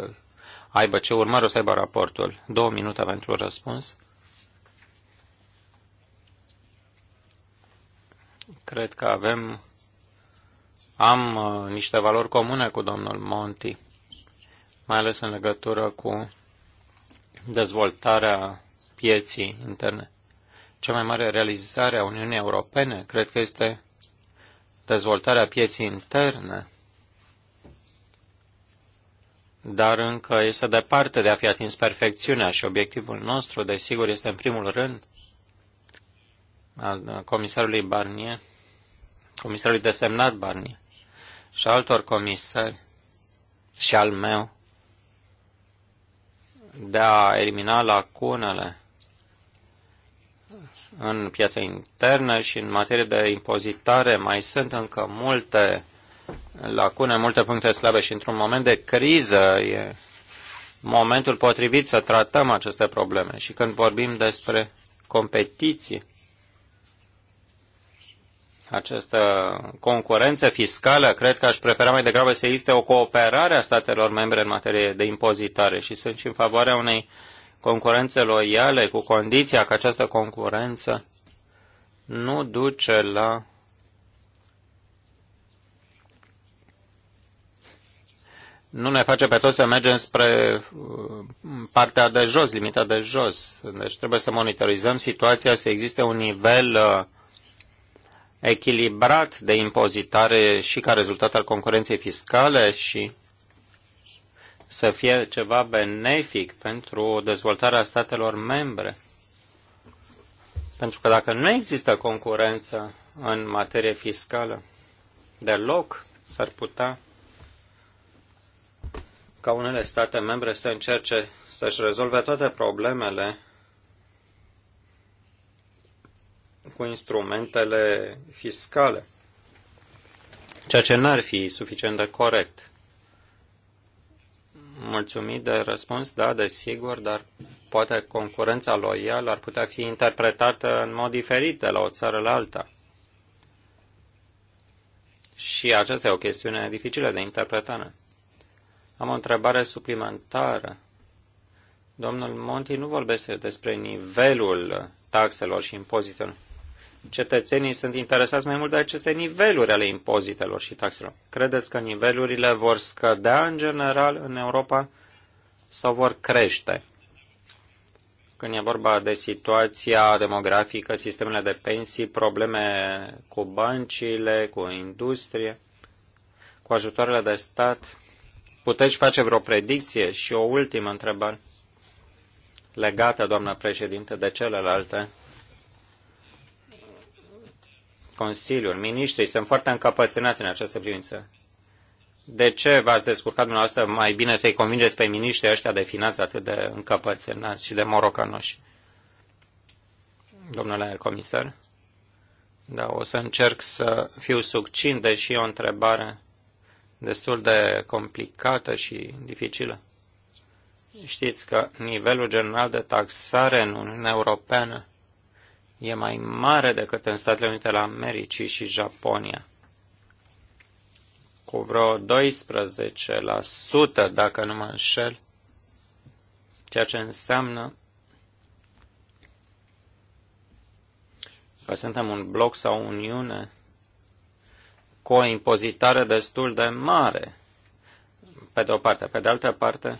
aibă, ce urmări o să aibă raportul? Două minute pentru răspuns. Cred că avem am uh, niște valori comune cu domnul Monti, mai ales în legătură cu dezvoltarea pieții interne. Cea mai mare realizare a Uniunii Europene, cred că este dezvoltarea pieții interne, dar încă este departe de a fi atins perfecțiunea și obiectivul nostru, desigur, este în primul rând al uh, comisarului Barnier, comisarului desemnat Barnier, și altor comisari și al meu de a elimina lacunele în piața internă și în materie de impozitare mai sunt încă multe lacune, multe puncte slabe și într-un moment de criză e momentul potrivit să tratăm aceste probleme. Și când vorbim despre competiție, această concurență fiscală, cred că aș prefera mai degrabă să existe o cooperare a statelor membre în materie de impozitare și sunt și în favoarea unei concurențe loiale cu condiția că această concurență nu duce la nu ne face pe toți să mergem spre uh, partea de jos, limita de jos. Deci trebuie să monitorizăm situația, să existe un nivel uh, echilibrat de impozitare și ca rezultat al concurenței fiscale și să fie ceva benefic pentru dezvoltarea statelor membre. Pentru că dacă nu există concurență în materie fiscală, deloc s-ar putea ca unele state membre să încerce să-și rezolve toate problemele cu instrumentele fiscale, ceea ce n-ar fi suficient de corect. Mulțumit de răspuns, da, desigur, dar poate concurența loială ar putea fi interpretată în mod diferit de la o țară la alta. Și aceasta e o chestiune dificilă de interpretare. Am o întrebare suplimentară. Domnul Monti nu vorbește despre nivelul taxelor și impozitelor cetățenii sunt interesați mai mult de aceste niveluri ale impozitelor și taxelor. Credeți că nivelurile vor scădea în general în Europa sau vor crește? Când e vorba de situația demografică, sistemele de pensii, probleme cu băncile, cu industrie, cu ajutoarele de stat, puteți face vreo predicție? Și o ultimă întrebare legată, doamnă președinte, de celelalte Consiliul, miniștrii sunt foarte încăpățânați în această privință. De ce v-ați descurcat dumneavoastră mai bine să-i convingeți pe miniștrii ăștia de finanță atât de încăpățânați și de morocanoși? Domnule comisar? Da, o să încerc să fiu succint, deși e o întrebare destul de complicată și dificilă. Știți că nivelul general de taxare în Uniunea Europeană e mai mare decât în Statele Unite ale Americii și Japonia. Cu vreo 12%, dacă nu mă înșel, ceea ce înseamnă că suntem un bloc sau uniune cu o impozitare destul de mare, pe de o parte. Pe de altă parte,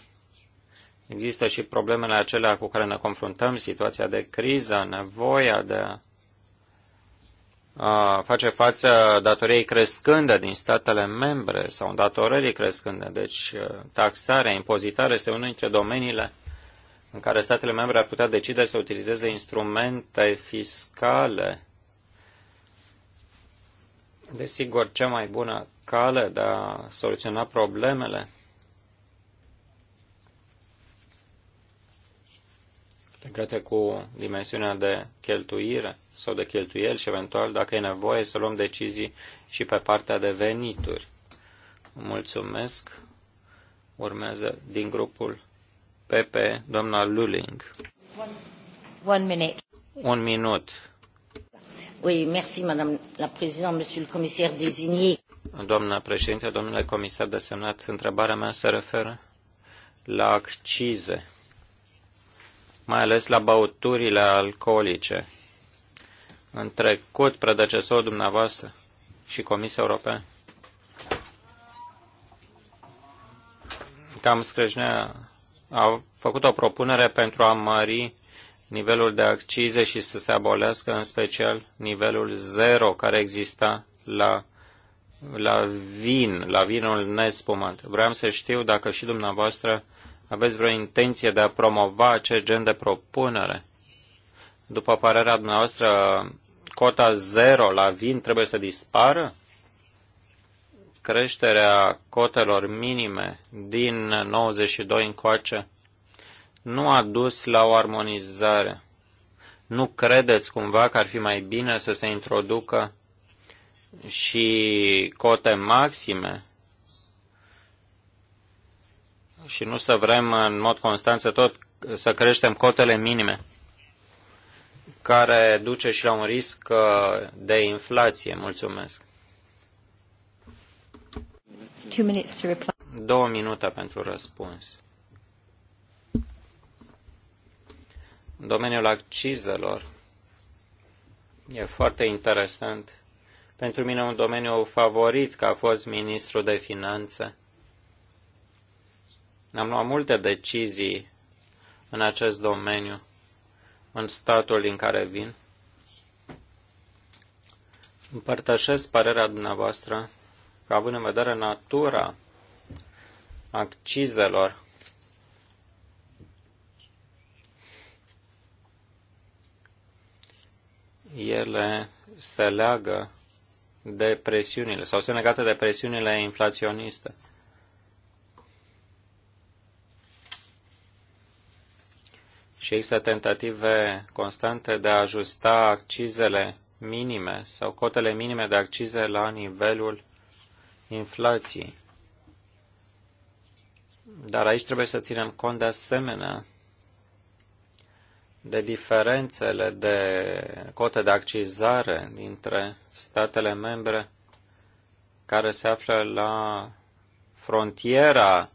Există și problemele acelea cu care ne confruntăm, situația de criză, nevoia de a face față datoriei crescânde din statele membre sau datorării crescânde. Deci taxarea, impozitarea este unul dintre domeniile în care statele membre ar putea decide să utilizeze instrumente fiscale. Desigur, cea mai bună cale de a soluționa problemele legate cu dimensiunea de cheltuire sau de cheltuieli și eventual dacă e nevoie să luăm decizii și pe partea de venituri. Mulțumesc. Urmează din grupul PP, doamna Luling. One, one minute. Un minut. Oui, merci, madame la présidente, monsieur le commissaire désigné. Doamna președinte, domnule comisar desemnat, întrebarea mea se referă la accize mai ales la băuturile alcoolice. În trecut, predecesorul dumneavoastră și Comisia Europeană cam scrâșnea au făcut o propunere pentru a mări nivelul de accize și să se abolească în special nivelul zero care exista la, la vin, la vinul nespumat. Vreau să știu dacă și dumneavoastră aveți vreo intenție de a promova acest gen de propunere? După părerea dumneavoastră, cota zero la vin trebuie să dispară? Creșterea cotelor minime din 92 încoace nu a dus la o armonizare. Nu credeți cumva că ar fi mai bine să se introducă și cote maxime și nu să vrem în mod constant să tot să creștem cotele minime, care duce și la un risc uh, de inflație. Mulțumesc. Două minute pentru răspuns. În domeniul accizelor e foarte interesant. Pentru mine un domeniu favorit că a fost ministru de finanțe am luat multe decizii în acest domeniu, în statul din care vin. Împărtășesc părerea dumneavoastră că, având în vedere natura accizelor, ele se leagă de presiunile sau sunt legate de presiunile inflaționiste. și există tentative constante de a ajusta accizele minime sau cotele minime de accize la nivelul inflației. Dar aici trebuie să ținem cont de asemenea de diferențele de cote de accizare dintre statele membre care se află la frontiera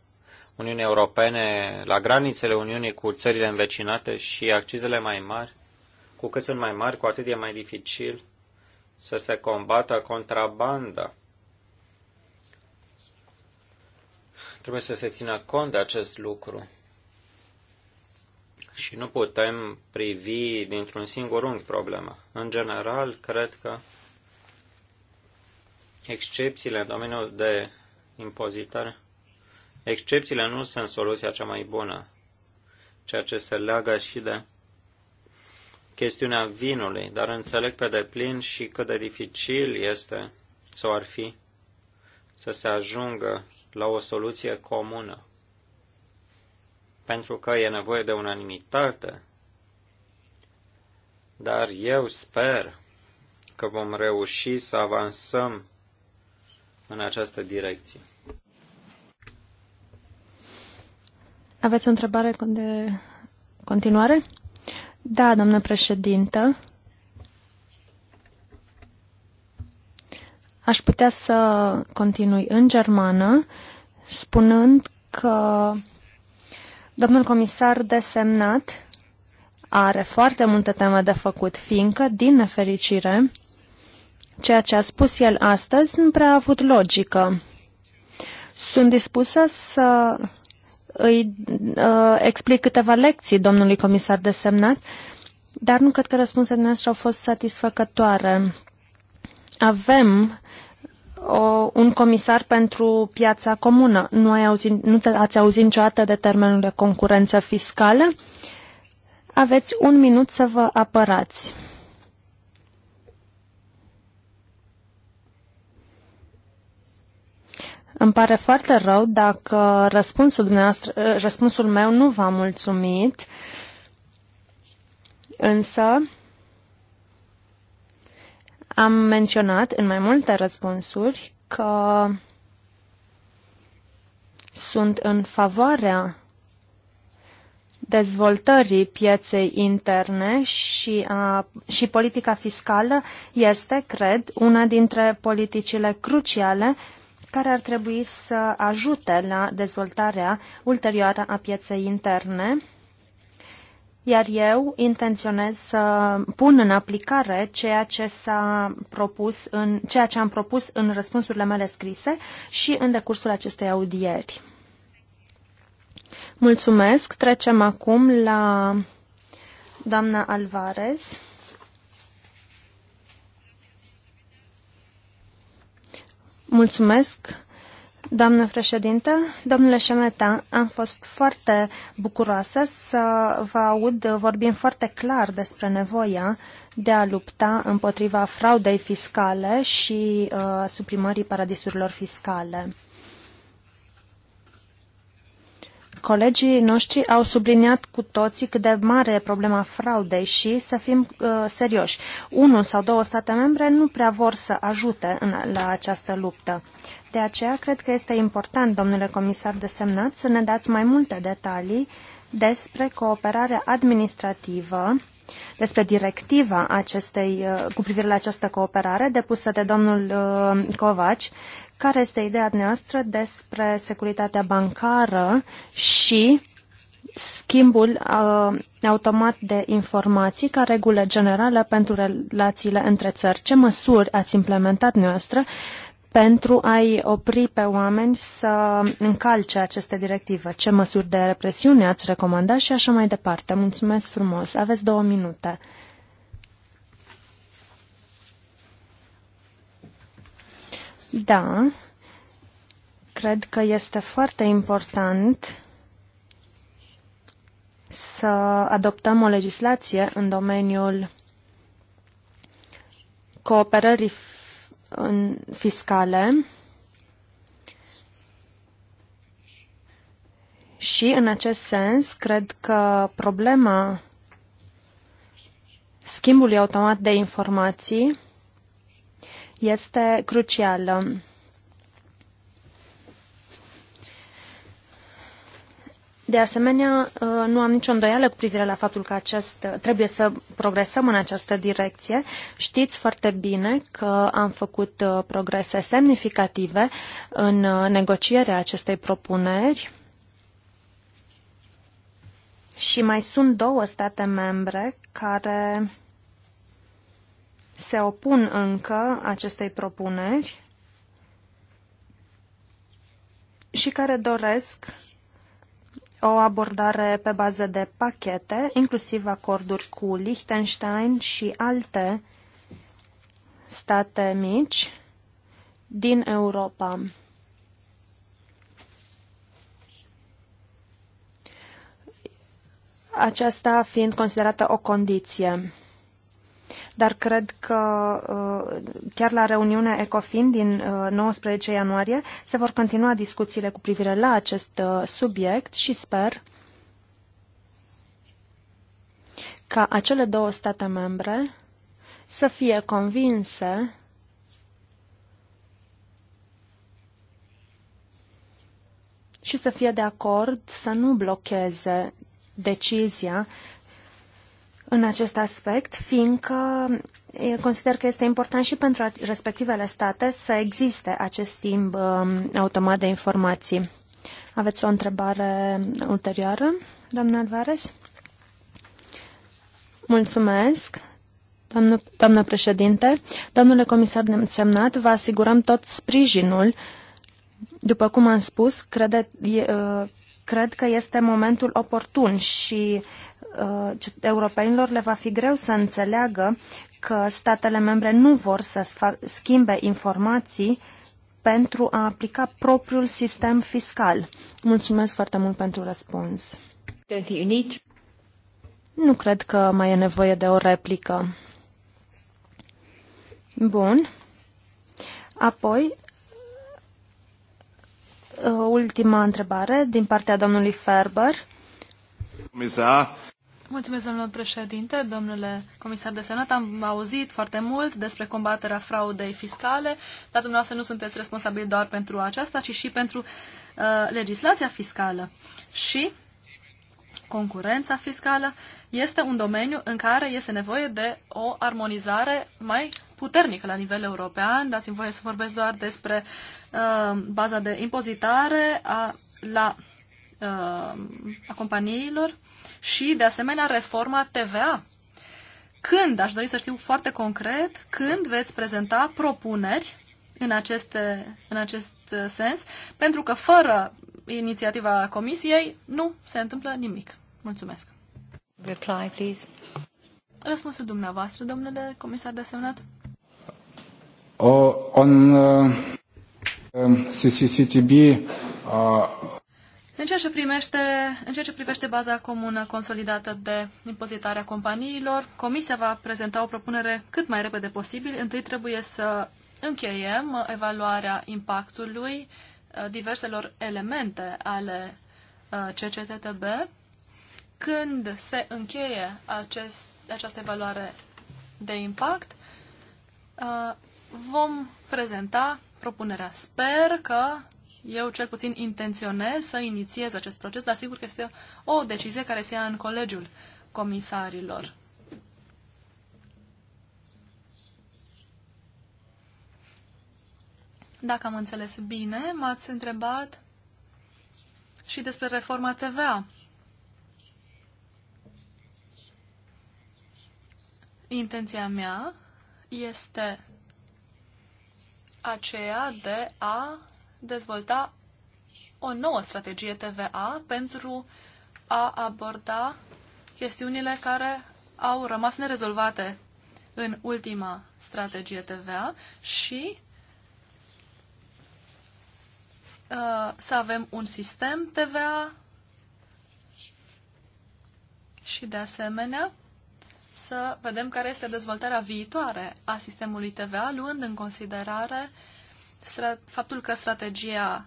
Uniunii Europene, la granițele Uniunii cu țările învecinate și accizele mai mari, cu cât sunt mai mari, cu atât e mai dificil să se combată contrabanda. Trebuie să se țină cont de acest lucru și nu putem privi dintr-un singur unghi problema. În general, cred că excepțiile în domeniul de impozitare Excepțiile nu sunt soluția cea mai bună, ceea ce se leagă și de chestiunea vinului, dar înțeleg pe deplin și cât de dificil este sau ar fi să se ajungă la o soluție comună. Pentru că e nevoie de unanimitate, dar eu sper că vom reuși să avansăm în această direcție. Aveți o întrebare de continuare? Da, doamnă președintă. Aș putea să continui în germană spunând că domnul comisar desemnat are foarte multe teme de făcut, fiindcă, din nefericire, ceea ce a spus el astăzi nu prea a avut logică. Sunt dispusă să îi uh, explic câteva lecții domnului comisar desemnat, dar nu cred că răspunsurile noastre au fost satisfăcătoare. Avem o, un comisar pentru piața comună. Nu, ai auzit, nu te, ați auzit niciodată de termenul de concurență fiscală? Aveți un minut să vă apărați. Îmi pare foarte rău dacă răspunsul, dumneavoastră, răspunsul meu nu v-a mulțumit, însă am menționat în mai multe răspunsuri că sunt în favoarea dezvoltării pieței interne și, a, și politica fiscală este, cred, una dintre politicile cruciale care ar trebui să ajute la dezvoltarea ulterioară a pieței interne, iar eu intenționez să pun în aplicare ceea ce s-a propus în, ceea ce am propus în răspunsurile mele scrise și în decursul acestei audieri. Mulțumesc. Trecem acum la doamna Alvarez. Mulțumesc, doamnă președintă. Domnule Șemeta, am fost foarte bucuroasă să vă aud vorbind foarte clar despre nevoia de a lupta împotriva fraudei fiscale și uh, suprimării paradisurilor fiscale. Colegii noștri au subliniat cu toții cât de mare e problema fraudei și să fim uh, serioși. Unul sau două state membre nu prea vor să ajute în, la această luptă. De aceea, cred că este important, domnule comisar desemnat, să ne dați mai multe detalii despre cooperarea administrativă despre directiva acestei, uh, cu privire la această cooperare depusă de domnul uh, Covaci, care este ideea noastră despre securitatea bancară și schimbul uh, automat de informații ca regulă generală pentru relațiile între țări. Ce măsuri ați implementat noastră pentru a-i opri pe oameni să încalce aceste directive? Ce măsuri de represiune ați recomanda și așa mai departe? Mulțumesc frumos. Aveți două minute. Da, cred că este foarte important să adoptăm o legislație în domeniul cooperării fiscale și, în acest sens, cred că problema schimbului automat de informații este crucială. De asemenea, nu am nicio îndoială cu privire la faptul că acest, trebuie să progresăm în această direcție. Știți foarte bine că am făcut uh, progrese semnificative în uh, negocierea acestei propuneri și mai sunt două state membre care se opun încă acestei propuneri și care doresc o abordare pe bază de pachete, inclusiv acorduri cu Liechtenstein și alte state mici din Europa. Aceasta fiind considerată o condiție dar cred că uh, chiar la reuniunea ECOFIN din 19 uh, ianuarie se vor continua discuțiile cu privire la acest uh, subiect și sper ca acele două state membre să fie convinse și să fie de acord să nu blocheze decizia în acest aspect, fiindcă consider că este important și pentru respectivele state să existe acest schimb um, automat de informații. Aveți o întrebare ulterioară, doamna Alvarez? Mulțumesc. Doamnă, doamnă președinte, domnule comisar semnat, vă asigurăm tot sprijinul. După cum am spus, crede, uh, cred că este momentul oportun și Uh, europenilor le va fi greu să înțeleagă că statele membre nu vor să schimbe informații pentru a aplica propriul sistem fiscal. Mulțumesc foarte mult pentru răspuns. Nu cred că mai e nevoie de o replică. Bun. Apoi, uh, ultima întrebare din partea domnului Ferber. Comisar, Mulțumesc, domnule președinte, domnule comisar de senat. Am auzit foarte mult despre combaterea fraudei fiscale, dar dumneavoastră nu sunteți responsabili doar pentru aceasta, ci și pentru uh, legislația fiscală. Și concurența fiscală este un domeniu în care este nevoie de o armonizare mai puternică la nivel european. Dați-mi voie să vorbesc doar despre uh, baza de impozitare a, la, uh, a companiilor și, de asemenea, reforma TVA. Când, aș dori să știu foarte concret, când veți prezenta propuneri în, aceste, în acest sens, pentru că fără inițiativa Comisiei nu se întâmplă nimic. Mulțumesc. Reply, please. Răspunsul dumneavoastră, domnule comisar de desemnat. Uh, on uh, um, CCCTB, uh, în ceea ce, primește, în ceea ce privește baza comună consolidată de impozitarea companiilor, Comisia va prezenta o propunere cât mai repede posibil. Întâi trebuie să încheiem evaluarea impactului uh, diverselor elemente ale uh, CCTB. Când se încheie acest, această evaluare de impact, uh, vom prezenta propunerea. Sper că eu cel puțin intenționez să inițiez acest proces, dar sigur că este o decizie care se ia în colegiul comisarilor. Dacă am înțeles bine, m-ați întrebat și despre reforma TVA. Intenția mea este aceea de a dezvolta o nouă strategie TVA pentru a aborda chestiunile care au rămas nerezolvate în ultima strategie TVA și uh, să avem un sistem TVA și de asemenea să vedem care este dezvoltarea viitoare a sistemului TVA, luând în considerare uh, faptul că strategia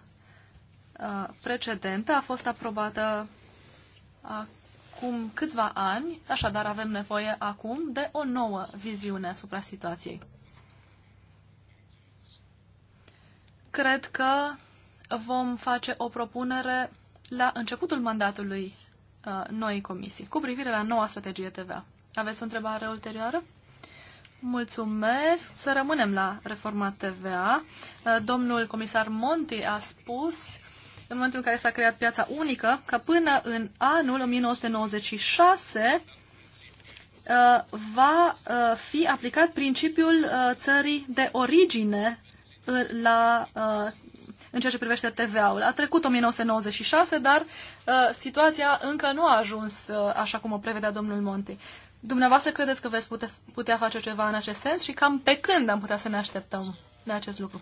uh, precedentă a fost aprobată acum câțiva ani, așadar avem nevoie acum de o nouă viziune asupra situației. Cred că vom face o propunere la începutul mandatului noi uh, noii comisii cu privire la noua strategie TVA. Aveți o întrebare ulterioară? Mulțumesc. Să rămânem la reforma TVA. Uh, domnul comisar Monti a spus în momentul în care s-a creat piața unică, că până în anul 1996 uh, va uh, fi aplicat principiul țării de origine la, în ceea ce privește TVA-ul. A trecut 1996, dar situația încă nu a ajuns așa cum o prevedea domnul Monti. Dumneavoastră credeți că veți putea, putea face ceva în acest sens și cam pe când am putea să ne așteptăm la acest lucru?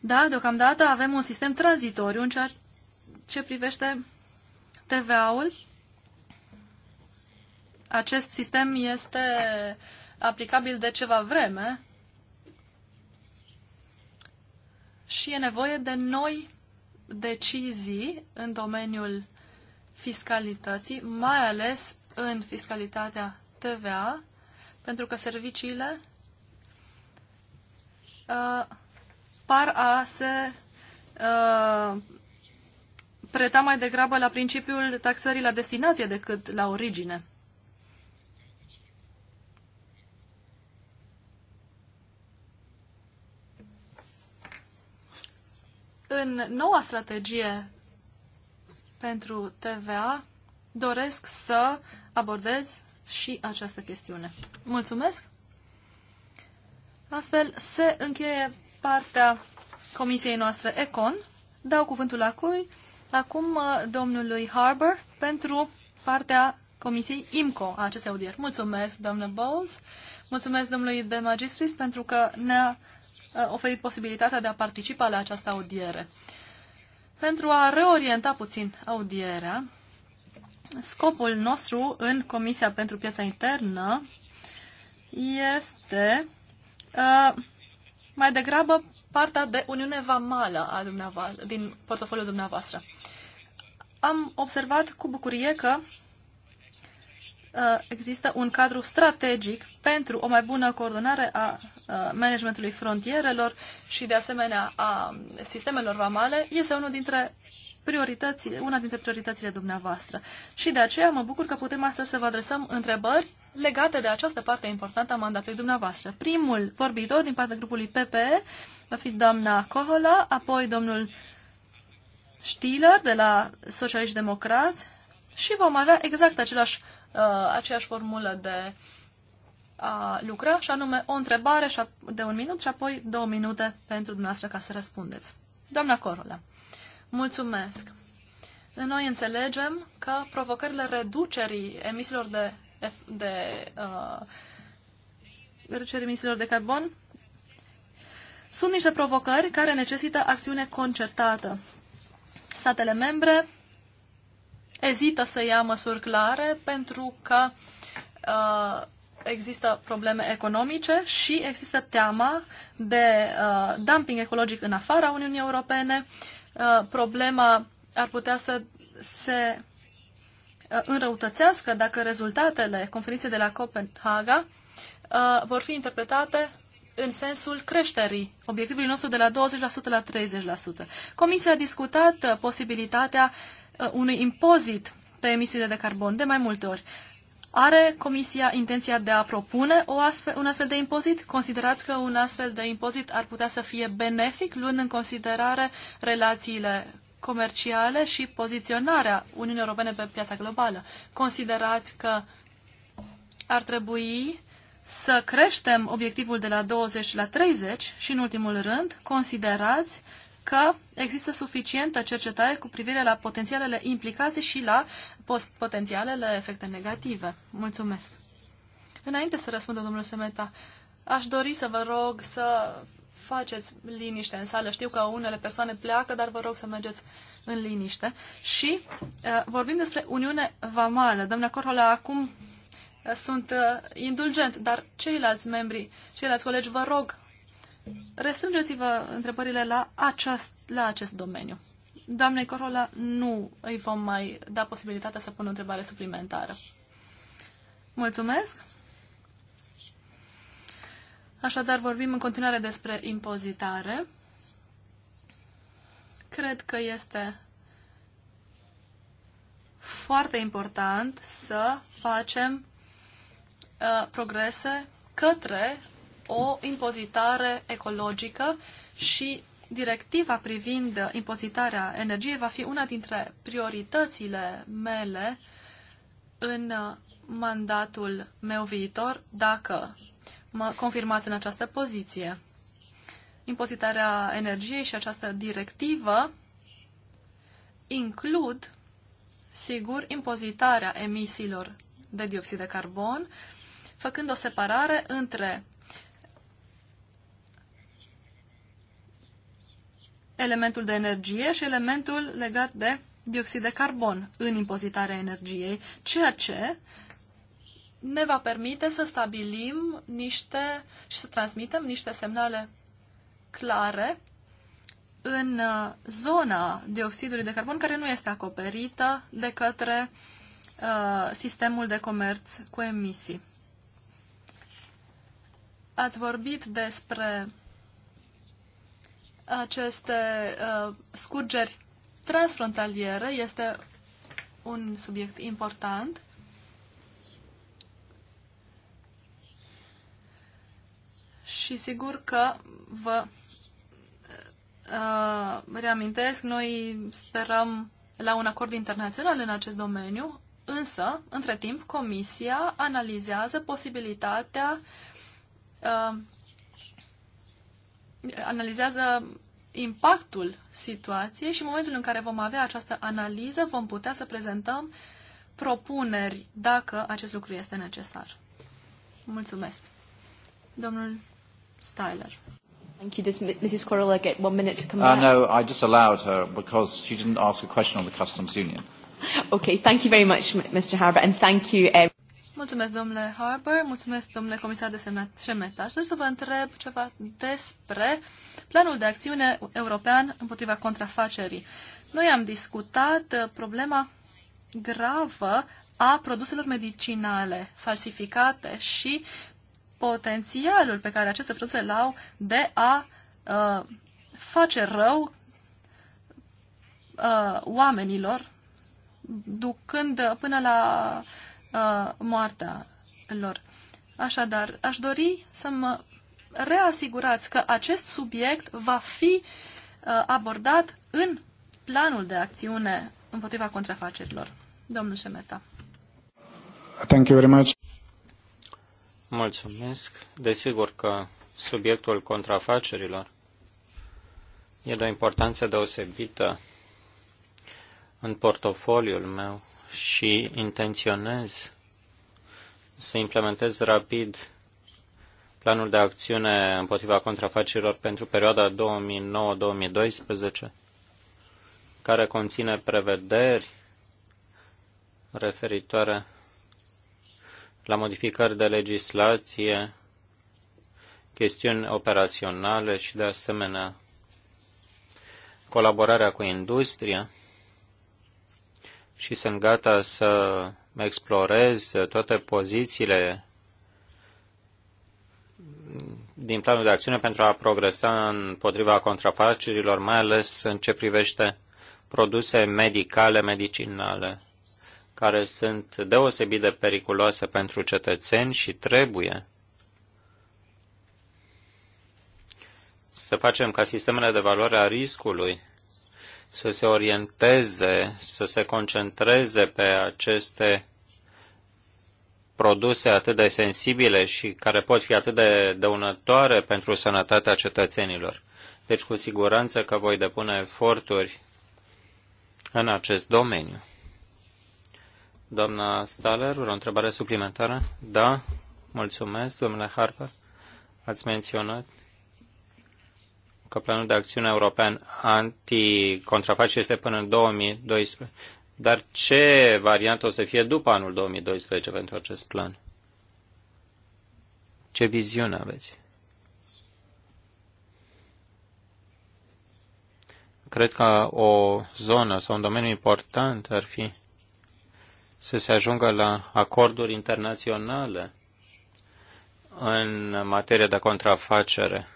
Da, deocamdată avem un sistem tranzitoriu în ceea ce privește TVA-ul. Acest sistem este aplicabil de ceva vreme și e nevoie de noi decizii în domeniul fiscalității, mai ales în fiscalitatea TVA, pentru că serviciile uh, par a se uh, preta mai degrabă la principiul taxării la destinație decât la origine. În noua strategie pentru TVA doresc să uh, abordez și această chestiune. Mulțumesc! Astfel se încheie partea comisiei noastre ECON. Dau cuvântul acui, acum uh, domnului Harbour pentru partea comisiei IMCO a acestei audieri. Mulțumesc, doamnă Bowles, mulțumesc domnului de magistris pentru că ne-a uh, oferit posibilitatea de a participa la această audiere. Pentru a reorienta puțin audierea, Scopul nostru în Comisia pentru Piața Internă este uh, mai degrabă partea de Uniune Vamală a dumneavoastră, din portofoliul dumneavoastră. Am observat cu bucurie că uh, există un cadru strategic pentru o mai bună coordonare a uh, managementului frontierelor și de asemenea a sistemelor vamale. Este unul dintre prioritățile, una dintre prioritățile dumneavoastră. Și de aceea mă bucur că putem astăzi să vă adresăm întrebări legate de această parte importantă a mandatului dumneavoastră. Primul vorbitor din partea grupului PPE va fi doamna Cohola, apoi domnul Stiller de la Socialiști Democrați și vom avea exact același, uh, aceeași formulă de a lucra, și anume o întrebare de un minut și apoi două minute pentru dumneavoastră ca să răspundeți. Doamna Corola. Mulțumesc! Noi înțelegem că provocările reducerii emisiilor de, de uh, reducerii emisiilor de carbon sunt niște provocări care necesită acțiune concertată. Statele membre ezită să ia măsuri clare pentru că uh, există probleme economice și există teama de uh, dumping ecologic în afara Uniunii Europene. Uh, Uh, problema ar putea să se uh, înrăutățească dacă rezultatele conferinței de la Copenhaga uh, vor fi interpretate în sensul creșterii obiectivului nostru de la 20% la 30%. Comisia a discutat posibilitatea unui impozit pe emisiile de carbon de mai multe ori. Are Comisia intenția de a propune o astfel, un astfel de impozit? Considerați că un astfel de impozit ar putea să fie benefic, luând în considerare relațiile comerciale și poziționarea Uniunii Europene pe piața globală. Considerați că ar trebui să creștem obiectivul de la 20 la 30 și, în ultimul rând, considerați că există suficientă cercetare cu privire la potențialele implicații și la potențialele efecte negative. Mulțumesc! Înainte să răspundă domnul Semeta, aș dori să vă rog să faceți liniște în sală. Știu că unele persoane pleacă, dar vă rog să mergeți în liniște. Și uh, vorbim despre Uniune Vamală. Doamna Corhola, acum uh, sunt uh, indulgent, dar ceilalți membri, ceilalți colegi, vă rog, restrângeți-vă întrebările la, aceast, la acest domeniu. Doamnei Corola, nu îi vom mai da posibilitatea să pună o întrebare suplimentară. Mulțumesc! Așadar, vorbim în continuare despre impozitare. Cred că este foarte important să facem uh, progrese către o impozitare ecologică și directiva privind impozitarea energiei va fi una dintre prioritățile mele în mandatul meu viitor, dacă mă confirmați în această poziție. Impozitarea energiei și această directivă includ, sigur, impozitarea emisiilor de dioxid de carbon, făcând o separare între elementul de energie și elementul legat de dioxid de carbon în impozitarea energiei, ceea ce ne va permite să stabilim niște și să transmitem niște semnale clare în uh, zona dioxidului de carbon care nu este acoperită de către uh, sistemul de comerț cu emisii. Ați vorbit despre aceste uh, scurgeri transfrontaliere este un subiect important. Și sigur că vă uh, reamintesc, noi sperăm la un acord internațional în acest domeniu, însă, între timp, Comisia analizează posibilitatea uh, analizează impactul situației și în momentul în care vom avea această analiză, vom putea să prezentăm propuneri dacă acest lucru este necesar. Mulțumesc. Domnul Styler. Thank you. Does Mrs. Corolla get one minute to come uh, back? Uh, no, I just allowed her because she didn't ask a question on the customs union. Okay, thank you very much, Mr. Harbour, and thank you. Um, Mulțumesc, domnule Harper, mulțumesc, domnule comisar de Șemeta. Aș să vă întreb ceva despre planul de acțiune european împotriva contrafacerii. Noi am discutat uh, problema gravă a produselor medicinale falsificate și potențialul pe care aceste produse le au de a uh, face rău uh, oamenilor, ducând până la uh, moartea lor. Așadar, aș dori să mă reasigurați că acest subiect va fi uh, abordat în planul de acțiune împotriva contrafacerilor. Domnul Șemeta. Thank you very much. Mulțumesc. Desigur că subiectul contrafacerilor e de o importanță deosebită în portofoliul meu și intenționez să implementez rapid planul de acțiune împotriva contrafacerilor pentru perioada 2009-2012, care conține prevederi referitoare la modificări de legislație, chestiuni operaționale și, de asemenea, colaborarea cu industria și sunt gata să explorez toate pozițiile din planul de acțiune pentru a progresa împotriva contrafacerilor, mai ales în ce privește produse medicale, medicinale, care sunt deosebit de periculoase pentru cetățeni și trebuie să facem ca sistemele de valoare a riscului să se orienteze, să se concentreze pe aceste produse atât de sensibile și care pot fi atât de dăunătoare pentru sănătatea cetățenilor. Deci cu siguranță că voi depune eforturi în acest domeniu. Doamna Staller, o întrebare suplimentară? Da, mulțumesc, domnule Harper. Ați menționat că planul de acțiune european anticontrafacere este până în 2012. Dar ce variantă o să fie după anul 2012 pentru acest plan? Ce viziune aveți? Cred că o zonă sau un domeniu important ar fi să se ajungă la acorduri internaționale în materie de contrafacere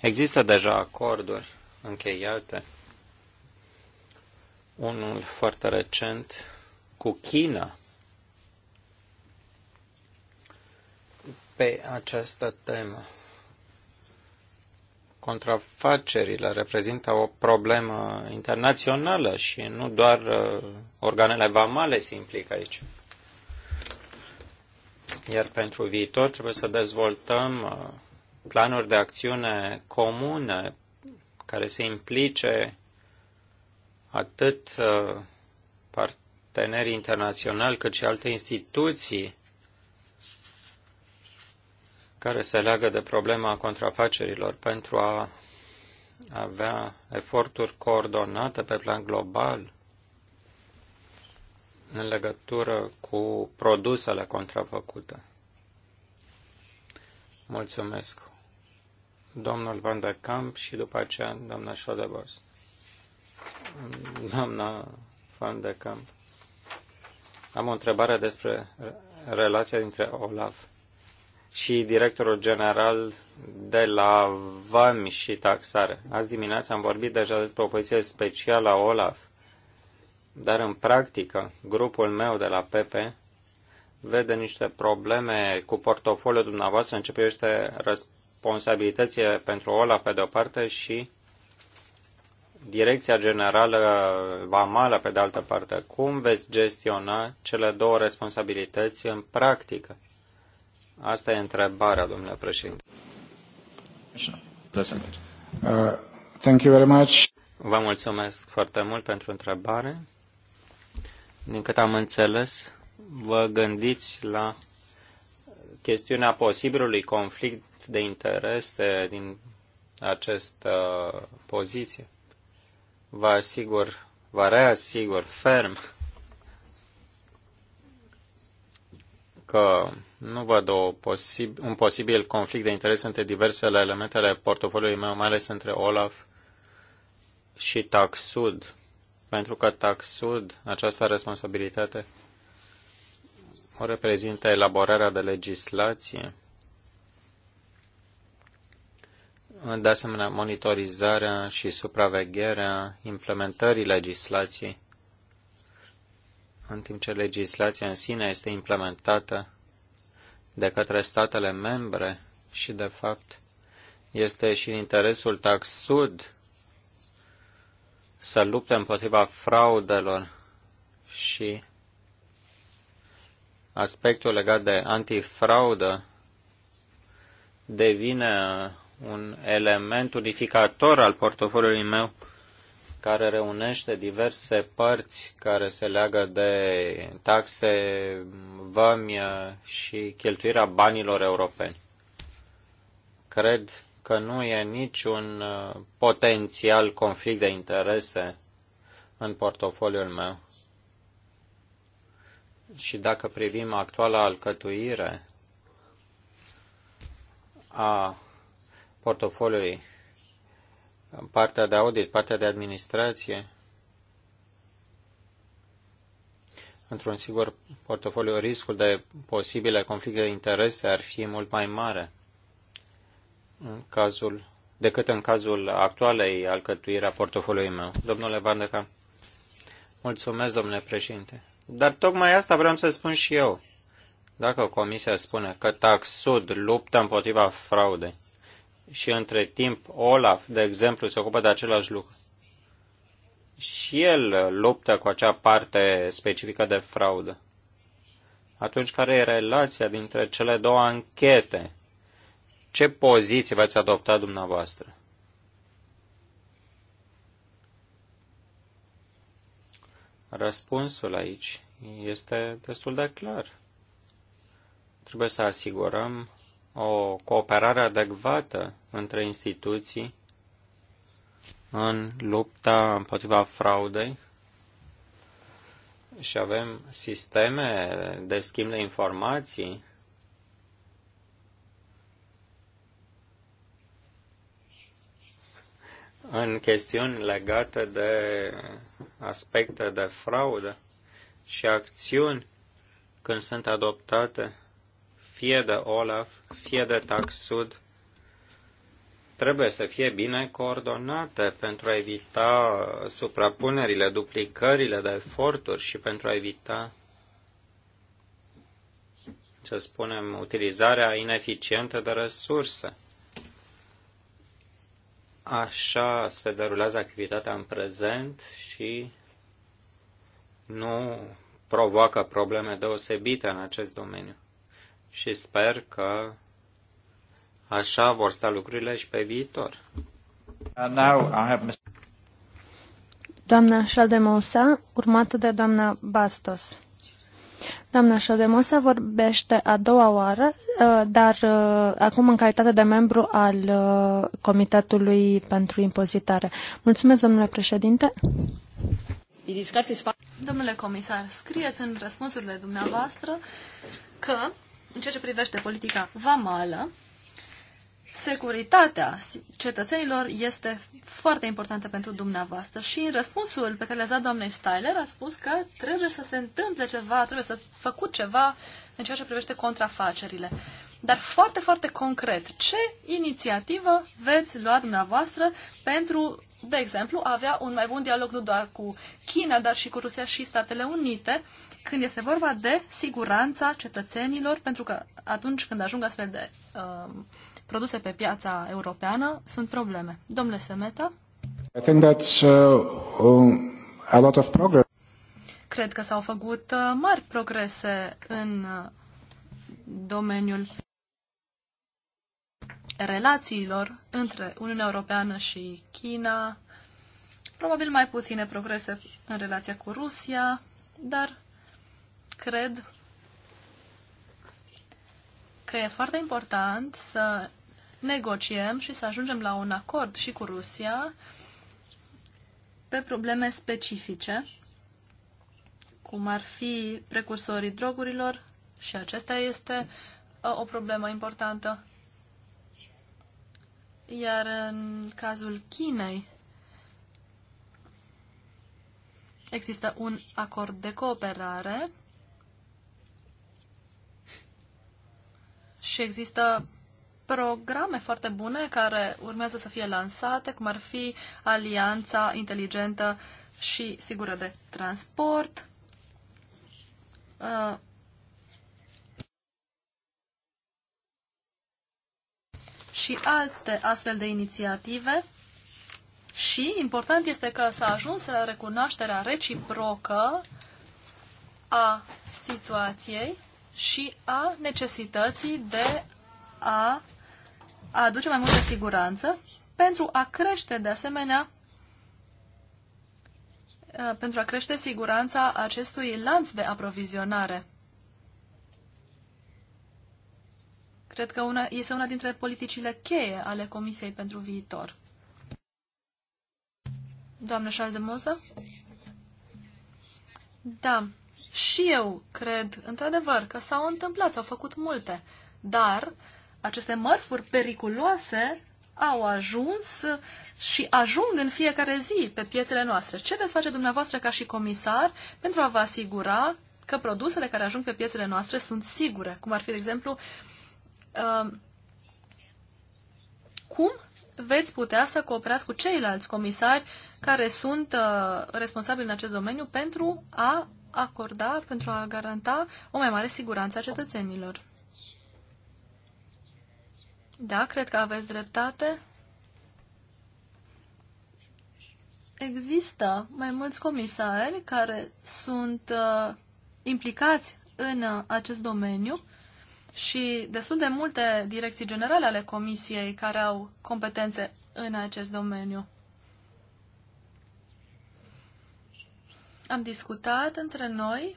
Există deja acorduri încheiate. Unul foarte recent cu China pe această temă. Contrafacerile reprezintă o problemă internațională și nu doar uh, organele vamale se implică aici. Iar pentru viitor trebuie să dezvoltăm uh, planuri de acțiune comune care să implice atât uh, partenerii internaționali cât și alte instituții care se leagă de problema contrafacerilor pentru a avea eforturi coordonate pe plan global în legătură cu produsele contrafăcute. Mulțumesc domnul Van der Camp și după aceea doamna Schadebos. Doamna Van der Camp. Am o întrebare despre relația dintre Olaf și directorul general de la VAM și taxare. Azi dimineața am vorbit deja despre o poziție specială a Olaf, dar în practică grupul meu de la PP vede niște probleme cu portofoliul dumneavoastră în ce privește răspunsul responsabilități pentru OLAF pe de-o parte și Direcția Generală Vamală pe de altă parte. Cum veți gestiona cele două responsabilități în practică? Asta e întrebarea, domnule președinte. Uh, thank you very much. Vă mulțumesc foarte mult pentru întrebare. Din cât am înțeles, vă gândiți la chestiunea posibilului conflict de interese din această uh, poziție. Vă asigur, vă reasigur ferm că nu văd o posib- un posibil conflict de interese între diversele elemente ale portofoliului meu, mai ales între Olaf și Taxud, pentru că Taxud, această responsabilitate, o reprezintă elaborarea de legislație de asemenea monitorizarea și supravegherea implementării legislației, în timp ce legislația în sine este implementată de către statele membre și, de fapt, este și în interesul sud să lupte împotriva fraudelor și aspectul legat de antifraudă devine un element unificator al portofoliului meu care reunește diverse părți care se leagă de taxe, vămi și cheltuirea banilor europeni. Cred că nu e niciun uh, potențial conflict de interese în portofoliul meu. Și dacă privim actuala alcătuire a portofoliului, partea de audit, partea de administrație, într-un sigur portofoliu, riscul de posibile conflicte de interese ar fi mult mai mare în cazul, decât în cazul actualei alcătuirea portofoliului meu. Domnule Vandeca, mulțumesc, domnule președinte. Dar tocmai asta vreau să spun și eu. Dacă Comisia spune că Tax Sud luptă împotriva fraudei, și între timp Olaf, de exemplu, se ocupă de același lucru. Și el luptă cu acea parte specifică de fraudă. Atunci, care e relația dintre cele două anchete? Ce poziție v-ați adopta dumneavoastră? Răspunsul aici este destul de clar. Trebuie să asigurăm o cooperare adecvată între instituții în lupta împotriva fraudei și avem sisteme de schimb de informații în chestiuni legate de aspecte de fraudă și acțiuni când sunt adoptate fie de OLAF, fie de TAXUD, trebuie să fie bine coordonate pentru a evita suprapunerile, duplicările de eforturi și pentru a evita, să spunem, utilizarea ineficientă de resurse. Așa se derulează activitatea în prezent și nu provoacă probleme deosebite în acest domeniu și sper că așa vor sta lucrurile și pe viitor. Doamna Șaldemosa, urmată de doamna Bastos. Doamna Șodemosa vorbește a doua oară, uh, dar uh, acum în calitate de membru al uh, Comitetului pentru Impozitare. Mulțumesc, domnule președinte. Domnule comisar, scrieți în răspunsurile dumneavoastră că în ceea ce privește politica vamală, securitatea cetățenilor este foarte importantă pentru dumneavoastră și în răspunsul pe care le a dat doamnei Styler a spus că trebuie să se întâmple ceva, trebuie să făcut ceva în ceea ce privește contrafacerile. Dar foarte, foarte concret, ce inițiativă veți lua dumneavoastră pentru de exemplu, a avea un mai bun dialog nu doar cu China, dar și cu Rusia și Statele Unite, când este vorba de siguranța cetățenilor, pentru că atunci când ajung astfel de uh, produse pe piața europeană, sunt probleme. Domnule Semeta? I think that's, uh, um, a lot of progress. Cred că s-au făcut uh, mari progrese în uh, domeniul relațiilor între Uniunea Europeană și China, probabil mai puține progrese în relația cu Rusia, dar cred că e foarte important să negociem și să ajungem la un acord și cu Rusia pe probleme specifice, cum ar fi precursorii drogurilor, și acesta este uh, o problemă importantă. Iar în cazul Chinei există un acord de cooperare și există programe foarte bune care urmează să fie lansate, cum ar fi Alianța Inteligentă și Sigură de Transport, uh, și alte astfel de inițiative. Și important este că s-a ajuns la recunoașterea reciprocă a situației și a necesității de a, aduce mai multă siguranță pentru a crește, de asemenea, pentru a crește siguranța acestui lanț de aprovizionare. Cred că una, este una dintre politicile cheie ale Comisiei pentru viitor. Doamnă Șaldemoză? Da, și eu cred, într-adevăr, că s-au întâmplat, s-au făcut multe, dar aceste mărfuri periculoase au ajuns și ajung în fiecare zi pe piețele noastre. Ce veți face dumneavoastră ca și comisar pentru a vă asigura că produsele care ajung pe piețele noastre sunt sigure, cum ar fi, de exemplu, uh, Um, cum veți putea să cooperați cu ceilalți comisari care sunt uh, responsabili în acest domeniu pentru a acorda, pentru a garanta o mai mare siguranță a cetățenilor. Da, cred că aveți dreptate. Există mai mulți comisari care sunt uh, implicați în uh, acest domeniu și destul de multe direcții generale ale Comisiei care au competențe în acest domeniu. Am discutat între noi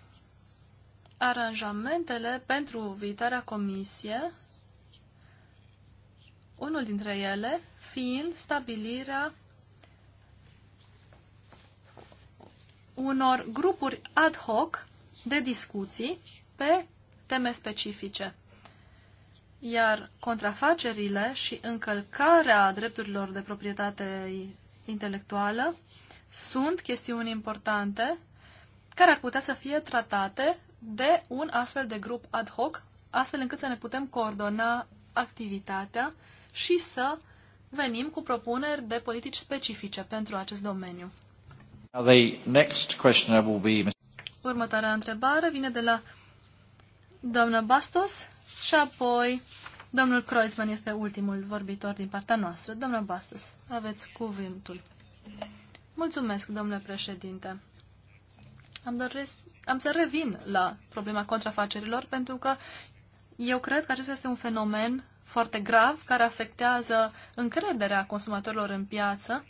aranjamentele pentru viitoarea comisie, unul dintre ele fiind stabilirea unor grupuri ad hoc de discuții pe teme specifice iar contrafacerile și încălcarea drepturilor de proprietate intelectuală sunt chestiuni importante care ar putea să fie tratate de un astfel de grup ad hoc, astfel încât să ne putem coordona activitatea și să venim cu propuneri de politici specifice pentru acest domeniu. Următoarea întrebare vine de la doamna Bastos și apoi domnul Kreuzmann este ultimul vorbitor din partea noastră. Domnul Bastos, aveți cuvântul. Mulțumesc, domnule președinte. Am, doresc, am să revin la problema contrafacerilor, pentru că eu cred că acesta este un fenomen foarte grav care afectează încrederea consumatorilor în piață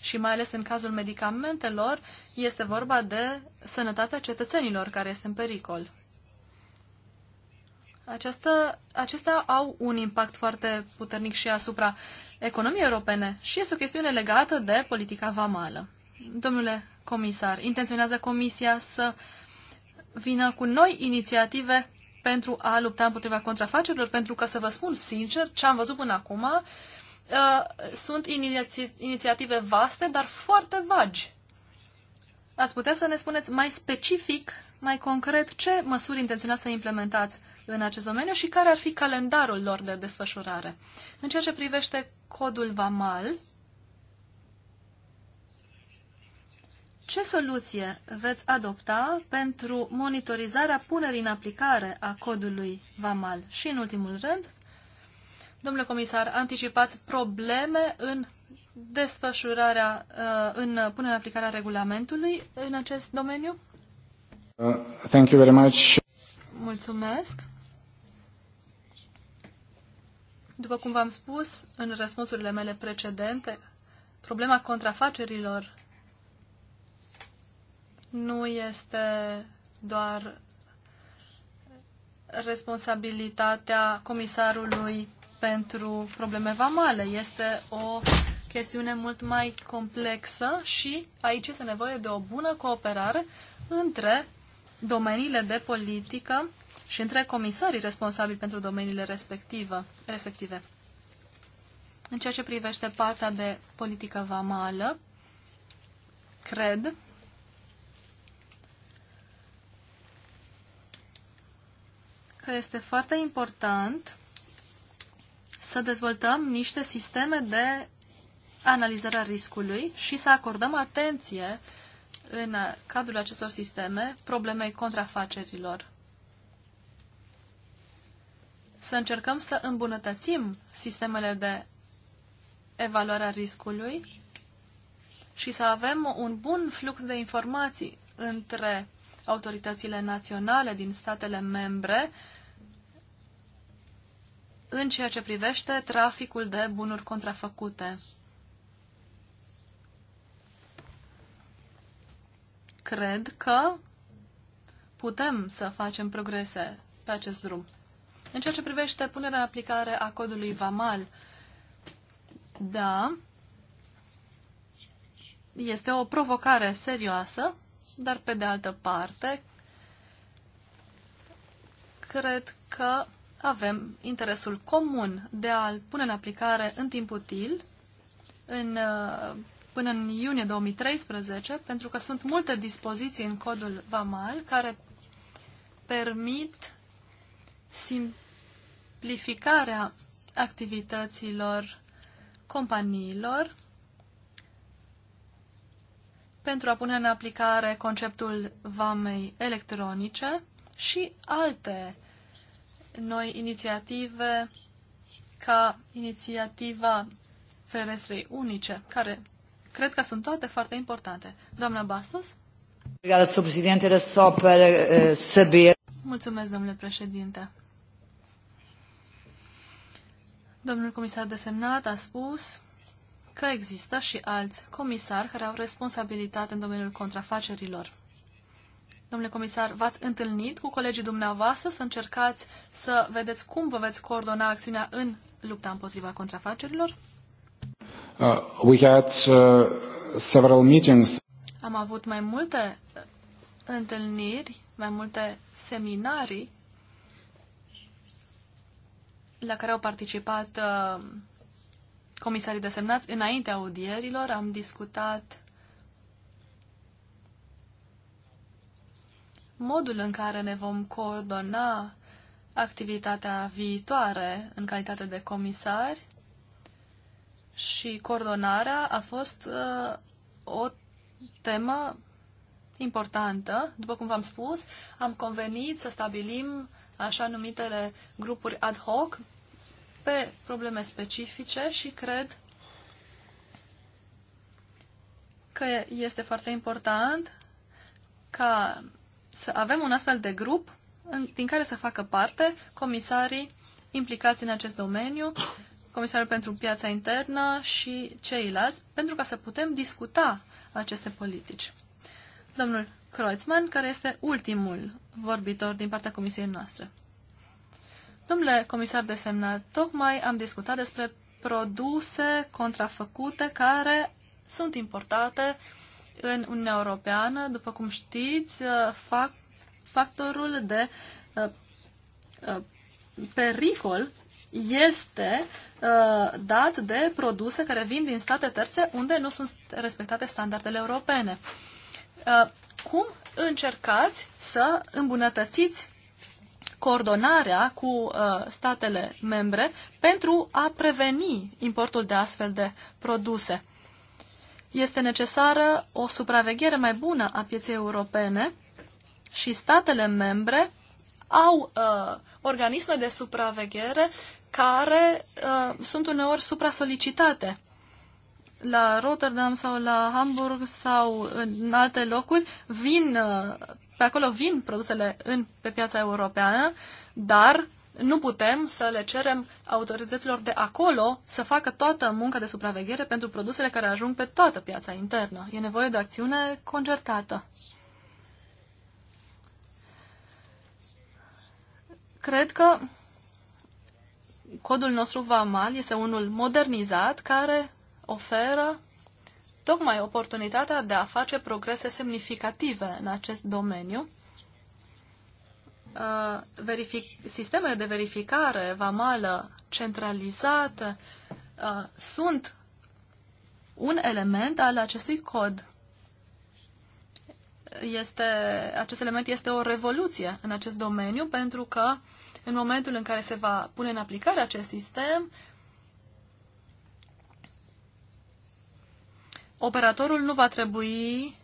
și mai ales în cazul medicamentelor este vorba de sănătatea cetățenilor care este în pericol aceasta, acestea au un impact foarte puternic și asupra economiei europene și este o chestiune legată de politica vamală. Domnule comisar, intenționează Comisia să vină cu noi inițiative pentru a lupta împotriva contrafacerilor, pentru că, să vă spun sincer, ce am văzut până acum, uh, sunt iniți- inițiative vaste, dar foarte vagi. Ați putea să ne spuneți mai specific, mai concret, ce măsuri intenționați să implementați în acest domeniu și care ar fi calendarul lor de desfășurare. În ceea ce privește codul VAMAL, ce soluție veți adopta pentru monitorizarea punerii în aplicare a codului VAMAL? Și în ultimul rând, domnule comisar, anticipați probleme în desfășurarea, uh, în punerea în aplicare a regulamentului în acest domeniu? Uh, thank you very much. Mulțumesc. După cum v-am spus în răspunsurile mele precedente, problema contrafacerilor nu este doar responsabilitatea comisarului pentru probleme vamale. Este o chestiune mult mai complexă și aici este nevoie de o bună cooperare între domeniile de politică și între comisarii responsabili pentru domeniile respective. În ceea ce privește partea de politică vamală, cred că este foarte important să dezvoltăm niște sisteme de analizare a riscului și să acordăm atenție în cadrul acestor sisteme problemei contrafacerilor să încercăm să îmbunătățim sistemele de evaluare a riscului și să avem un bun flux de informații între autoritățile naționale din statele membre în ceea ce privește traficul de bunuri contrafăcute. Cred că putem să facem progrese pe acest drum. În ceea ce privește punerea în aplicare a codului VAMAL, da, este o provocare serioasă, dar pe de altă parte, cred că avem interesul comun de a-l pune în aplicare în timp util, în, până în iunie 2013, pentru că sunt multe dispoziții în codul VAMAL care permit simplificarea activităților companiilor pentru a pune în aplicare conceptul vamei electronice și alte noi inițiative ca inițiativa ferestrei unice, care cred că sunt toate foarte importante. Doamna Bastos? Obrigada, Sr. Presidente. Era só para eh, saber. Mulțumesc, domnule președinte. Domnul comisar desemnat a spus că există și alți comisari care au responsabilitate în domeniul contrafacerilor. Domnule comisar, v-ați întâlnit cu colegii dumneavoastră să încercați să vedeți cum vă veți coordona acțiunea în lupta împotriva contrafacerilor? Uh, we had, uh, several meetings. Am avut mai multe întâlniri, mai multe seminarii la care au participat uh, comisarii desemnați înaintea audierilor. Am discutat modul în care ne vom coordona activitatea viitoare în calitate de comisari și coordonarea a fost uh, o temă importantă. După cum v-am spus, am convenit să stabilim așa numitele grupuri ad hoc pe probleme specifice și cred că este foarte important ca să avem un astfel de grup în, din care să facă parte comisarii implicați în acest domeniu, comisarul pentru piața internă și ceilalți, pentru ca să putem discuta aceste politici domnul Kreuzmann, care este ultimul vorbitor din partea comisiei noastre. Domnule comisar desemnat, tocmai am discutat despre produse contrafăcute care sunt importate în Uniunea Europeană. După cum știți, uh, fac factorul de uh, uh, pericol este dat de produse care vin din state terțe unde nu sunt respectate standardele europene. Uh, cum încercați să îmbunătățiți coordonarea cu uh, statele membre pentru a preveni importul de astfel de produse. Este necesară o supraveghere mai bună a pieței europene și statele membre au uh, organisme de supraveghere care uh, sunt uneori supra-solicitate la Rotterdam sau la Hamburg sau în alte locuri, vin, uh, pe acolo vin produsele în, pe piața europeană, dar nu putem să le cerem autorităților de acolo să facă toată munca de supraveghere pentru produsele care ajung pe toată piața internă. E nevoie de o acțiune concertată. Cred că codul nostru VAMAL este unul modernizat care oferă tocmai oportunitatea de a face progrese semnificative în acest domeniu. Uh, verific- sistemele de verificare vamală centralizată uh, sunt un element al acestui cod. Este, acest element este o revoluție în acest domeniu pentru că în momentul în care se va pune în aplicare acest sistem, operatorul nu va trebui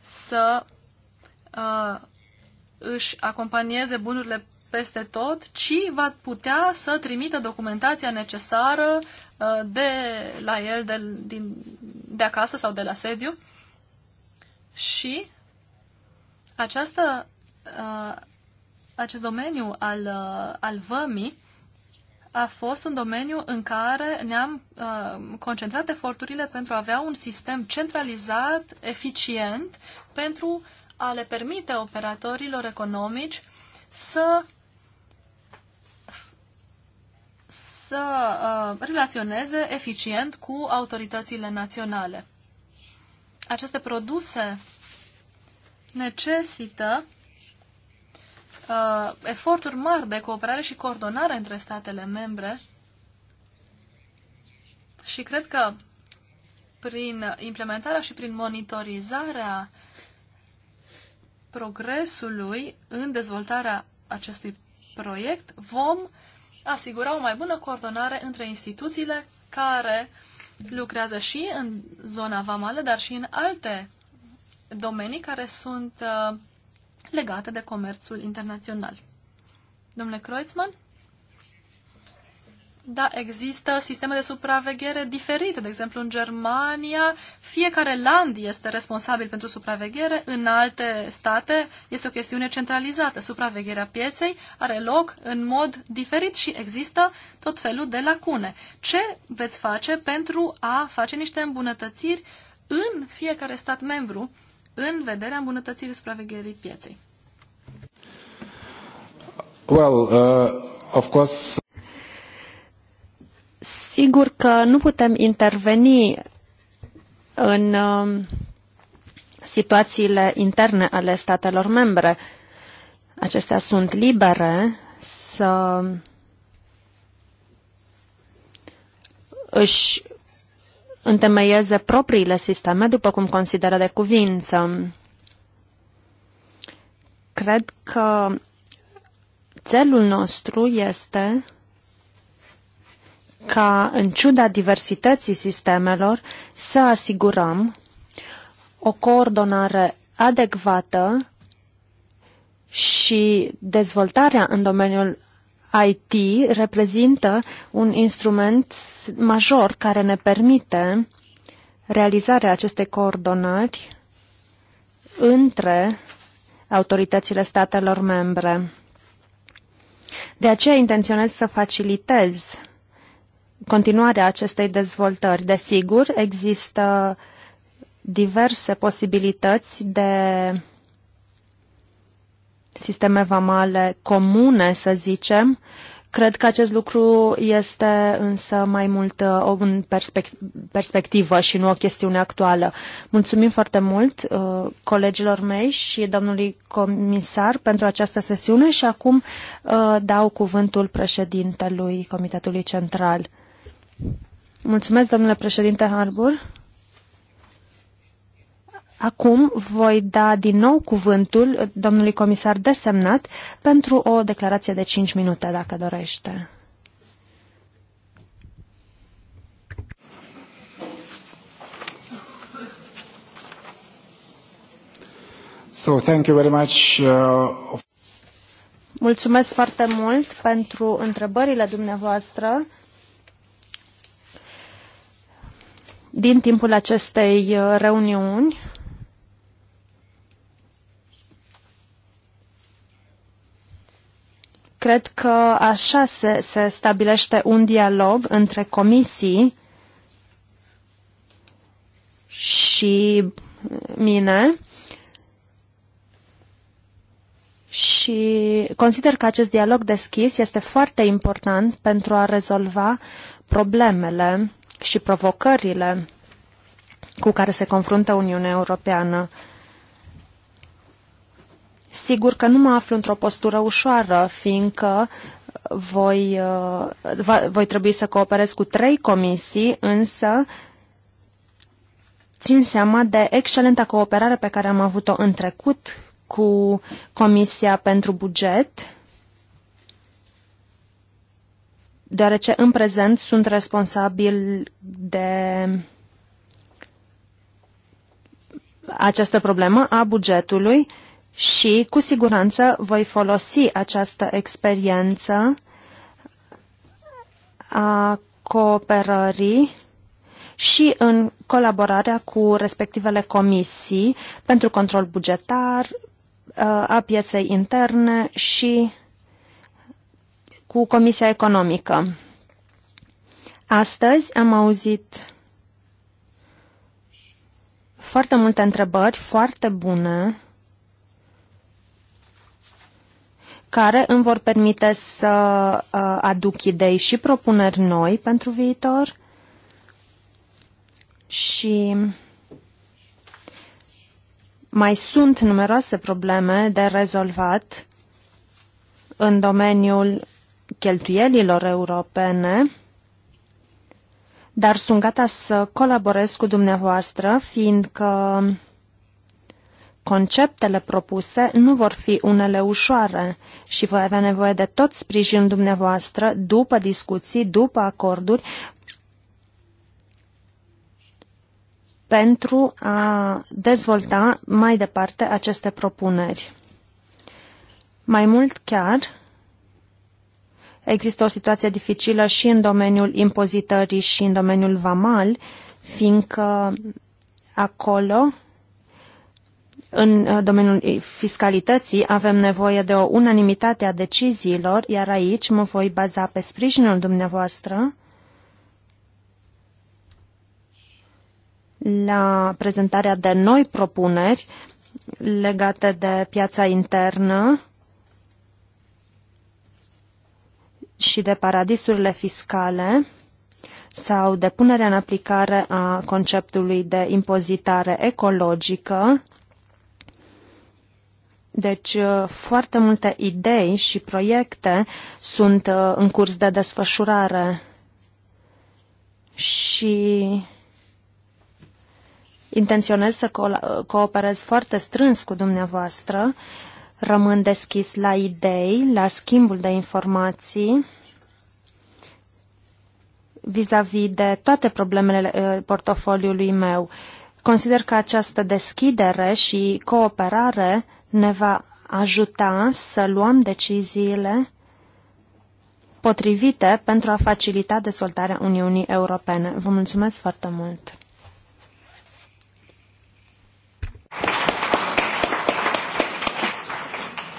să uh, își acompanieze bunurile peste tot, ci va putea să trimită documentația necesară uh, de la el, de, din, de acasă sau de la sediu. Și această, uh, acest domeniu al, uh, al vămii a fost un domeniu în care ne-am uh, concentrat eforturile pentru a avea un sistem centralizat, eficient, pentru a le permite operatorilor economici să să uh, relaționeze eficient cu autoritățile naționale. Aceste produse necesită uh, eforturi mari de cooperare și coordonare între statele membre și cred că prin implementarea și prin monitorizarea progresului în dezvoltarea acestui proiect vom asigura o mai bună coordonare între instituțiile care lucrează și în zona vamală, dar și în alte domenii care sunt uh, legate de comerțul internațional. Domnule Kreutzmann? Da, există sisteme de supraveghere diferite. De exemplu, în Germania, fiecare land este responsabil pentru supraveghere. În alte state este o chestiune centralizată. Supravegherea pieței are loc în mod diferit și există tot felul de lacune. Ce veți face pentru a face niște îmbunătățiri în fiecare stat membru în vederea îmbunătățirii supravegherii pieței? Well, uh, of course... Sigur că nu putem interveni în uh, situațiile interne ale statelor membre. Acestea sunt libere să își întemeieze propriile sisteme după cum consideră de cuvință. Cred că țelul nostru este ca, în ciuda diversității sistemelor, să asigurăm o coordonare adecvată și dezvoltarea în domeniul IT reprezintă un instrument major care ne permite realizarea acestei coordonări între autoritățile statelor membre. De aceea intenționez să facilitez continuarea acestei dezvoltări. Desigur, există diverse posibilități de sisteme vamale comune, să zicem. Cred că acest lucru este însă mai mult uh, o perspectivă și nu o chestiune actuală. Mulțumim foarte mult uh, colegilor mei și domnului comisar pentru această sesiune și acum uh, dau cuvântul președintelui Comitetului Central. Mulțumesc, domnule președinte Harbour. Acum voi da din nou cuvântul domnului comisar desemnat pentru o declarație de 5 minute, dacă dorește. So, thank you very much. Uh... Mulțumesc foarte mult pentru întrebările dumneavoastră. Din timpul acestei uh, reuniuni, cred că așa se, se stabilește un dialog între comisii și mine și consider că acest dialog deschis este foarte important pentru a rezolva problemele și provocările cu care se confruntă Uniunea Europeană. Sigur că nu mă aflu într-o postură ușoară, fiindcă voi, uh, voi trebui să cooperez cu trei comisii, însă țin seama de excelenta cooperare pe care am avut-o în trecut cu Comisia pentru Buget, deoarece în prezent sunt responsabil de această problemă a bugetului și cu siguranță voi folosi această experiență a cooperării și în colaborarea cu respectivele comisii pentru control bugetar, uh, a pieței interne și cu Comisia Economică. Astăzi am auzit foarte multe întrebări foarte bune care îmi vor permite să uh, aduc idei și propuneri noi pentru viitor și mai sunt numeroase probleme de rezolvat în domeniul cheltuielilor europene, dar sunt gata să colaborez cu dumneavoastră, fiindcă conceptele propuse nu vor fi unele ușoare și voi avea nevoie de tot sprijinul dumneavoastră după discuții, după acorduri, pentru a dezvolta mai departe aceste propuneri. Mai mult chiar, există o situație dificilă și în domeniul impozitării și în domeniul vamal, fiindcă acolo în uh, domeniul fiscalității avem nevoie de o unanimitate a deciziilor, iar aici mă voi baza pe sprijinul dumneavoastră la prezentarea de noi propuneri legate de piața internă și de paradisurile fiscale sau de punerea în aplicare a conceptului de impozitare ecologică deci uh, foarte multe idei și proiecte sunt uh, în curs de desfășurare și intenționez să uh, cooperez foarte strâns cu dumneavoastră, rămân deschis la idei, la schimbul de informații vis-a-vis -vis de toate problemele portofoliului meu. Consider că această deschidere și cooperare ne va ajuta să luăm deciziile potrivite pentru a facilita dezvoltarea Uniunii Europene. Vă mulțumesc foarte mult!